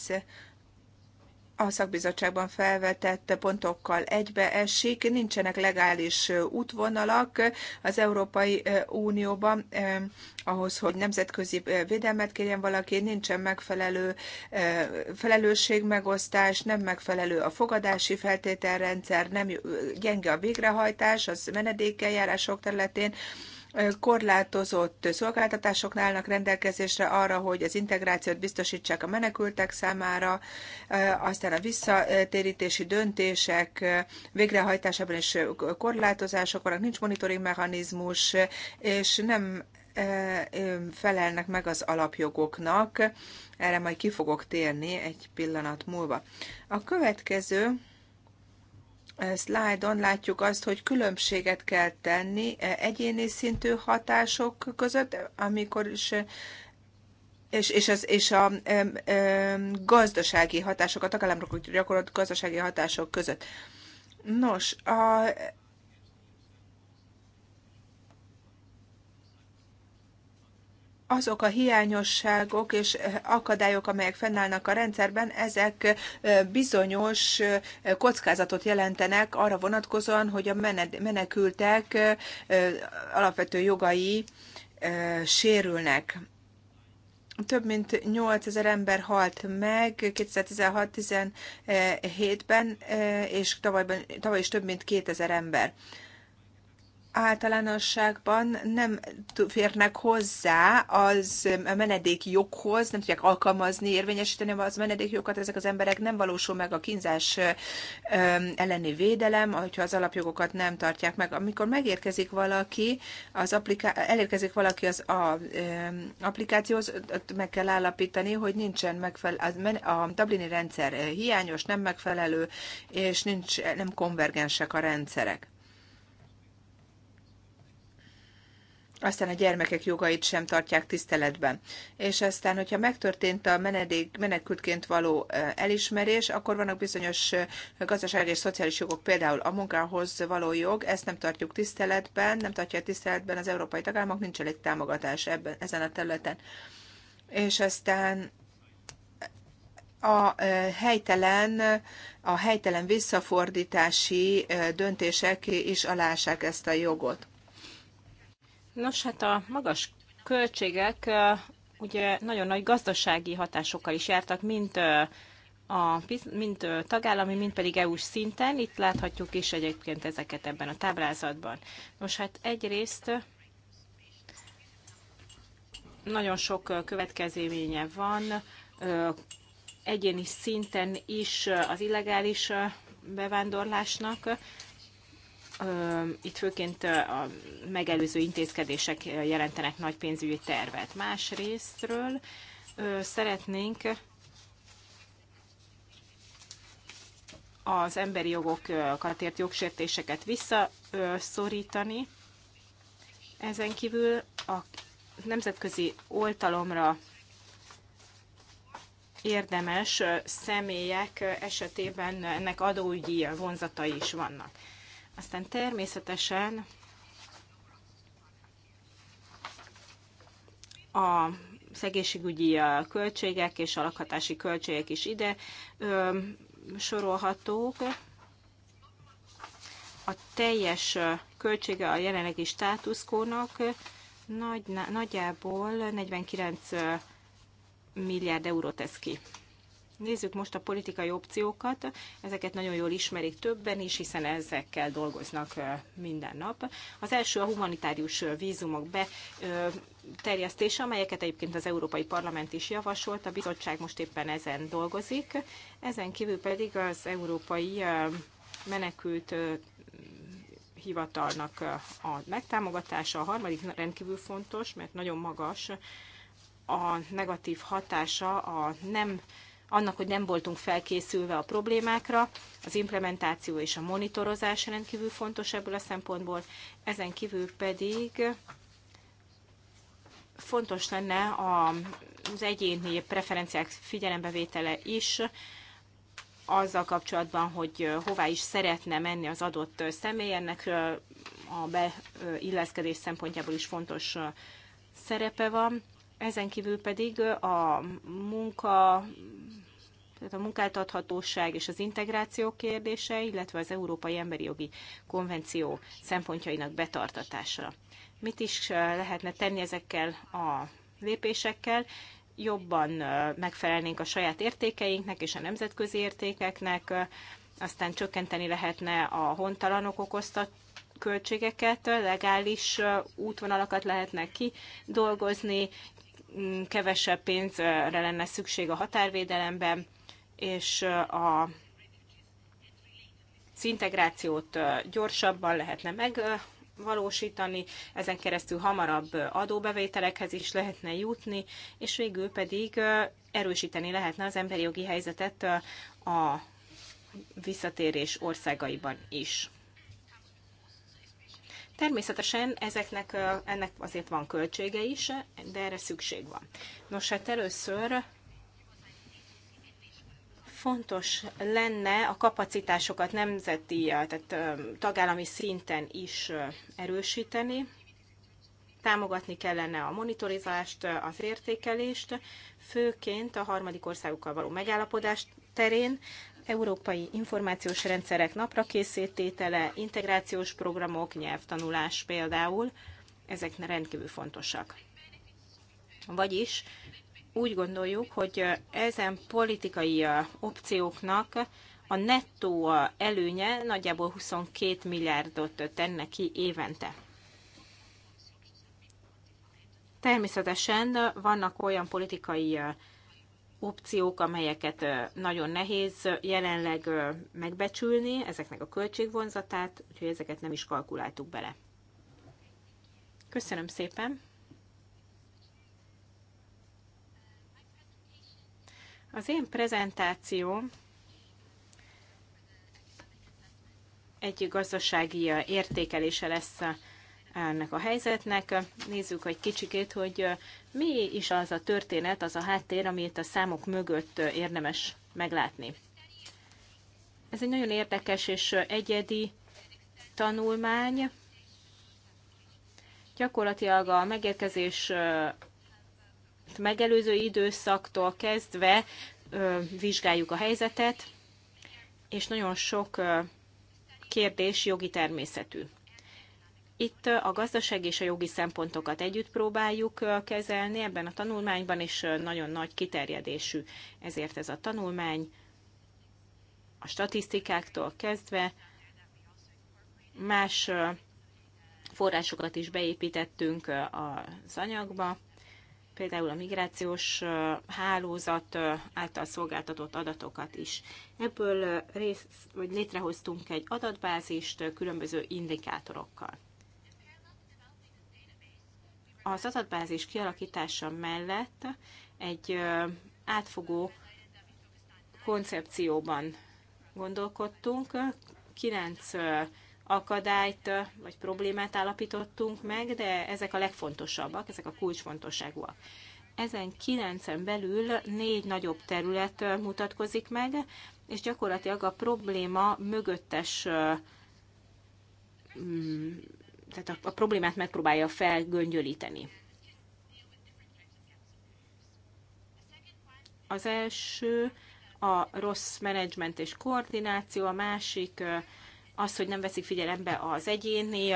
a szakbizottságban felvetett pontokkal egybeesik, nincsenek legális útvonalak az Európai Unióban ahhoz, hogy nemzetközi védelmet kérjen valaki, nincsen megfelelő felelősségmegosztás, nem megfelelő a fogadási feltételrendszer, nem gyenge a végrehajtás az menedékeljárások területén, korlátozott szolgáltatásoknál állnak rendelkezésre arra, hogy az integrációt biztosítsák a menekültek számára, eh, aztán a visszatérítési döntések eh, végrehajtásában is eh, korlátozások vannak, nincs monitoring mechanizmus, és nem felelnek meg az alapjogoknak. Erre majd ki fogok térni egy pillanat múlva. A következő szlájdon látjuk azt, hogy különbséget kell tenni eh, egyéni szintű hatások között, amikor is eh, és, és, az, és a ö, ö, hatásokat, a tagállamokra gyakorolt gazdasági hatások között. Nos, a, azok a hiányosságok és eh, akadályok, amelyek fennállnak a rendszerben, ezek eh, bizonyos eh, kockázatot jelentenek arra vonatkozóan, hogy a menekültek alapvető jogai sérülnek. Több mint 8000 ember halt meg 2016-17-ben, és tavaly, tavaly is több mint 2000 ember általánosságban nem férnek hozzá az a menedéki joghoz, nem tudják alkalmazni, érvényesíteni az menedéki jogokat, ezek az emberek nem valósul meg a kínzás elleni védelem, hogyha az alapjogokat nem tartják meg. Amikor megérkezik valaki, az applika- elérkezik valaki az a, öm, applikációhoz, meg kell állapítani, hogy nincsen megfelelő, a Dublini rendszer hiányos, nem megfelelő, és nincs, nem konvergensek a rendszerek aztán a gyermekek jogait sem tartják tiszteletben. És aztán, hogyha megtörtént a menedék, menekültként való elismerés, akkor vannak bizonyos gazdasági és szociális jogok, például a munkához való jog, ezt nem tartjuk tiszteletben, nem tartják tiszteletben az európai tagállamok, nincs elég támogatás ebben, ezen a területen. És aztán a helytelen, a helytelen visszafordítási döntések is alássák ezt a jogot Nos, hát a magas költségek ugye nagyon nagy gazdasági hatásokkal is jártak, mint a, mint tagállami, mint pedig EU-s szinten. Itt láthatjuk is egyébként ezeket ebben a táblázatban. Nos, hát egyrészt nagyon sok következménye van, egyéni szinten is az illegális bevándorlásnak, itt főként a megelőző intézkedések jelentenek nagy pénzügyi tervet. Másrésztről szeretnénk az emberi jogokat ért jogsértéseket visszaszorítani. Ezen kívül a nemzetközi oltalomra érdemes személyek esetében ennek adóügyi vonzatai is vannak. Aztán természetesen a szegészségügyi költségek és a lakhatási költségek is ide ö, sorolhatók. A teljes költsége a jelenlegi státuszkónak nagy, nagyjából 49 milliárd eurót tesz ki. Nézzük most a politikai opciókat, ezeket nagyon jól ismerik többen is, hiszen ezekkel dolgoznak minden nap. Az első a humanitárius vízumok be terjesztése, amelyeket egyébként az Európai Parlament is javasolt, a bizottság most éppen ezen dolgozik. Ezen kívül pedig az Európai Menekült Hivatalnak a megtámogatása, a harmadik rendkívül fontos, mert nagyon magas a negatív hatása a nem annak, hogy nem voltunk felkészülve a problémákra, az implementáció és a monitorozás rendkívül fontos ebből a szempontból, ezen kívül pedig fontos lenne az egyéni preferenciák figyelembevétele is, azzal kapcsolatban, hogy hová is szeretne menni az adott személy, ennek a beilleszkedés szempontjából is fontos szerepe van. Ezen kívül pedig a munka, tehát a munkáltathatóság és az integráció kérdése, illetve az Európai Emberi Jogi Konvenció szempontjainak betartatása. Mit is lehetne tenni ezekkel a lépésekkel? Jobban megfelelnénk a saját értékeinknek és a nemzetközi értékeknek, aztán csökkenteni lehetne a hontalanok okozta költségeket, legális útvonalakat lehetne kidolgozni, Mm, kevesebb pénzre lenne szükség a határvédelemben, és a szintegrációt gyorsabban lehetne megvalósítani, ezen keresztül hamarabb adóbevételekhez is lehetne jutni, és végül pedig erősíteni lehetne az emberi jogi helyzetet a visszatérés országaiban is. Természetesen ezeknek, ennek azért van költsége is, de erre szükség van. Nos, hát először fontos lenne a kapacitásokat nemzeti, tehát tagállami szinten is erősíteni. Támogatni kellene a monitorizást, az értékelést, főként a harmadik országokkal való megállapodást terén, európai információs rendszerek naprakészítétele, integrációs programok, nyelvtanulás például, ezek rendkívül fontosak. Vagyis úgy gondoljuk, hogy ezen politikai opcióknak a nettó előnye nagyjából 22 milliárdot tenne ki évente. Természetesen vannak olyan politikai opciók, amelyeket nagyon nehéz jelenleg megbecsülni, ezeknek a költségvonzatát, úgyhogy ezeket nem is kalkuláltuk bele. Köszönöm szépen! Az én prezentációm egy gazdasági értékelése lesz ennek a helyzetnek. Nézzük egy kicsikét, hogy mi is az a történet, az a háttér, amit a számok mögött érdemes meglátni. Ez egy nagyon érdekes és egyedi tanulmány. Gyakorlatilag a megérkezés megelőző időszaktól kezdve vizsgáljuk a helyzetet, és nagyon sok kérdés jogi természetű. Itt a gazdaság és a jogi szempontokat együtt próbáljuk kezelni ebben a tanulmányban, és nagyon nagy kiterjedésű ezért ez a tanulmány. A statisztikáktól kezdve más forrásokat is beépítettünk az anyagba, például a migrációs hálózat által szolgáltatott adatokat is. Ebből rész, vagy létrehoztunk egy adatbázist különböző indikátorokkal az adatbázis kialakítása mellett egy átfogó koncepcióban gondolkodtunk, kilenc akadályt vagy problémát állapítottunk meg, de ezek a legfontosabbak, ezek a kulcsfontosságúak. Ezen kilencen belül négy nagyobb terület mutatkozik meg, és gyakorlatilag a probléma mögöttes tehát a, a problémát megpróbálja felgöngyölíteni. Az első a rossz menedzsment és koordináció, a másik az, hogy nem veszik figyelembe az egyéni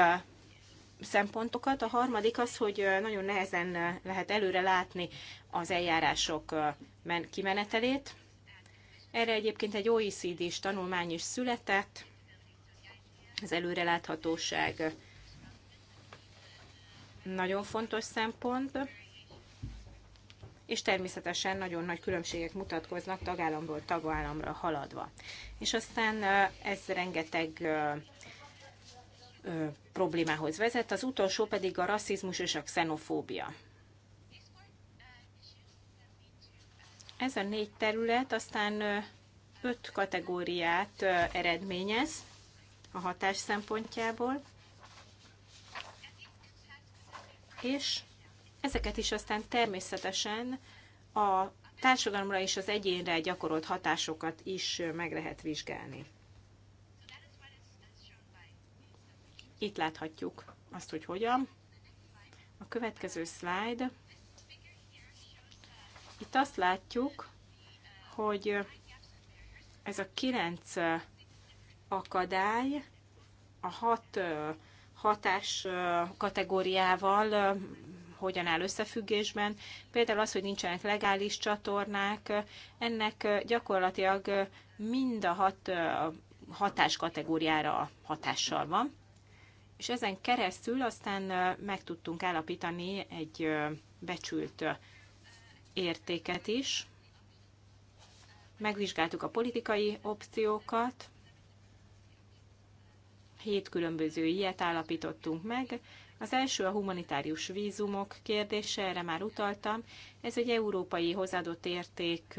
szempontokat, a harmadik az, hogy nagyon nehezen lehet előre látni az eljárások kimenetelét. Erre egyébként egy OECD-s tanulmány is született, az előreláthatóság nagyon fontos szempont, és természetesen nagyon nagy különbségek mutatkoznak tagállamból tagállamra haladva. És aztán ez rengeteg problémához vezet, az utolsó pedig a rasszizmus és a xenofóbia. Ez a négy terület aztán öt kategóriát eredményez a hatás szempontjából és ezeket is aztán természetesen a társadalomra és az egyénre gyakorolt hatásokat is meg lehet vizsgálni. Itt láthatjuk azt, hogy hogyan. A következő slide. Itt azt látjuk, hogy ez a kilenc akadály a hat hatás kategóriával hogyan áll összefüggésben. Például az, hogy nincsenek legális csatornák, ennek gyakorlatilag mind a hat hatás kategóriára hatással van. És ezen keresztül aztán meg tudtunk állapítani egy becsült értéket is. Megvizsgáltuk a politikai opciókat, hét különböző ilyet állapítottunk meg. Az első a humanitárius vízumok kérdése, erre már utaltam. Ez egy európai hozadott érték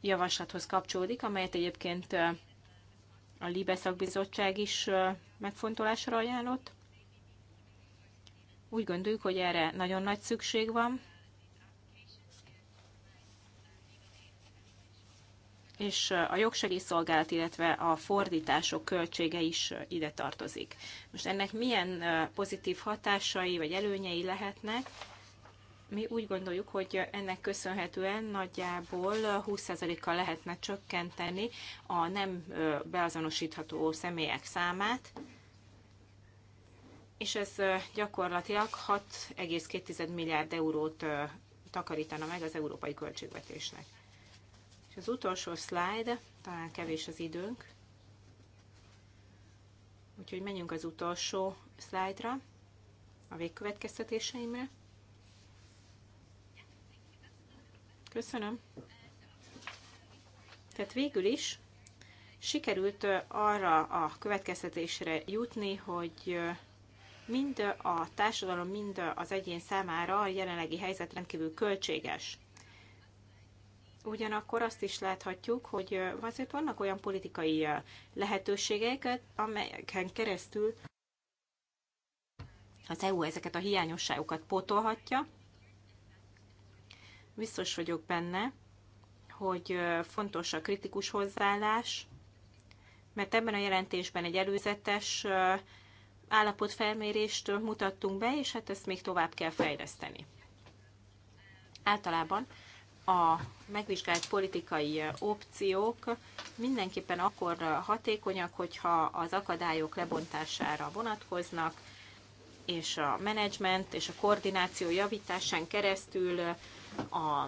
javaslathoz kapcsolódik, amelyet egyébként a Libe szakbizottság is megfontolásra ajánlott. Úgy gondoljuk, hogy erre nagyon nagy szükség van, és a jogsegélyszolgálat, illetve a fordítások költsége is ide tartozik. Most ennek milyen pozitív hatásai vagy előnyei lehetnek? Mi úgy gondoljuk, hogy ennek köszönhetően nagyjából 20%-kal lehetne csökkenteni a nem beazonosítható személyek számát, és ez gyakorlatilag 6,2 milliárd eurót takarítana meg az európai költségvetésnek. És az utolsó slide, talán kevés az időnk, úgyhogy menjünk az utolsó slide-ra, a végkövetkeztetéseimre. Köszönöm. Tehát végül is sikerült arra a következtetésre jutni, hogy mind a társadalom, mind az egyén számára a jelenlegi helyzet rendkívül költséges ugyanakkor azt is láthatjuk, hogy azért vannak olyan politikai lehetőségek, amelyeken keresztül az EU ezeket a hiányosságokat pótolhatja. Biztos vagyok benne, hogy fontos a kritikus hozzáállás, mert ebben a jelentésben egy előzetes állapotfelmérést mutattunk be, és hát ezt még tovább kell fejleszteni. Általában a megvizsgált politikai opciók mindenképpen akkor hatékonyak, hogyha az akadályok lebontására vonatkoznak, és a menedzsment és a koordináció javításán keresztül a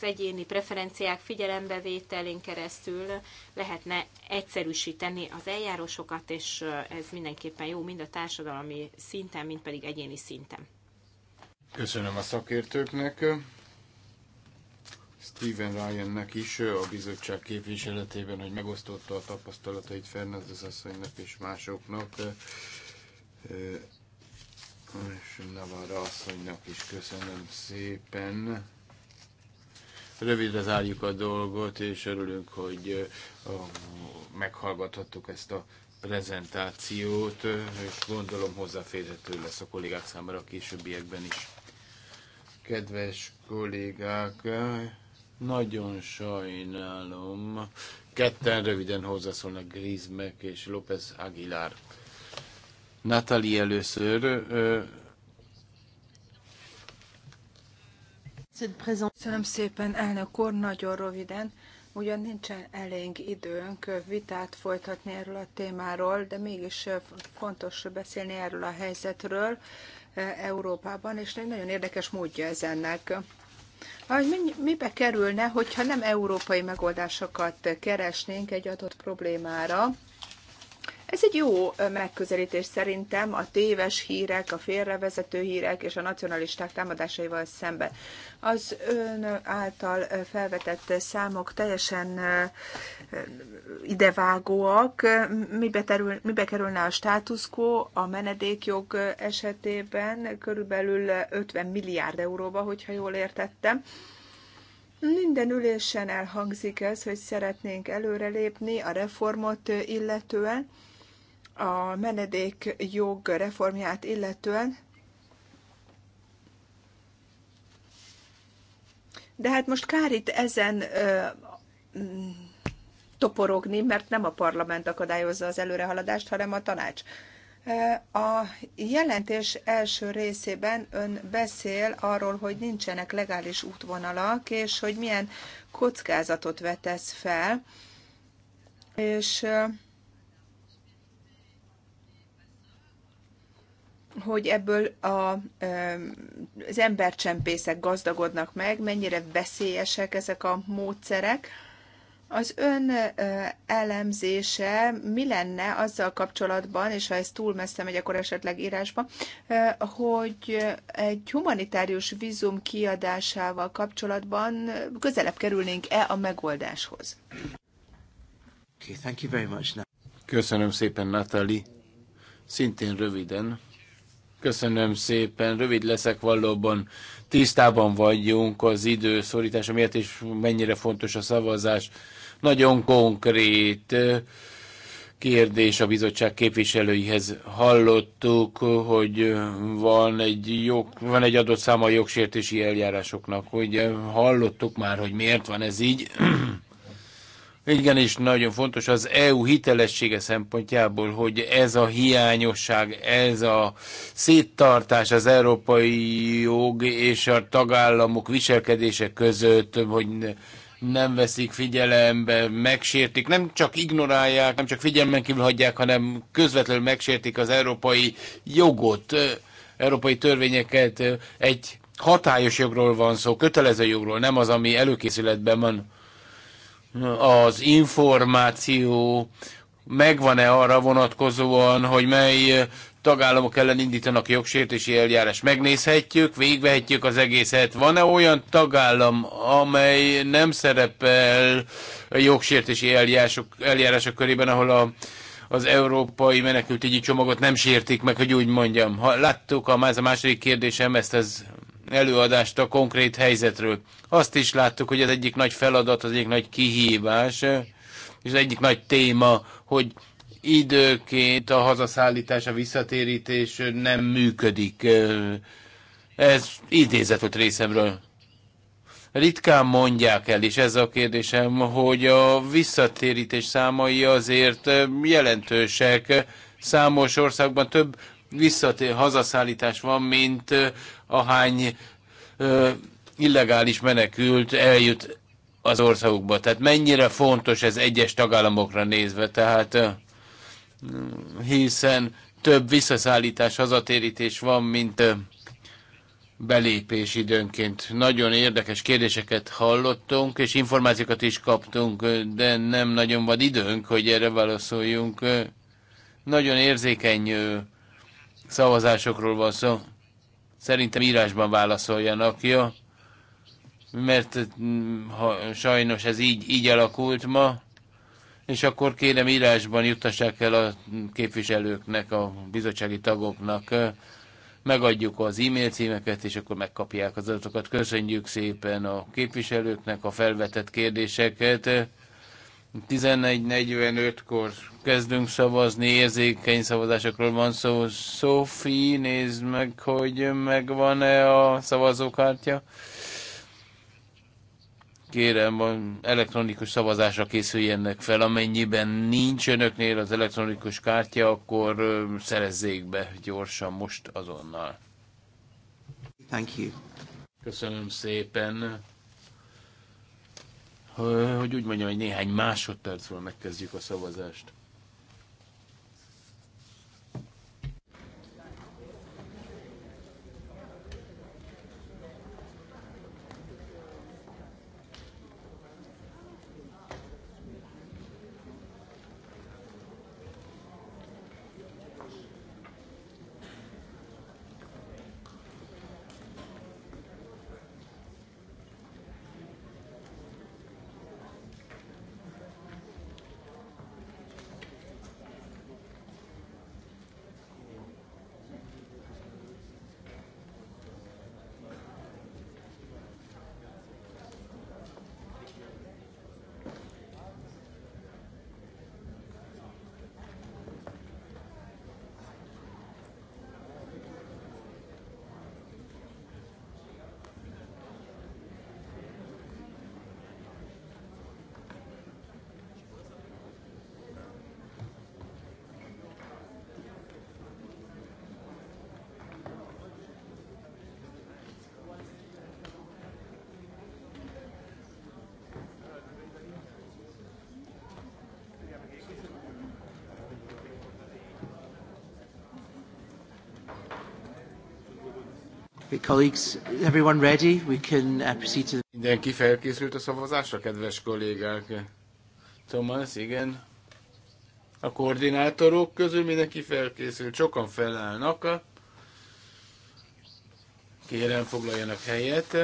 egyéni preferenciák figyelembevételén keresztül lehetne egyszerűsíteni az eljárósokat, és ez mindenképpen jó mind a társadalmi szinten, mind pedig egyéni szinten. Köszönöm a szakértőknek. Steven Ryannek is a bizottság képviseletében, hogy megosztotta a tapasztalatait Fernández asszonynak és másoknak, és Navarra asszonynak is köszönöm szépen. Rövidre zárjuk a dolgot, és örülünk, hogy meghallgathattuk ezt a prezentációt, és gondolom hozzáférhető lesz a kollégák számára a későbbiekben is. Kedves kollégák, nagyon sajnálom. Ketten röviden hozzászólnak Grizmek és López Aguilar. Natali először. Köszönöm szépen, elnök úr, nagyon röviden. Ugyan nincsen elég időnk vitát folytatni erről a témáról, de mégis fontos beszélni erről a helyzetről Európában, és egy nagyon érdekes módja ez ennek hogy mibe kerülne, hogyha nem európai megoldásokat keresnénk egy adott problémára, ez egy jó megközelítés szerintem a téves hírek, a félrevezető hírek és a nacionalisták támadásaival szemben. Az ön által felvetett számok teljesen idevágóak. Mibe, terül, mibe kerülne a státuszkó a menedékjog esetében? Körülbelül 50 milliárd euróba, hogyha jól értettem. Minden ülésen elhangzik ez, hogy szeretnénk előrelépni a reformot illetően a menedékjog reformját illetően. De hát most kár itt ezen ö, mm, toporogni, mert nem a parlament akadályozza az előrehaladást, hanem a tanács. A jelentés első részében ön beszél arról, hogy nincsenek legális útvonalak, és hogy milyen kockázatot vetesz fel, és hogy ebből a, az embercsempészek gazdagodnak meg, mennyire veszélyesek ezek a módszerek. Az ön elemzése mi lenne azzal kapcsolatban, és ha ez túl messze megy, akkor esetleg írásba, hogy egy humanitárius vízum kiadásával kapcsolatban közelebb kerülnénk-e a megoldáshoz? Köszönöm szépen, Natalie. Szintén röviden Köszönöm szépen, rövid leszek valóban. Tisztában vagyunk az idő szorítása miatt, és mennyire fontos a szavazás. Nagyon konkrét kérdés a bizottság képviselőihez. Hallottuk, hogy van egy, jog, van egy adott száma jogsértési eljárásoknak, hogy hallottuk már, hogy miért van ez így. Igen, és nagyon fontos az EU hitelessége szempontjából, hogy ez a hiányosság, ez a széttartás az európai jog és a tagállamok viselkedése között, hogy nem veszik figyelembe, megsértik, nem csak ignorálják, nem csak figyelmen kívül hagyják, hanem közvetlenül megsértik az európai jogot, európai törvényeket. Egy hatályos jogról van szó, kötelező jogról, nem az, ami előkészületben van az információ megvan-e arra vonatkozóan, hogy mely tagállamok ellen indítanak jogsértési eljárás. Megnézhetjük, végvehetjük az egészet. Van-e olyan tagállam, amely nem szerepel jogsértési eljárások, eljárások körében, ahol a, az európai menekültügyi csomagot nem sértik meg, hogy úgy mondjam. Ha láttuk, a, ez a második kérdésem, ezt az előadást a konkrét helyzetről. Azt is láttuk, hogy az egyik nagy feladat, az egyik nagy kihívás, és az egyik nagy téma, hogy időként a hazaszállítás, a visszatérítés nem működik. Ez idézet volt részemről. Ritkán mondják el, és ez a kérdésem, hogy a visszatérítés számai azért jelentősek. Számos országban több visszatér hazaszállítás van, mint ahány illegális menekült eljut az országukba. Tehát mennyire fontos ez egyes tagállamokra nézve, tehát hiszen több visszaszállítás, hazatérítés van, mint belépés időnként. Nagyon érdekes kérdéseket hallottunk, és információkat is kaptunk, de nem nagyon van időnk, hogy erre válaszoljunk. Nagyon érzékeny szavazásokról van szó. Szerintem írásban válaszoljanak, jó? Mert mm, ha, sajnos ez így, így alakult ma, és akkor kérem írásban juttassák el a képviselőknek, a bizottsági tagoknak, megadjuk az e-mail címeket, és akkor megkapják az adatokat. Köszönjük szépen a képviselőknek a felvetett kérdéseket. 11.45-kor kezdünk szavazni, érzékeny szavazásokról van szó. Szofi, nézd meg, hogy megvan-e a szavazókártya. Kérem, van elektronikus szavazásra készüljenek fel. Amennyiben nincs önöknél az elektronikus kártya, akkor szerezzék be gyorsan, most azonnal. Thank you. Köszönöm szépen hogy úgy mondjam, hogy néhány másodpercről megkezdjük a szavazást. Colleagues, everyone ready? We can uh, proceed to... Mindenki felkészült a szavazásra, kedves kollégák? Thomas, igen. A koordinátorok közül mindenki felkészült, sokan felállnak. Kérem, foglaljanak helyet.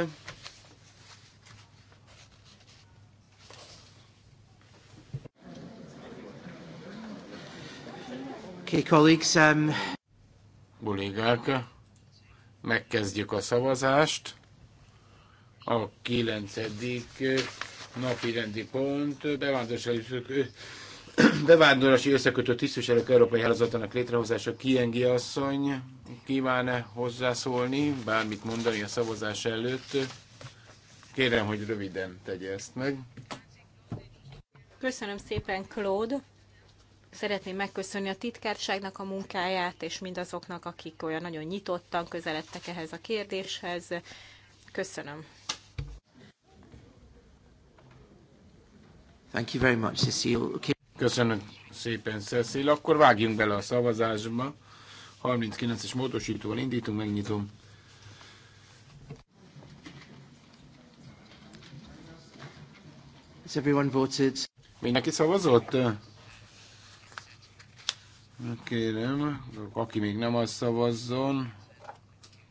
Okay, colleagues, um... Kollégák, Megkezdjük a szavazást. A kilencedik napi rendi pont bevándorlási összekötő tisztviselők Európai Hálózatának létrehozása Kiengi asszony kíván-e hozzászólni, bármit mondani a szavazás előtt? Kérem, hogy röviden tegye ezt meg. Köszönöm szépen, Claude. Szeretném megköszönni a titkárságnak a munkáját, és mindazoknak, akik olyan nagyon nyitottan közeledtek ehhez a kérdéshez. Köszönöm. Thank you very much, Okay. Köszönöm szépen, Cecil. Akkor vágjunk bele a szavazásba. 39-es módosítóval indítunk, megnyitom. Has everyone voted? Mindenki szavazott? Kérem, aki még nem azt szavazzon,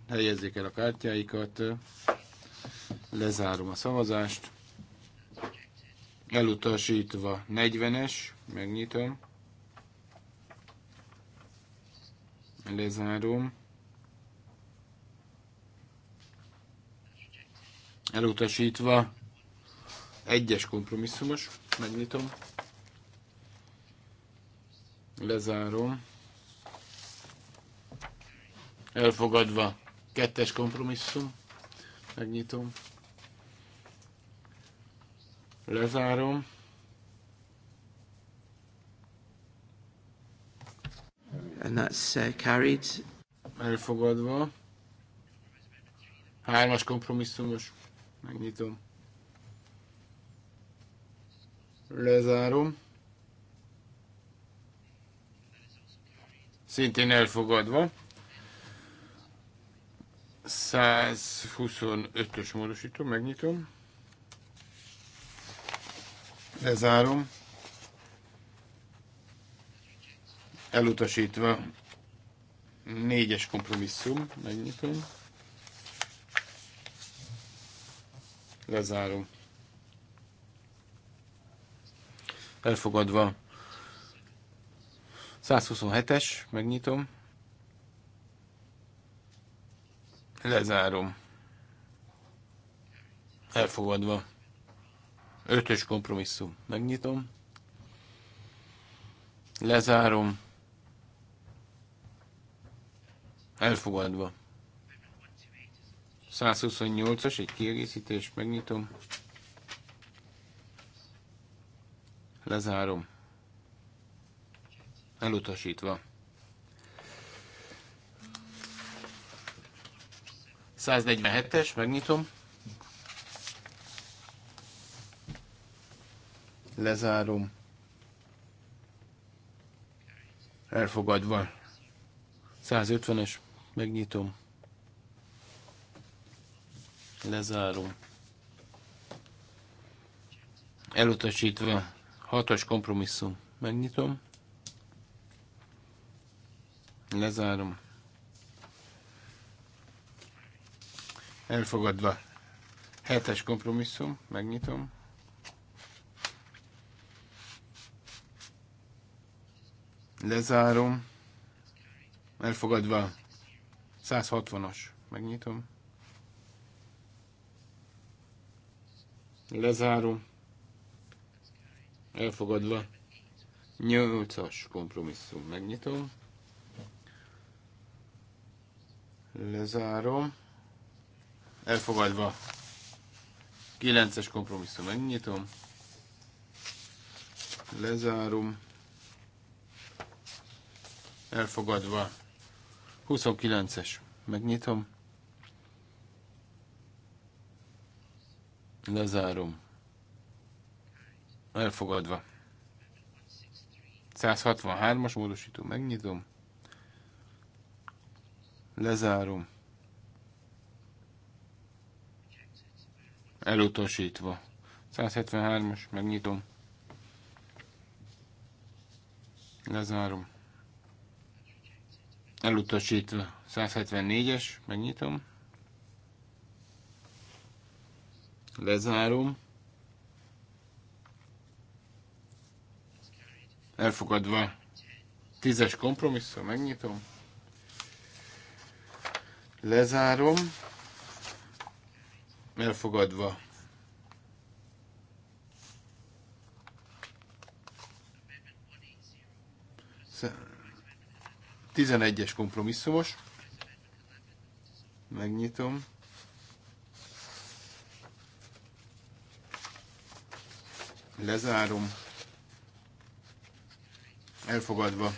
helyezzék el a kártyáikat. Lezárom a szavazást. Elutasítva 40-es, megnyitom. Lezárom. Elutasítva egyes kompromisszumos, megnyitom. Lezárom. Elfogadva. Kettes kompromisszum. Megnyitom. Lezárom. And that's uh, carried. Elfogadva. Hármas kompromisszumos. Megnyitom. Lezárom. szintén elfogadva. 125-ös módosító, megnyitom. Lezárom. Elutasítva. Négyes kompromisszum, megnyitom. Lezárom. Elfogadva. 127-es, megnyitom. Lezárom. Elfogadva. Ötös kompromisszum. Megnyitom. Lezárom. Elfogadva. 128-as, egy kiegészítés, megnyitom. Lezárom. Elutasítva. 147-es, megnyitom. Lezárom. Elfogadva. 150-es, megnyitom. Lezárom. Elutasítva. Hatos kompromisszum. Megnyitom. Lezárom. Elfogadva. Hetes kompromisszum, megnyitom. Lezárom. Elfogadva. 160-as, megnyitom. Lezárom. Elfogadva. 8-as kompromisszum, megnyitom. Lezárom. Elfogadva. 9-es kompromisszum megnyitom. Lezárom. Elfogadva. 29-es. Megnyitom. Lezárom. Elfogadva. 163-as módosító, megnyitom. Lezárom. Elutasítva. 173-as, megnyitom. Lezárom. Elutasítva. 174-es, megnyitom. Lezárom. Elfogadva. Tízes kompromisszum, megnyitom. Lezárom. Elfogadva. Tizenegyes kompromisszumos. Megnyitom. Lezárom. Elfogadva.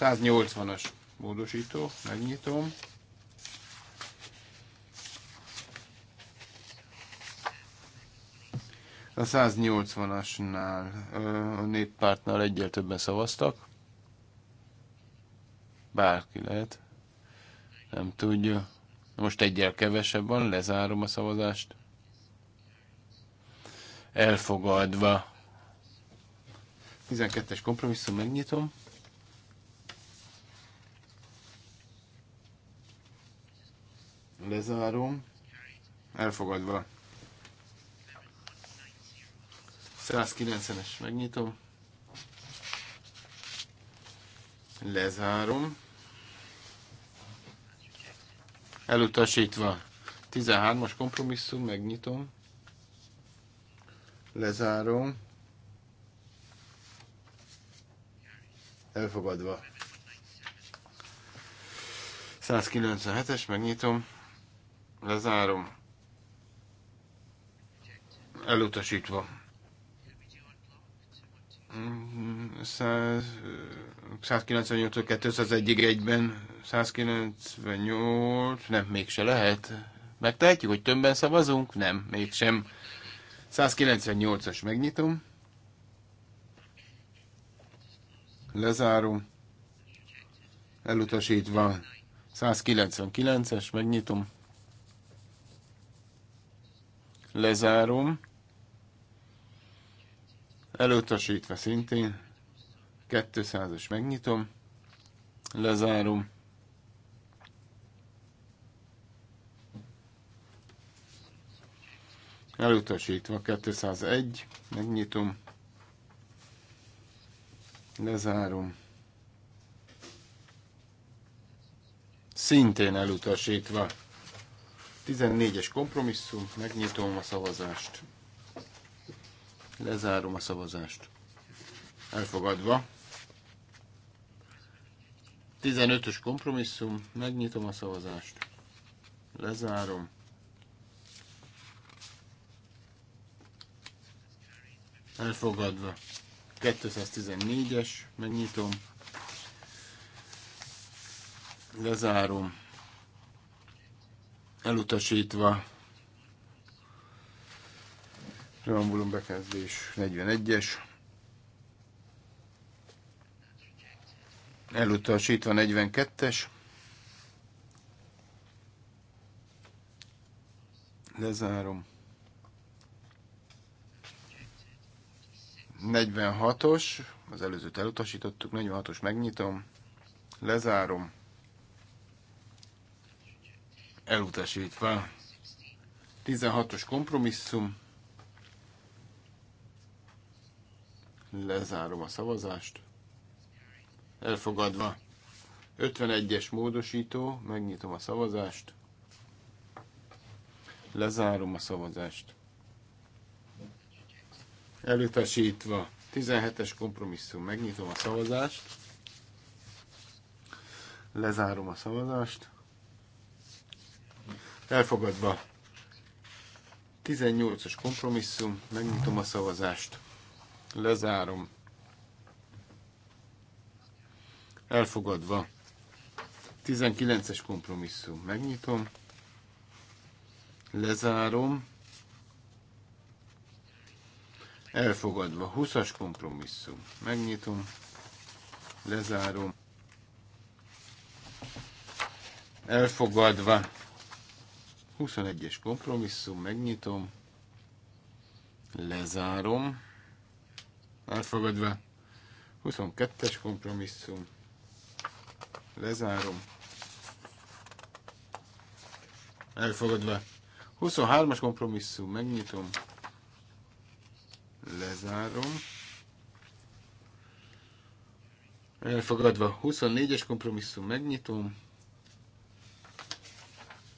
180-as módosító, megnyitom. A 180-asnál a néppártnál egyel többen szavaztak. Bárki lehet. Nem tudja. Most egyel kevesebb van, lezárom a szavazást. Elfogadva. 12-es kompromisszum, megnyitom. Lezárom. Elfogadva. 190-es megnyitom. Lezárom. Elutasítva. 13-as kompromisszum, megnyitom. Lezárom. Elfogadva. 197-es, megnyitom. Lezárom. Elutasítva. 198-től 201-ig egyben 198, nem, mégse lehet. Megtehetjük, hogy többen szavazunk? Nem, mégsem. 198-as megnyitom. Lezárom. Elutasítva. 199-es, megnyitom. Lezárom elutasítva szintén, 200-as megnyitom, lezárom, elutasítva 201, megnyitom, lezárom, szintén elutasítva 14-es kompromisszum, megnyitom a szavazást. Lezárom a szavazást. Elfogadva. 15-ös kompromisszum, megnyitom a szavazást. Lezárom. Elfogadva. 214-es, megnyitom. Lezárom. Elutasítva. Preambulum bekezdés 41-es. Elutasítva 42-es. Lezárom. 46-os, az előzőt elutasítottuk, 46-os megnyitom, lezárom, elutasítva. 16-os kompromisszum, Lezárom a szavazást. Elfogadva. 51-es módosító, megnyitom a szavazást. Lezárom a szavazást. Elutasítva. 17-es kompromisszum, megnyitom a szavazást. Lezárom a szavazást. Elfogadva. 18-as kompromisszum, megnyitom a szavazást. Lezárom. Elfogadva. 19-es kompromisszum. Megnyitom. Lezárom. Elfogadva. 20-as kompromisszum. Megnyitom. Lezárom. Elfogadva. 21-es kompromisszum. Megnyitom. Lezárom elfogadva. 22-es kompromisszum, lezárom, elfogadva. 23-as kompromisszum, megnyitom, lezárom. Elfogadva, 24-es kompromisszum, megnyitom,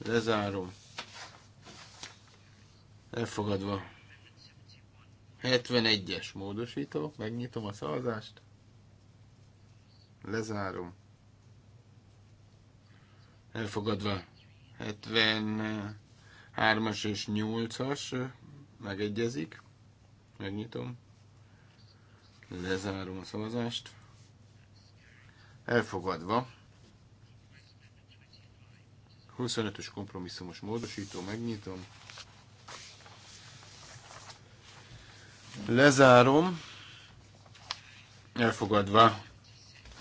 lezárom. Elfogadva, 71-es módosító, megnyitom a szavazást, lezárom, elfogadva 73-as és 8-as megegyezik, megnyitom, lezárom a szavazást, elfogadva 25-ös kompromisszumos módosító, megnyitom, Lezárom. Elfogadva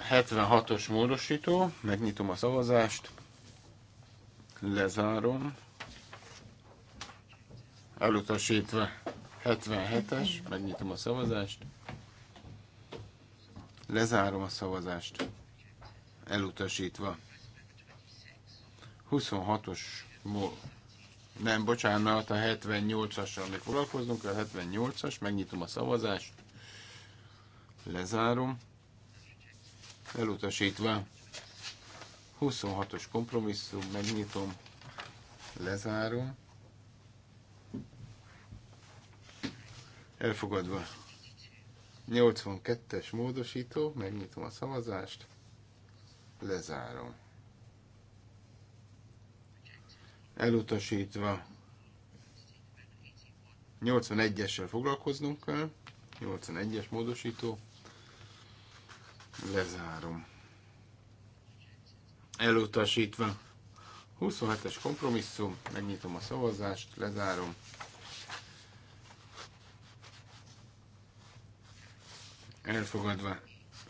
76-os módosító. Megnyitom a szavazást. Lezárom. Elutasítva 77-es. Megnyitom a szavazást. Lezárom a szavazást. Elutasítva. 26-os nem, bocsánat, a 78-assal még foglalkozunk, a 78-as, megnyitom a szavazást, lezárom, elutasítva, 26-os kompromisszum, megnyitom, lezárom, elfogadva, 82-es módosító, megnyitom a szavazást, lezárom. elutasítva. 81-essel foglalkoznunk kell. 81-es módosító. Lezárom. Elutasítva. 27-es kompromisszum. Megnyitom a szavazást, lezárom. Elfogadva.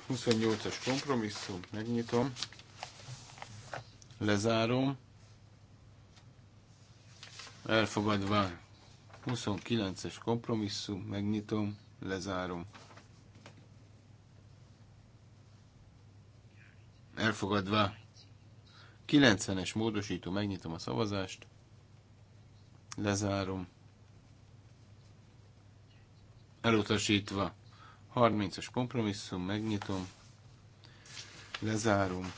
28-as kompromisszum. Megnyitom. Lezárom elfogadva. 29-es kompromisszum, megnyitom, lezárom. Elfogadva. 90-es módosító, megnyitom a szavazást. Lezárom. Elutasítva. 30 es kompromisszum, megnyitom. Lezárom.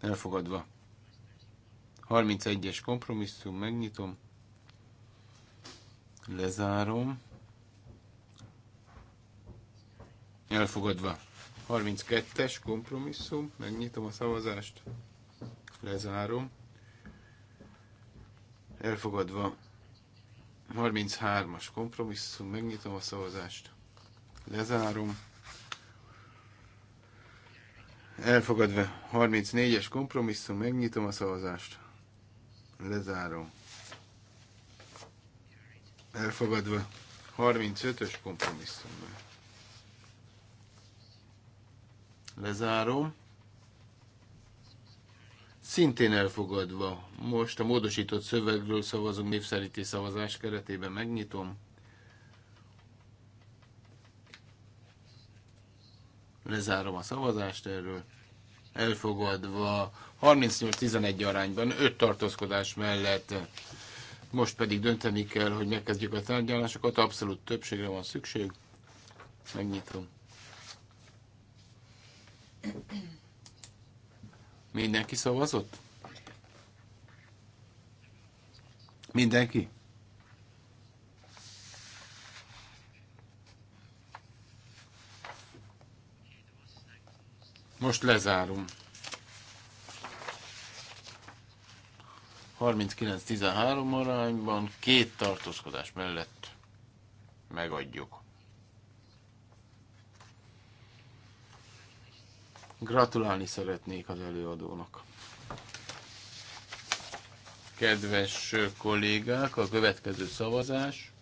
Elfogadva. 31-es kompromisszum, megnyitom, lezárom, elfogadva. 32-es kompromisszum, megnyitom a szavazást, lezárom, elfogadva. 33-as kompromisszum, megnyitom a szavazást, lezárom. Elfogadva 34-es kompromisszum, megnyitom a szavazást lezárom. Elfogadva 35-ös kompromisszum. Lezárom. Szintén elfogadva. Most a módosított szövegről szavazunk népszerinti szavazás keretében megnyitom. Lezárom a szavazást erről. Elfogadva 38-11 arányban, 5 tartózkodás mellett. Most pedig dönteni kell, hogy megkezdjük a tárgyalásokat, abszolút többségre van szükség. Megnyitom. Mindenki szavazott? Mindenki? Most lezárom. 39-13 arányban két tartózkodás mellett megadjuk. Gratulálni szeretnék az előadónak. Kedves kollégák, a következő szavazás.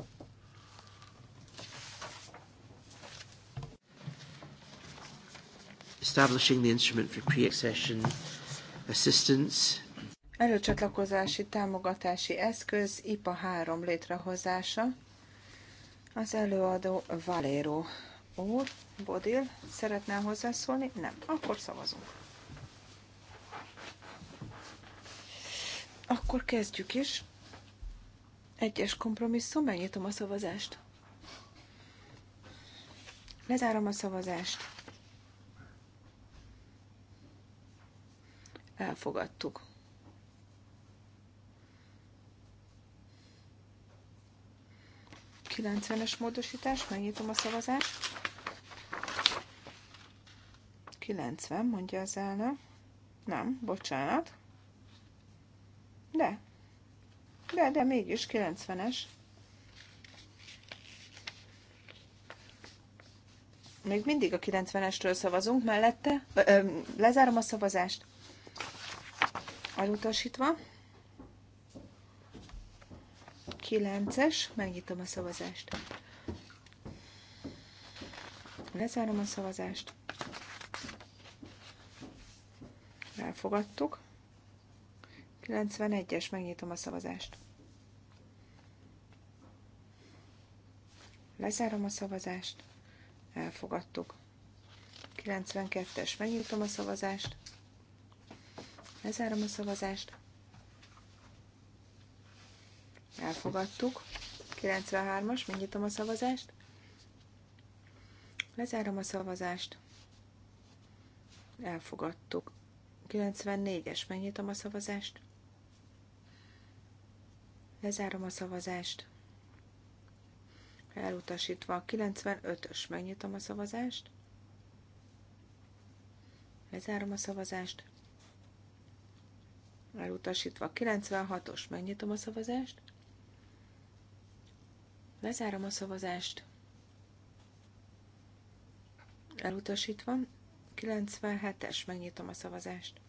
Establishing the instrument for pre-accession assistance Előcsatlakozási támogatási eszköz IPA 3 létrehozása. Az előadó Valero úr, Bodil, szeretne hozzászólni? Nem. Akkor szavazunk. Akkor kezdjük is. Egyes kompromisszum, megnyitom a szavazást. Lezárom a szavazást. Elfogadtuk. 90-es módosítás, megnyitom a szavazást. 90, mondja az elnök. Nem, bocsánat. De. De, de mégis 90-es. Még mindig a 90-estről szavazunk, mellette ö, ö, lezárom a szavazást. Elutasítva. 9-es, megnyitom a szavazást. Lezárom a szavazást. Elfogadtuk. 91-es, megnyitom a szavazást. Lezárom a szavazást. Elfogadtuk. 92-es, megnyitom a szavazást. Lezárom a szavazást. Elfogadtuk. 93-as, megnyitom a szavazást. Lezárom a szavazást. Elfogadtuk. 94-es, megnyitom a szavazást. Lezárom a szavazást. Elutasítva 95-ös, megnyitom a szavazást. Lezárom a szavazást. Elutasítva 96-os, megnyitom a szavazást. Lezárom a szavazást. Elutasítva. 97-es, megnyitom a szavazást.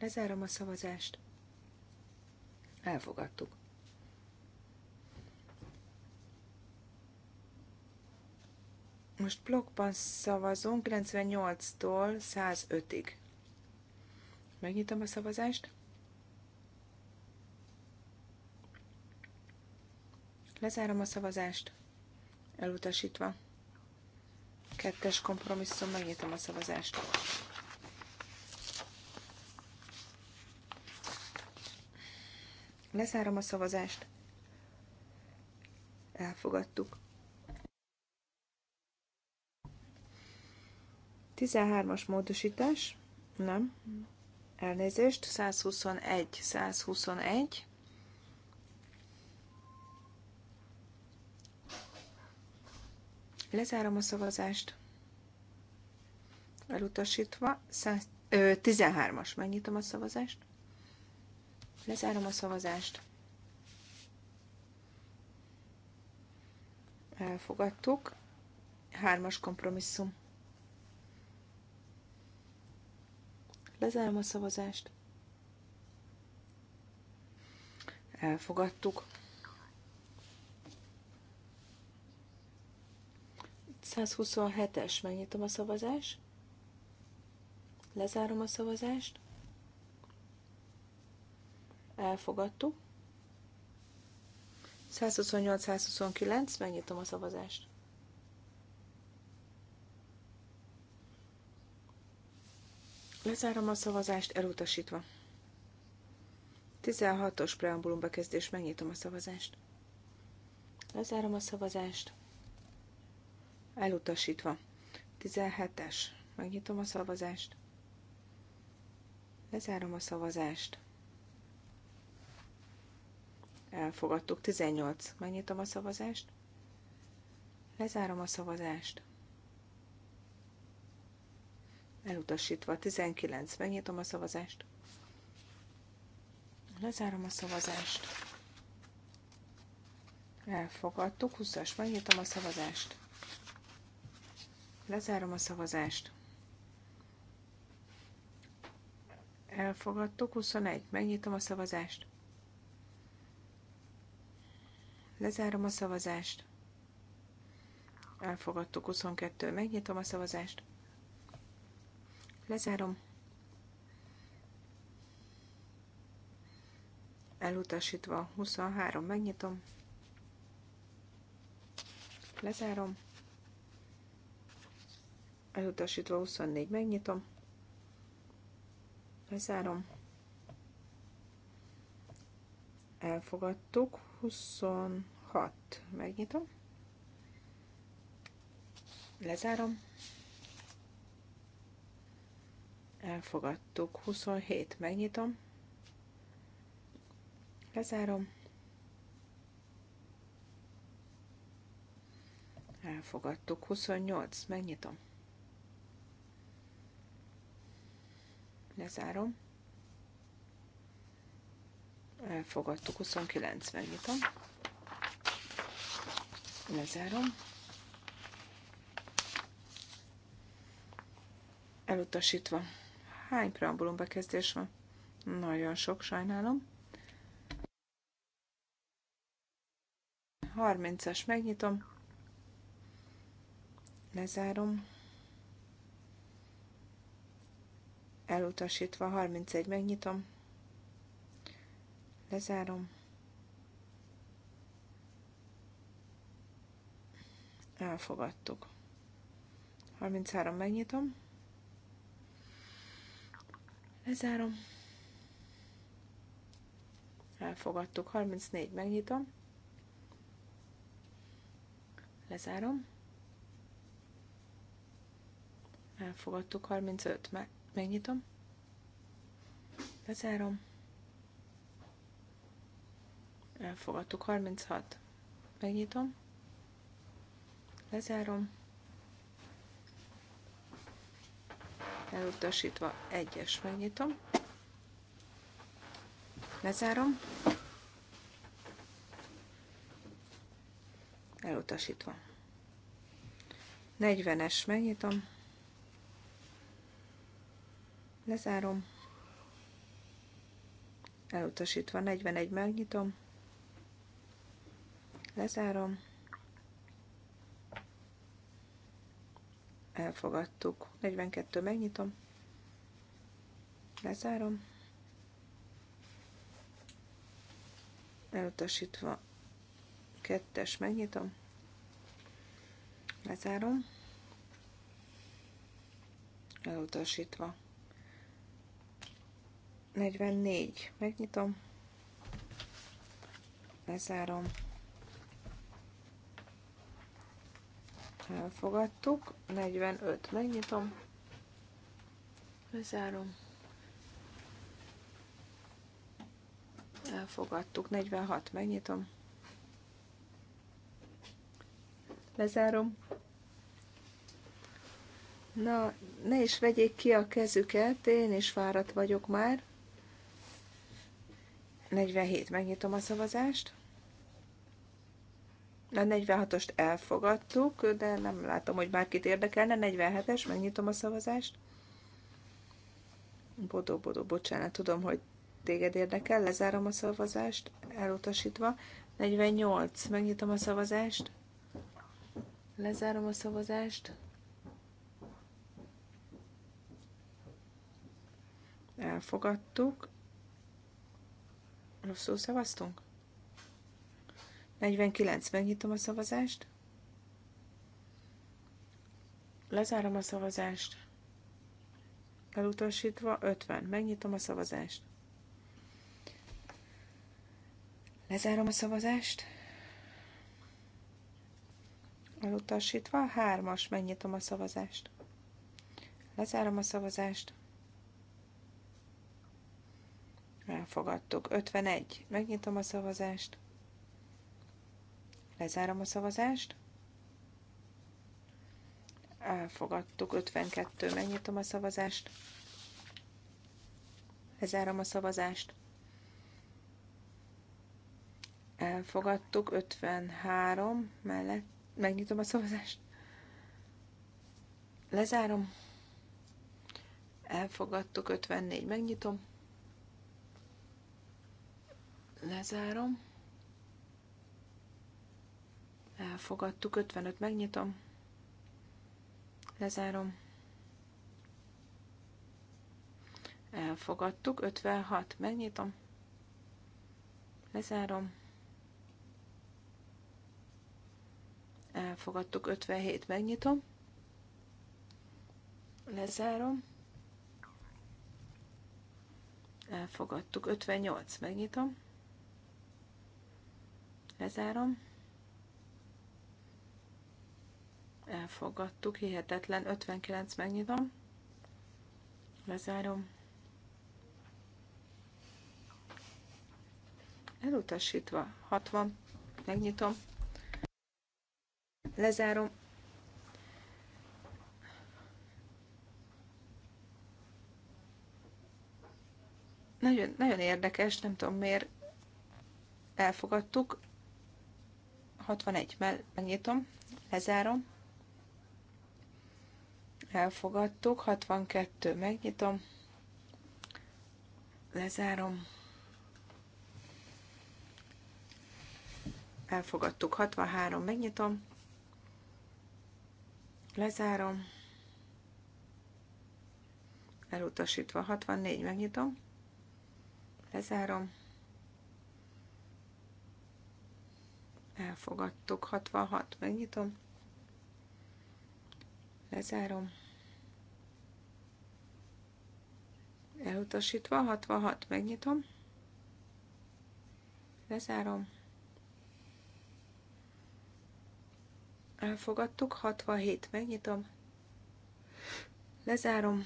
Lezárom a szavazást. Elfogadtuk. Most blokkban szavazunk 98-tól 105-ig. Megnyitom a szavazást. Lezárom a szavazást. Elutasítva. Kettes kompromisszum, megnyitom a szavazást. Lezárom a szavazást. Elfogadtuk. 13-as módosítás. Nem. Elnézést. 121. 121. Lezárom a szavazást. Elutasítva. 13-as. Megnyitom a szavazást. Lezárom a szavazást. Elfogadtuk. Hármas kompromisszum. Lezárom a szavazást. Elfogadtuk. 127-es, megnyitom a szavazást, lezárom a szavazást, elfogadtuk. 128-129, megnyitom a szavazást. Lezárom a szavazást, elutasítva. 16-os preambulum bekezdés, megnyitom a szavazást. Lezárom a szavazást. Elutasítva. 17-es. Megnyitom a szavazást. Lezárom a szavazást. Elfogadtuk. 18. Megnyitom a szavazást. Lezárom a szavazást. Elutasítva. 19. Megnyitom a szavazást. Lezárom a szavazást. Elfogadtuk. 20-as. Megnyitom a szavazást. Lezárom a szavazást. Elfogadtuk. 21. Megnyitom a szavazást. Lezárom a szavazást. Elfogadtuk. 22. Megnyitom a szavazást. Lezárom. Elutasítva. 23. Megnyitom. Lezárom elutasítva 24, megnyitom, lezárom, elfogadtuk, 26, megnyitom, lezárom, elfogadtuk, 27, megnyitom, lezárom, elfogadtuk, 28, megnyitom, Lezárom. Elfogadtuk 29 megnyitom. Lezárom. Elutasítva. Hány preambulum bekezdés van? Nagyon sok, sajnálom. 30-as megnyitom. Lezárom. elutasítva, 31 megnyitom, lezárom, elfogadtuk. 33 megnyitom, lezárom, elfogadtuk, 34 megnyitom, lezárom, elfogadtuk, 35 meg, megnyitom, bezárom, elfogadtuk, 36, megnyitom, lezárom, elutasítva, egyes megnyitom, lezárom, elutasítva. 40-es, megnyitom, Lezárom. Elutasítva 41 megnyitom. Lezárom. Elfogadtuk. 42 megnyitom. Lezárom. Elutasítva 2-es megnyitom. Lezárom. Elutasítva. 44. Megnyitom. Lezárom. Elfogadtuk. 45. Megnyitom. Lezárom. Elfogadtuk. 46. Megnyitom. Lezárom. Na, ne is vegyék ki a kezüket, én is fáradt vagyok már. 47. Megnyitom a szavazást. A 46-ost elfogadtuk, de nem látom, hogy bárkit érdekelne. 47-es, megnyitom a szavazást. Bodó, bodó, bocsánat, tudom, hogy téged érdekel. Lezárom a szavazást, elutasítva. 48, megnyitom a szavazást. Lezárom a szavazást. Elfogadtuk rosszul szavaztunk? 49. Megnyitom a szavazást. Lezárom a szavazást. Elutasítva 50. Megnyitom a szavazást. Lezárom a szavazást. Elutasítva 3-as. Megnyitom a szavazást. Lezárom a szavazást. Elfogadtuk. 51. Megnyitom a szavazást. Lezárom a szavazást. Elfogadtuk. 52. Megnyitom a szavazást. Lezárom a szavazást. Elfogadtuk. 53. Mellett. Megnyitom a szavazást. Lezárom. Elfogadtuk. 54. Megnyitom. Lezárom. Elfogadtuk. 55 megnyitom. Lezárom. Elfogadtuk. 56 megnyitom. Lezárom. Elfogadtuk. 57 megnyitom. Lezárom. Elfogadtuk. 58 megnyitom Lezárom. Elfogadtuk, hihetetlen. 59 megnyitom. Lezárom. Elutasítva. 60. Megnyitom. Lezárom. Nagyon, nagyon érdekes, nem tudom miért elfogadtuk. 61 mell, megnyitom, lezárom. Elfogadtuk, 62, megnyitom, lezárom. Elfogadtuk, 63, megnyitom, lezárom. Elutasítva, 64, megnyitom, lezárom. elfogadtuk. 66, megnyitom, lezárom, elutasítva, 66, megnyitom, lezárom, elfogadtuk, 67, megnyitom, lezárom,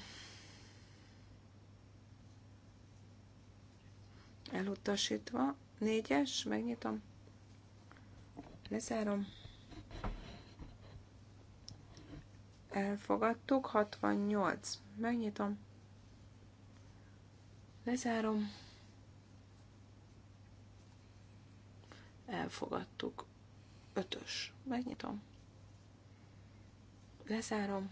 elutasítva, négyes, megnyitom, Lezárom. Elfogadtuk. 68. Megnyitom. Lezárom. Elfogadtuk. 5-ös. Megnyitom. Lezárom.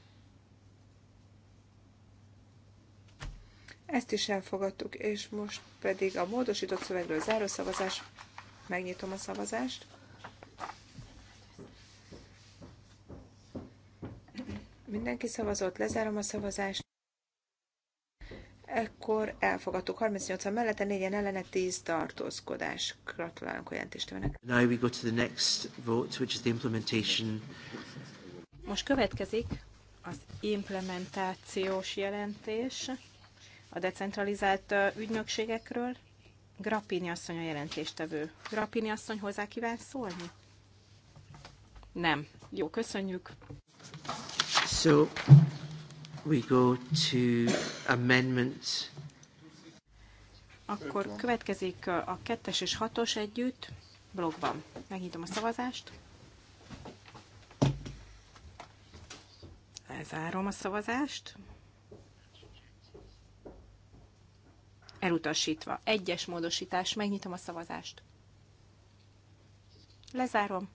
Ezt is elfogadtuk, és most pedig a módosított szövegről záró szavazás. Megnyitom a szavazást. Mindenki szavazott, lezárom a szavazást. Ekkor elfogadtuk 38 a mellette, 4 ellene 10 tartózkodás. Gratulálunk a jelentéstevőnek. Now we go to the next vote, which is the implementation. Most következik az implementációs jelentés a decentralizált ügynökségekről. Grappini asszony a jelentéstevő. Grappini asszony hozzá kíván szólni? Nem. Jó, köszönjük. So we go to amendments. Akkor következik a kettes és hatos együtt blogban. Megnyitom a szavazást. Lezárom a szavazást. Elutasítva. Egyes módosítás. Megnyitom a szavazást. Lezárom.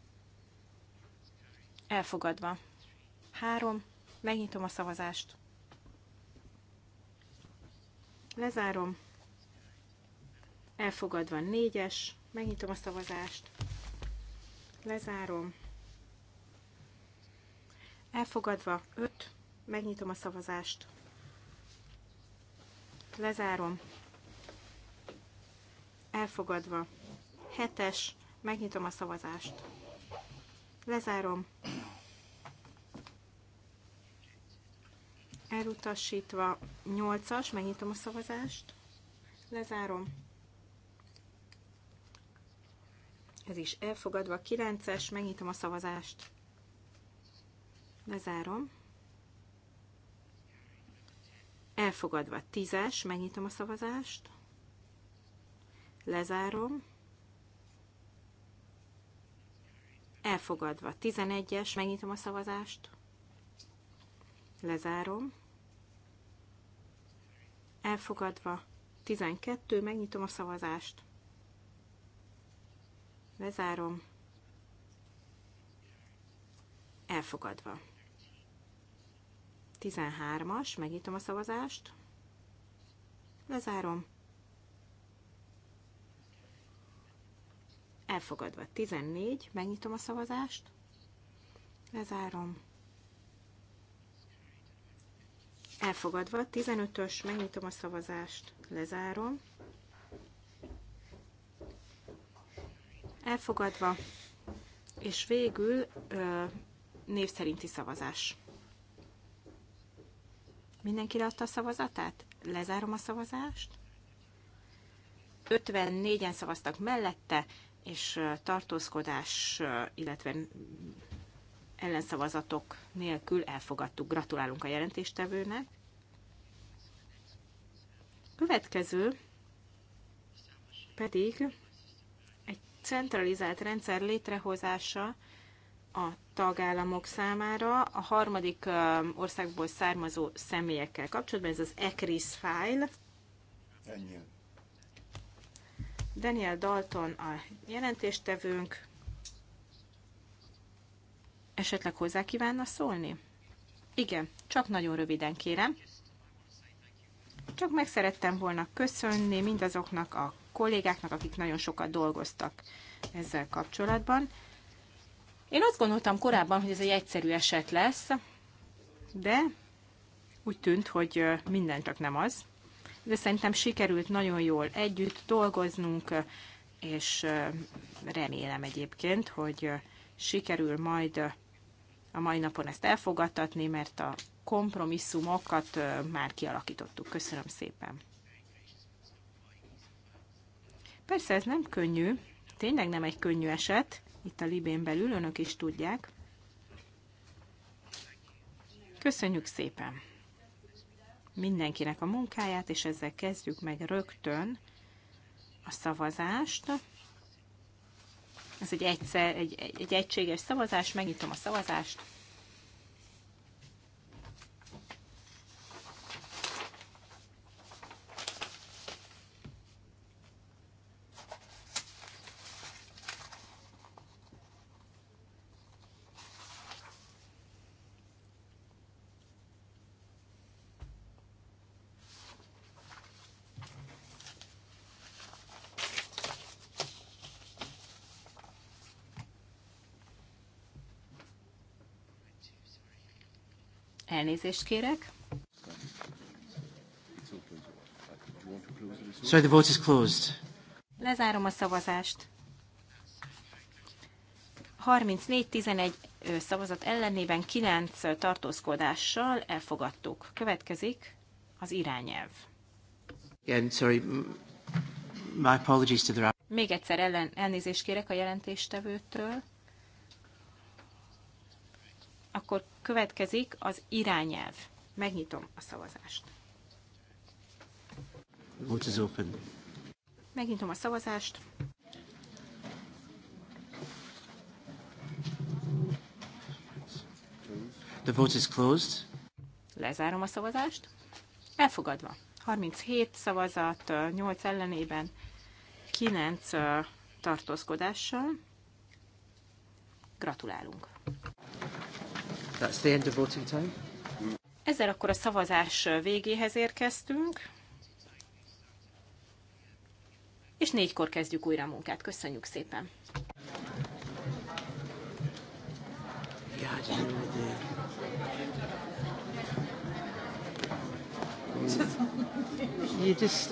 Elfogadva. Három. Megnyitom a szavazást. Lezárom. Elfogadva négyes. Megnyitom a szavazást. Lezárom. Elfogadva 5. Megnyitom a szavazást. Lezárom. Elfogadva 7-es. Megnyitom a szavazást. Lezárom. elutasítva 8-as, megnyitom a szavazást, lezárom. Ez is elfogadva 9-es, megnyitom a szavazást, lezárom. Elfogadva 10-es, megnyitom a szavazást, lezárom. Elfogadva 11-es, megnyitom a szavazást, lezárom elfogadva. 12, megnyitom a szavazást. Lezárom. Elfogadva. 13-as, megnyitom a szavazást. Lezárom. Elfogadva. 14, megnyitom a szavazást. Lezárom. Elfogadva, 15-ös, megnyitom a szavazást, lezárom. Elfogadva, és végül ö, név szerinti szavazás. Mindenki leadta a szavazatát? Lezárom a szavazást. 54-en szavaztak mellette, és tartózkodás, illetve ellenszavazatok nélkül elfogadtuk. Gratulálunk a jelentéstevőnek. Következő pedig egy centralizált rendszer létrehozása a tagállamok számára a harmadik országból származó személyekkel kapcsolatban. Ez az ECRIS file. Ennyi. Daniel Dalton a jelentéstevőnk. Esetleg hozzá kívánna szólni? Igen, csak nagyon röviden kérem. Csak meg szerettem volna köszönni mindazoknak a kollégáknak, akik nagyon sokat dolgoztak ezzel kapcsolatban. Én azt gondoltam korábban, hogy ez egy egyszerű eset lesz, de úgy tűnt, hogy minden csak nem az. De szerintem sikerült nagyon jól együtt dolgoznunk, és remélem egyébként, hogy sikerül majd a mai napon ezt elfogadtatni, mert a kompromisszumokat már kialakítottuk. Köszönöm szépen. Persze ez nem könnyű, tényleg nem egy könnyű eset, itt a Libén belül, önök is tudják. Köszönjük szépen mindenkinek a munkáját, és ezzel kezdjük meg rögtön a szavazást. Ez egy, egyszer, egy, egy egységes szavazás, megnyitom a szavazást. Elnézést kérek. Sorry, the vote is closed. Lezárom a szavazást. 34-11 szavazat ellenében 9 tartózkodással elfogadtuk. Következik az irányelv. Again, sorry, my apologies to the... Még egyszer ellen, elnézést kérek a jelentéstevőtől. Következik az irányelv. Megnyitom a szavazást. Vote is open. Megnyitom a szavazást. The vote is closed. Lezárom a szavazást. Elfogadva. 37 szavazat, 8 ellenében, 9 tartózkodással. Gratulálunk! That's the end of voting time. Ezzel akkor a szavazás végéhez érkeztünk, és négykor kezdjük újra a munkát. Köszönjük szépen! Yeah, You just.